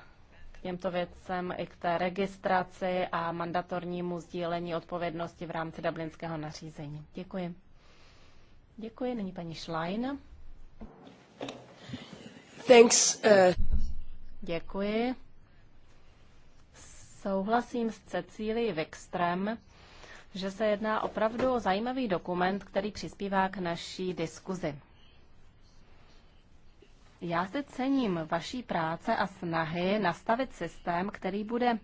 Speaker 3: těmto věcem i k té registraci a mandatornímu sdílení odpovědnosti v rámci dublinského nařízení. Děkuji. Děkuji, nyní paní Schlein. Thanks. Uh... Děkuji. Souhlasím s Cecílií Wikström, že se jedná opravdu o zajímavý dokument, který přispívá k naší diskuzi. Já zde cením vaší práce a snahy nastavit systém, který bude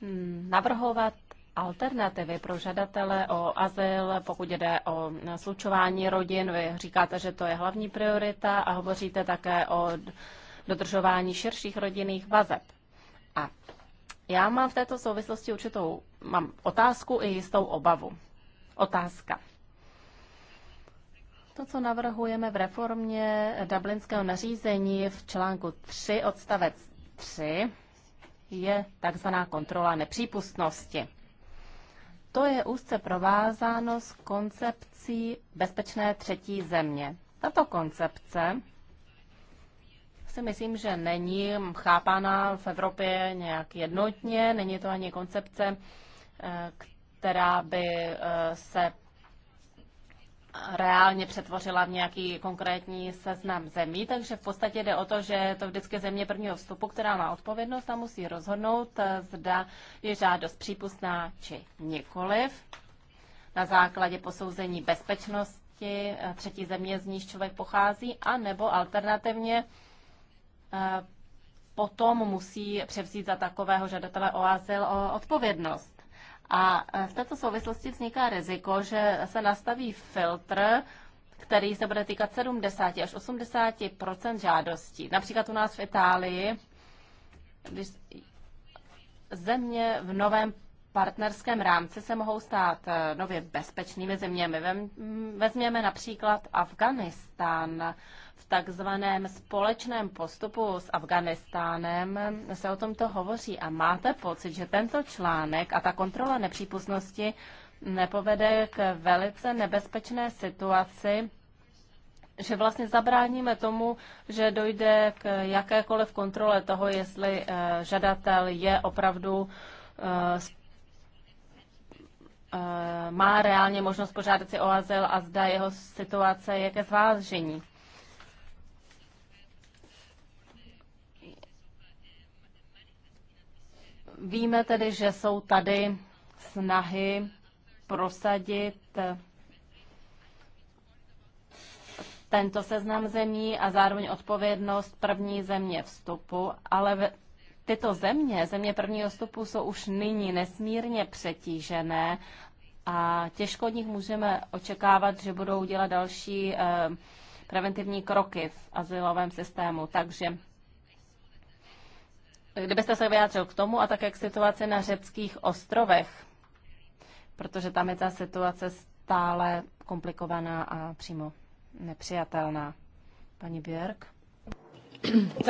Speaker 3: hmm, navrhovat alternativy pro žadatele o azyl, pokud jde o slučování rodin. Vy říkáte, že to je hlavní priorita a hovoříte také o dodržování širších rodinných vazeb. A já mám v této souvislosti určitou mám otázku i jistou obavu. Otázka. To, co navrhujeme v reformě dublinského nařízení v článku 3 odstavec 3, je takzvaná kontrola nepřípustnosti. To je úzce provázáno s koncepcí bezpečné třetí země. Tato koncepce si myslím, že není chápána v Evropě nějak jednotně, není to ani koncepce, eh, která by eh, se reálně přetvořila v nějaký konkrétní seznam zemí, takže v podstatě jde o to, že je to vždycky země prvního vstupu, která má odpovědnost a musí rozhodnout, zda je žádost přípustná či nikoliv. Na základě posouzení bezpečnosti eh, třetí země, z níž člověk pochází, a nebo alternativně eh, potom musí převzít za takového žadatele o azyl odpovědnost. A e, v této souvislosti vzniká riziko, že se nastaví filtr, který se bude týkat 70 až 80 žádostí. Například u nás v Itálii, když země v novém partnerském rámci se mohou stát eh, nově bezpečnými zeměmi. Mm, vezměme například Afganistán. V takzvaném společném postupu s Afganistánem se o tomto hovoří a máte pocit, že tento článek a ta kontrola nepřípustnosti nepovede k velice nebezpečné situaci, že vlastně zabráníme tomu, že dojde k jakékoliv kontrole toho, jestli eh, žadatel je opravdu eh, Eh, má reálně možnost požádat si o azyl a zda jeho situace je ke zvážení. Víme tedy, že jsou tady snahy prosadit tento seznam zemí a zároveň odpovědnost první země vstupu, ale Tyto země, země prvního stupu, jsou už nyní nesmírně přetížené a těžko od nich můžeme očekávat, že budou dělat další eh, preventivní kroky v asilovém systému. Takže kdybyste se vyjádřil k tomu a také k situaci na řeckých ostrovech, protože tam je ta situace stále komplikovaná a přímo nepřijatelná. Paní Björk?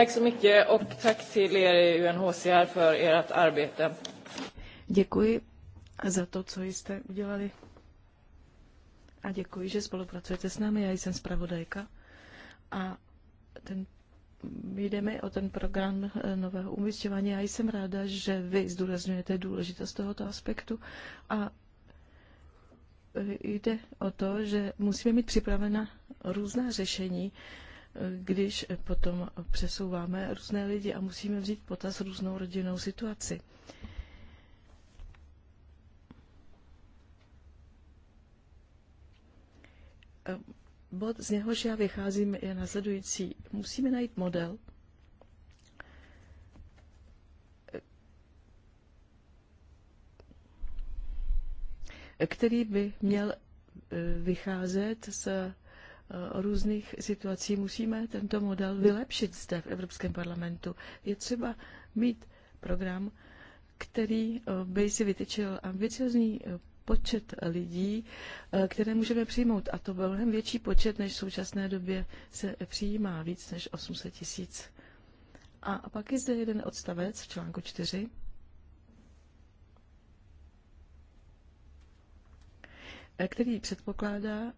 Speaker 1: så mycket och tack till er i UNHCR för ert arbete.
Speaker 4: Děkuji za to, co jste udělali. A děkuji, že spolupracujete s námi. Já jsem zpravodajka. A ten, jdeme o ten program eh, nového umístěvání. Já jsem ráda, že vy zdůrazňujete důležitost tohoto aspektu a eh, jde o to, že musíme mít připravena různá řešení, když potom přesouváme různé lidi a musíme vzít potaz různou rodinnou situaci. Eh, bod, z něhož já vycházím, je následující. Musíme najít model, eh, který by měl eh, vycházet z Eh, různých situací musíme tento model vylepšit zde v Evropském parlamentu. Je třeba mít program, který eh, by si vytyčil ambiciozní eh, počet lidí, které můžeme přijmout. A to byl mnohem větší počet, než v současné době se přijímá, víc než 800 tisíc. A pak je zde jeden odstavec v článku 4, který předpokládá,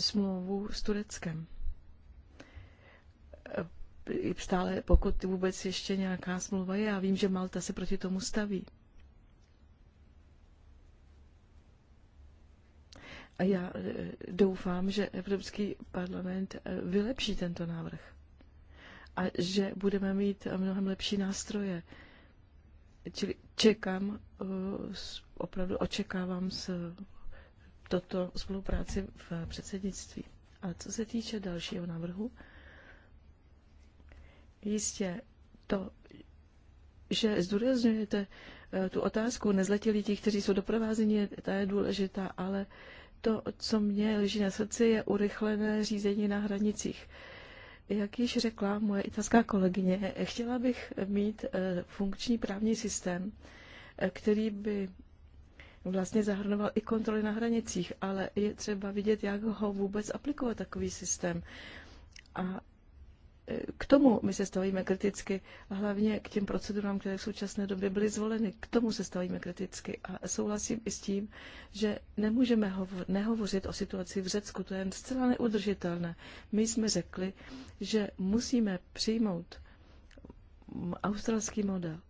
Speaker 4: smlouvu s Tureckem. E, stále, pokud vůbec ještě nějaká smlouva je, já vím, že Malta se proti tomu staví. A já e, doufám, že Evropský parlament e, vylepší tento návrh a že budeme mít mnohem lepší nástroje. Čili čekám, opravdu očekávám s toto spolupráci v předsednictví. A co se týče dalšího návrhu, jistě to, že zdůrazňujete eh, tu otázku nezletilí těch, kteří jsou doprovázeni, ta je důležitá, ale to, co mě leží na srdci, je urychlené řízení na hranicích. Jak již řekla moje italská kolegyně, chtěla bych mít eh, funkční právní systém, eh, který by vlastně zahrnoval i kontroly na hranicích, ale je třeba vidět, jak ho vůbec aplikovat takový systém. A e, k tomu my se stavíme kriticky, a hlavně k těm procedurám, které v současné době byly zvoleny. K tomu se stavíme kriticky a souhlasím i s tím, že nemůžeme hovo- nehovořit o situaci v Řecku. To je jen zcela neudržitelné. My jsme řekli, že musíme přijmout australský model.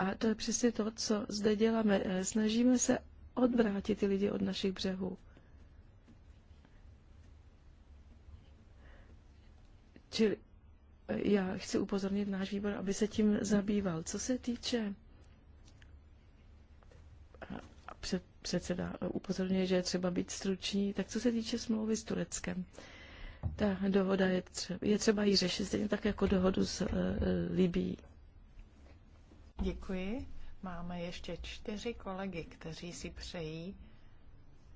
Speaker 4: A to je přesně to, co zde děláme. Eh, snažíme se odvrátit ty lidi od našich břehů. Čili eh, já chci upozornit náš výbor, aby se tím zabýval. Co se týče eh, a před, předseda upozorňuje, že je třeba být stručný, tak co se týče smlouvy s Tureckem, ta dohoda je třeba, je třeba ji řešit, stejně tak jako dohodu s uh, Libí.
Speaker 1: Děkuji. Máme ještě čtyři kolegy, kteří si přejí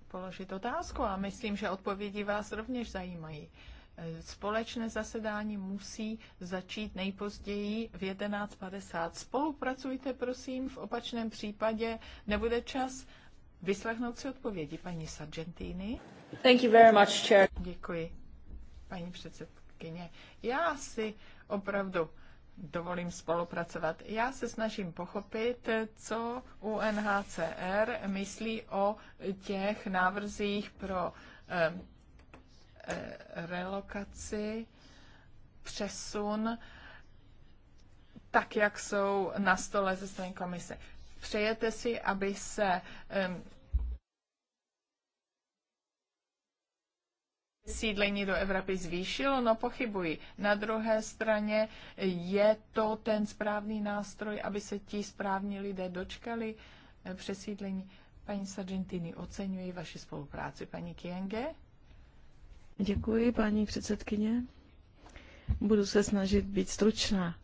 Speaker 1: položit otázku a myslím, že odpovědi vás rovněž zajímají. Společné zasedání musí začít nejpozději v 11.50. Spolupracujte, prosím, v opačném případě nebude čas vyslechnout si odpovědi paní Sargentini. Thank you very much, chair. Děkuji, paní předsedkyně. Já si opravdu dovolím spolupracovat. Já se snažím pochopit, co UNHCR myslí o těch návrzích pro eh, eh, relokaci, přesun, tak jak jsou na stole ze strany komise. Přejete si, aby se eh, sídlení do Evropy zvýšilo, no pochybuji. Na druhé straně je to ten správný nástroj, aby se ti správní lidé dočkali eh, přesídlení. Paní Sargentini, oceňuji vaši spolupráci. Paní Kienge?
Speaker 4: Děkuji, paní předsedkyně. Budu se snažit být stručná.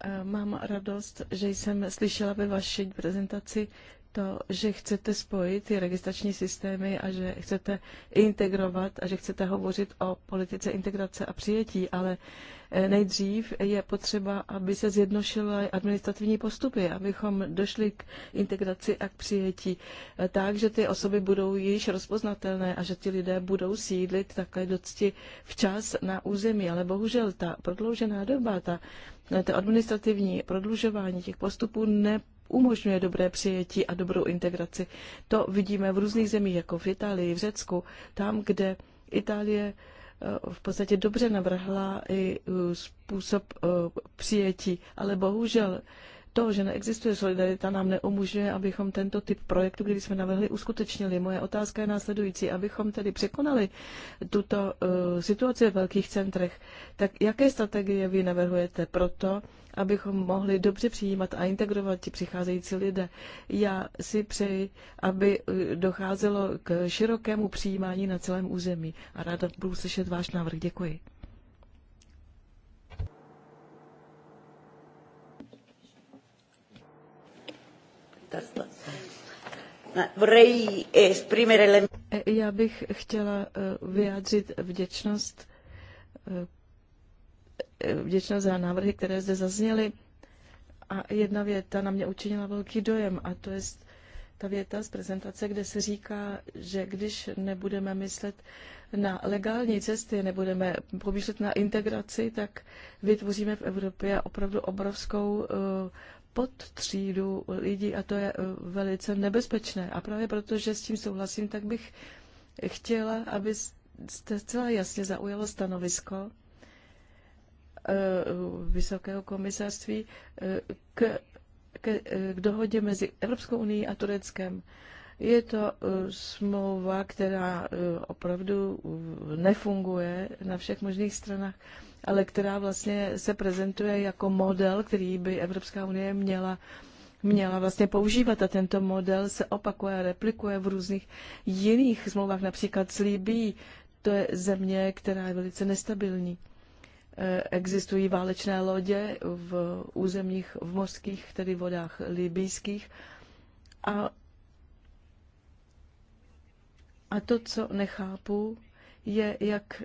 Speaker 4: Eh, mám radost, že jsem slyšela ve vaší prezentaci to, že chcete spojit ty registrační systémy a že chcete integrovat a že chcete hovořit o politice integrace a přijetí, ale eh, nejdřív je potřeba, aby se zjednošily administrativní postupy, abychom došli k integraci a k přijetí eh, tak, že ty osoby budou již rozpoznatelné a že ti lidé budou sídlit takhle docti včas na území. Ale bohužel ta prodloužená doba, ta eh, to administrativní prodlužování těch postupů ne, umožňuje dobré přijetí a dobrou integraci. To vidíme v různých zemích, jako v Itálii, v Řecku, tam, kde Itálie eh, v podstatě dobře navrhla i eh, způsob eh, přijetí, ale bohužel to, že neexistuje solidarita, nám neumožňuje, abychom tento typ projektu, který jsme navrhli, uskutečnili. Moje otázka je následující. Abychom tedy překonali tuto uh, situaci v velkých centrech, tak jaké strategie vy navrhujete pro to, abychom mohli dobře přijímat a integrovat ti přicházející lidé. Já si přeji, aby eh, docházelo k širokému přijímání na celém území a ráda budu slyšet váš návrh. Děkuji. Eh, já bych chtěla eh, vyjádřit vděčnost vděčná za návrhy, které zde zazněly. A jedna věta na mě učinila velký dojem, a to je ta věta z prezentace, kde se říká, že když nebudeme myslet na legální cesty, nebudeme pomýšlet na integraci, tak vytvoříme v Evropě opravdu obrovskou eh, podtřídu lidí a to je eh, velice nebezpečné. A právě proto, že s tím souhlasím, tak bych chtěla, aby jste celá jasně zaujalo stanovisko, Eh, Vysokého komisářství eh, k, k, eh, k dohodě mezi Evropskou unii a Tureckem. Je to smlouva, která opravdu nefunguje na všech možných stranách, ale která vlastně se prezentuje jako model, který by Evropská unie měla měla vlastně používat a tento model se opakuje a replikuje v různých jiných smlouvách, například s Libí. To je země, která je velice nestabilní existují válečné lodě v územních, v mořských, tedy vodách libijských. A, a to, co nechápu, je, jak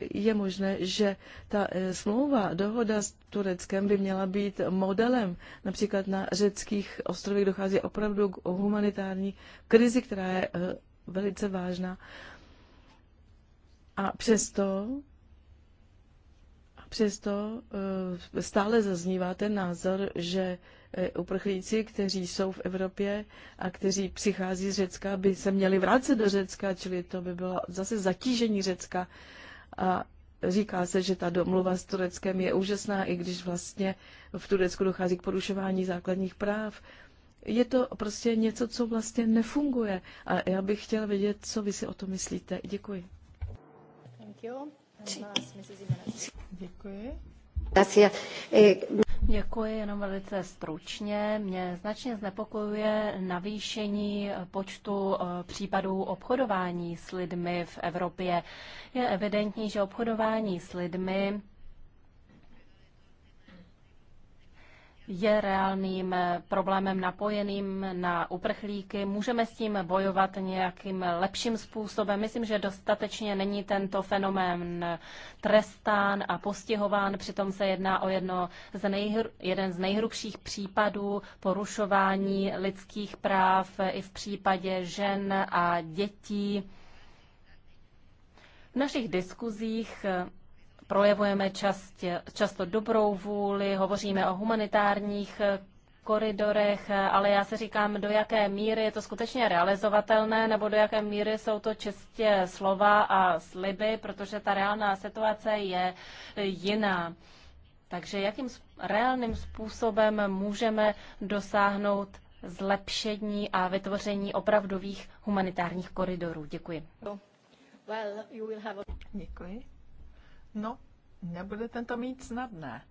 Speaker 4: je možné, že ta eh, smlouva, dohoda s Tureckem by měla být modelem. Například na řeckých ostrovech dochází opravdu k humanitární krizi, která je eh, velice vážná. A přesto Přesto eh, stále zaznívá ten názor, že eh, uprchlíci, kteří jsou v Evropě a kteří přichází z Řecka, by se měli vrátit do Řecka, čili to by bylo zase zatížení Řecka. A říká se, že ta domluva s Tureckem je úžasná, i když vlastně v Turecku dochází k porušování základních práv. Je to prostě něco, co vlastně nefunguje. A já bych chtěla vědět, co vy si o to myslíte. Děkuji. Thank you.
Speaker 3: Děkuji. Eh, Děkuji, jenom velice stručně. Mě značně znepokojuje navýšení počtu eh, případů obchodování s lidmi v Evropě. Je evidentní, že obchodování s lidmi je reálným eh, problémem napojeným na uprchlíky. Můžeme s tím bojovat nějakým lepším způsobem. Myslím, že dostatečně není tento fenomén eh, trestán a postihován. Přitom se jedná o jedno z nejhr, jeden z nejhrubších případů porušování lidských práv eh, i v případě žen a dětí. V našich diskuzích projevujeme část často dobrou vůli, hovoříme o humanitárních koridorech, ale já se říkám, do jaké míry je to skutečně realizovatelné, nebo do jaké míry jsou to čistě slova a sliby, protože ta reálná situace je jiná. Takže jakým reálným způsobem můžeme dosáhnout zlepšení a vytvoření opravdových humanitárních koridorů? Děkuji.
Speaker 1: Děkuji. No, nebudete to mít snadné.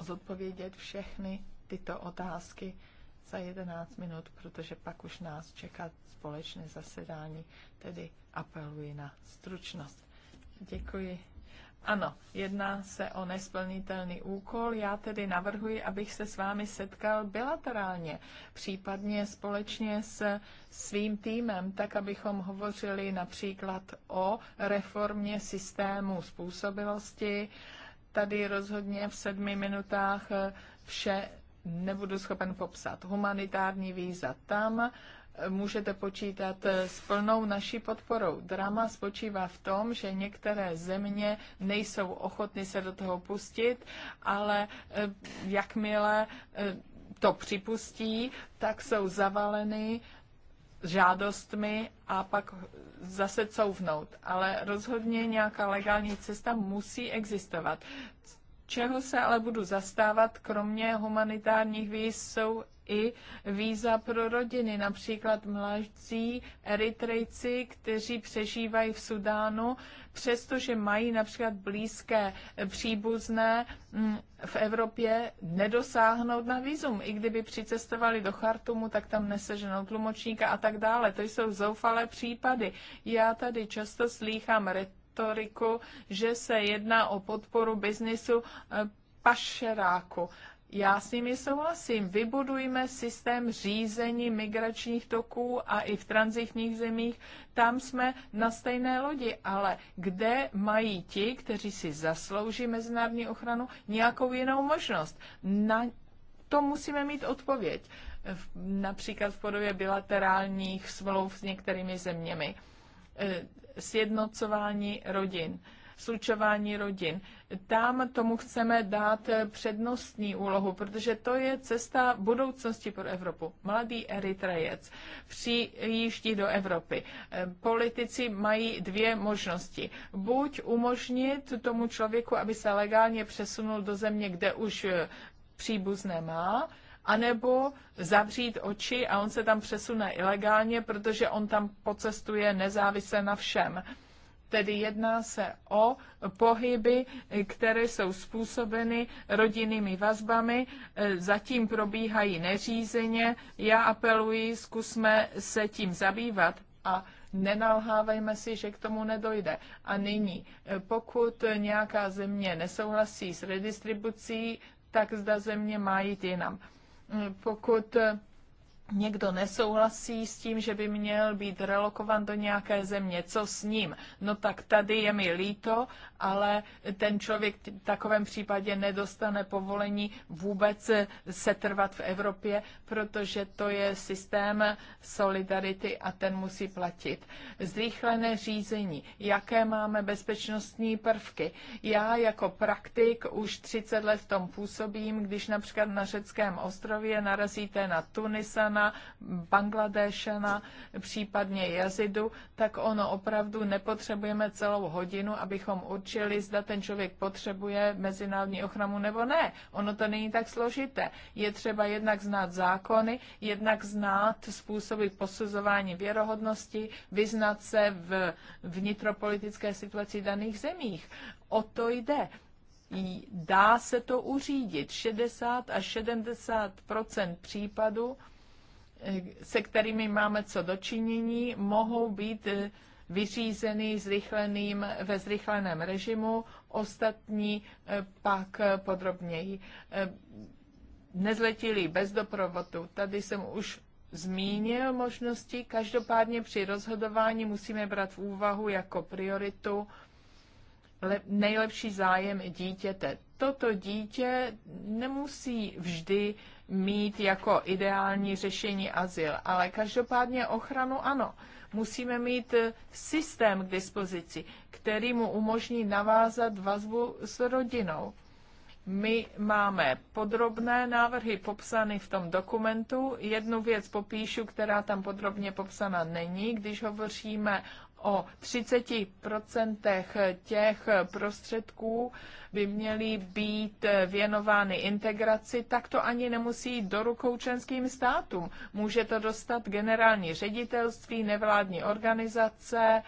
Speaker 1: Zodpovědět všechny tyto otázky za 11 minut, protože pak už nás čeká společné zasedání, tedy apeluji na stručnost. Děkuji ano, jedná se o nesplnitelný úkol. Já tedy navrhuji, abych se s vámi setkal bilaterálně, případně společně s svým týmem, tak abychom hovořili například o reformě systému způsobilosti. Tady rozhodně v sedmi minutách vše nebudu schopen popsat. Humanitární víza tam můžete počítat eh, s plnou naší podporou. Drama spočívá v tom, že některé země nejsou ochotny se do toho pustit, ale eh, jakmile eh, to připustí, tak jsou zavaleny žádostmi a pak zase couvnout. Ale rozhodně nějaká legální cesta musí existovat. Čeho se ale budu zastávat, kromě humanitárních výz, jsou i víza pro rodiny, například mladí Eritrejci, kteří přežívají v Sudánu, přestože mají například blízké příbuzné mm, v Evropě, nedosáhnout na vízum. I kdyby přicestovali do Chartumu, tak tam neseženou tlumočníka a tak dále. To jsou zoufalé případy. Já tady často slýchám retoriku, že se jedná o podporu biznisu eh, pašeráku. Já s nimi souhlasím. Vybudujme systém řízení migračních toků a i v transitních zemích. Tam jsme na stejné lodi, ale kde mají ti, kteří si zaslouží mezinárodní ochranu, nějakou jinou možnost? Na to musíme mít odpověď. Například v podobě bilaterálních smlouv s některými zeměmi. Eh, sjednocování rodin slučování rodin. Tam tomu chceme dát přednostní úlohu, protože to je cesta budoucnosti pro Evropu. Mladý Eritrejec přijíždí do Evropy. Politici mají dvě možnosti. Buď umožnit tomu člověku, aby se legálně přesunul do země, kde už příbuzné má, anebo zavřít oči a on se tam přesune ilegálně, protože on tam pocestuje nezávisle na všem. Tedy jedná se o pohyby, které jsou způsobeny rodinnými vazbami, zatím probíhají neřízeně. Já apeluji, zkusme se tím zabývat a nenalhávejme si, že k tomu nedojde. A nyní, pokud nějaká země nesouhlasí s redistribucí, tak zda země má jít jinam. Pokud někdo nesouhlasí s tím, že by měl být relokovan do nějaké země, co s ním? No tak tady je mi líto, ale ten člověk v takovém případě nedostane povolení vůbec setrvat v Evropě, protože to je systém solidarity a ten musí platit. Zrychlené řízení, jaké máme bezpečnostní prvky. Já jako praktik už 30 let v tom působím, když například na řeckém ostrově narazíte na Tunisana, Afgána, Bangladéšana, případně Jazidu, tak ono opravdu nepotřebujeme celou hodinu, abychom určili, zda ten člověk potřebuje mezinárodní ochranu nebo ne. Ono to není tak složité. Je třeba jednak znát zákony, jednak znát způsoby posuzování věrohodnosti, vyznat se v vnitropolitické situaci daných zemích. O to jde dá se to uřídit. 60 až 70 případů se kterými máme co dočinění, mohou být eh, vyřízeny zrychleným, ve zrychleném režimu, ostatní eh, pak eh, podrobněji. Nezletilí bez doprovodu. Tady jsem už zmínil možnosti, každopádně při rozhodování musíme brát v úvahu jako prioritu nejlepší zájem dítěte toto dítě nemusí vždy mít jako ideální řešení azyl, ale každopádně ochranu ano. Musíme mít systém k dispozici, který mu umožní navázat vazbu s rodinou. My máme podrobné návrhy popsány v tom dokumentu. Jednu věc popíšu, která tam podrobně popsána není. Když hovoříme o 30% těch prostředků by měly být věnovány integraci, tak to ani nemusí jít do rukou členským státům. Může to dostat generální ředitelství, nevládní organizace,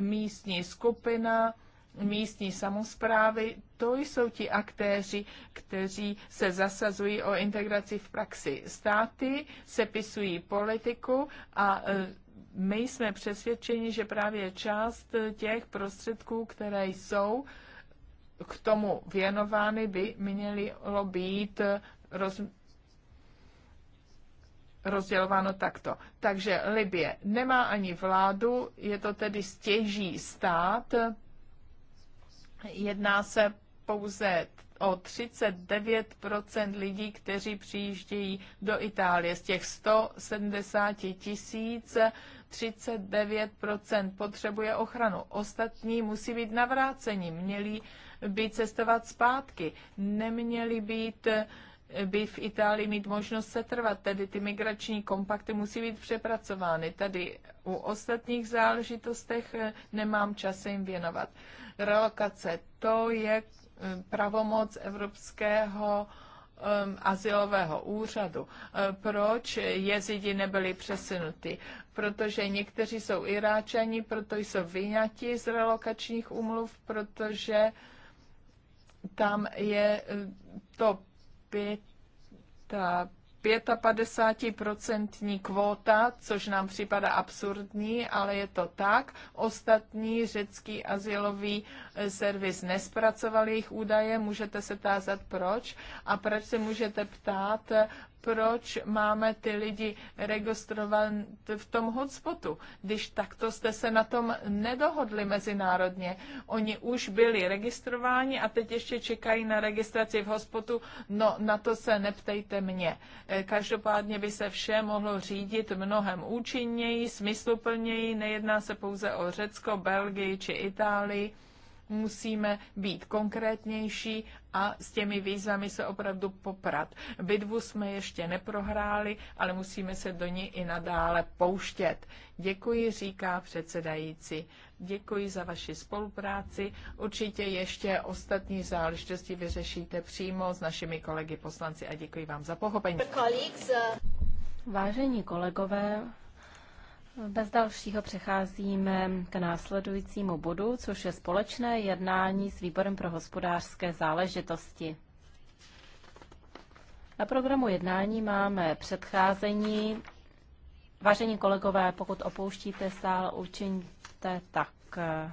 Speaker 1: místní skupina, místní samozprávy. To jsou ti aktéři, kteří se zasazují o integraci v praxi. Státy sepisují politiku a e, my jsme přesvědčeni, že právě část těch prostředků, které jsou k tomu věnovány, by mělo být roz, rozdělováno takto. Takže Libie nemá ani vládu, je to tedy stěží stát. Jedná se pouze o 39 lidí, kteří přijíždějí do Itálie. Z těch 170 tisíc 39 potřebuje ochranu. Ostatní musí být navráceni, měli by cestovat zpátky, neměli být by v Itálii mít možnost setrvat, tedy ty migrační kompakty musí být přepracovány. Tady u ostatních záležitostech eh, nemám čas jim věnovat. Relokace, to je eh, pravomoc Evropského um, úřadu. Uh, proč jezidi nebyli přesunuty? Protože někteří jsou Iráčani, proto jsou vyňati z relokačních umluv, protože tam je uh, to pět, ta 55% kvóta, což nám připadá absurdní, ale je to tak. Ostatní řecký asilový e, servis nespracoval jejich údaje, můžete se tázat proč. A proč se můžete ptát, proč máme ty lidi registrovat v tom hotspotu, když takto jste se na tom nedohodli mezinárodně. Oni už byli registrováni a teď ještě čekají na registraci v hotspotu. No, na to se neptejte mě. Eh, každopádně by se vše mohlo řídit mnohem účinněji, smysluplněji. Nejedná se pouze o Řecko, Belgii či Itálii musíme být konkrétnější a s těmi výzvami se opravdu poprat. Bitvu jsme ještě neprohráli, ale musíme se do ní i nadále pouštět. Děkuji, říká předsedající. Děkuji za vaši spolupráci. Určitě ještě ostatní záležitosti vyřešíte přímo s našimi kolegy poslanci a děkuji vám za pochopení. Uh,
Speaker 3: Vážení kolegové, bez dalšího přecházíme k následujícímu bodu, což je společné jednání s Výborem pro hospodářské záležitosti. Na programu jednání máme předcházení. Vážení kolegové, pokud opouštíte sál, učiňte tak eh,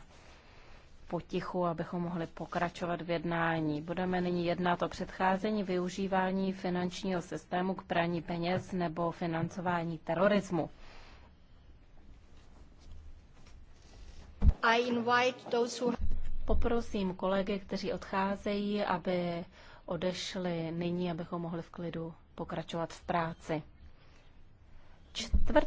Speaker 3: potichu, abychom mohli pokračovat v jednání. Budeme nyní jednat o předcházení využívání finančního systému k praní peněz nebo financování terorismu. Poprosím kolegy, kteří odcházejí, aby odešli nyní, abychom mohli v klidu pokračovat v práci. Čtvrtá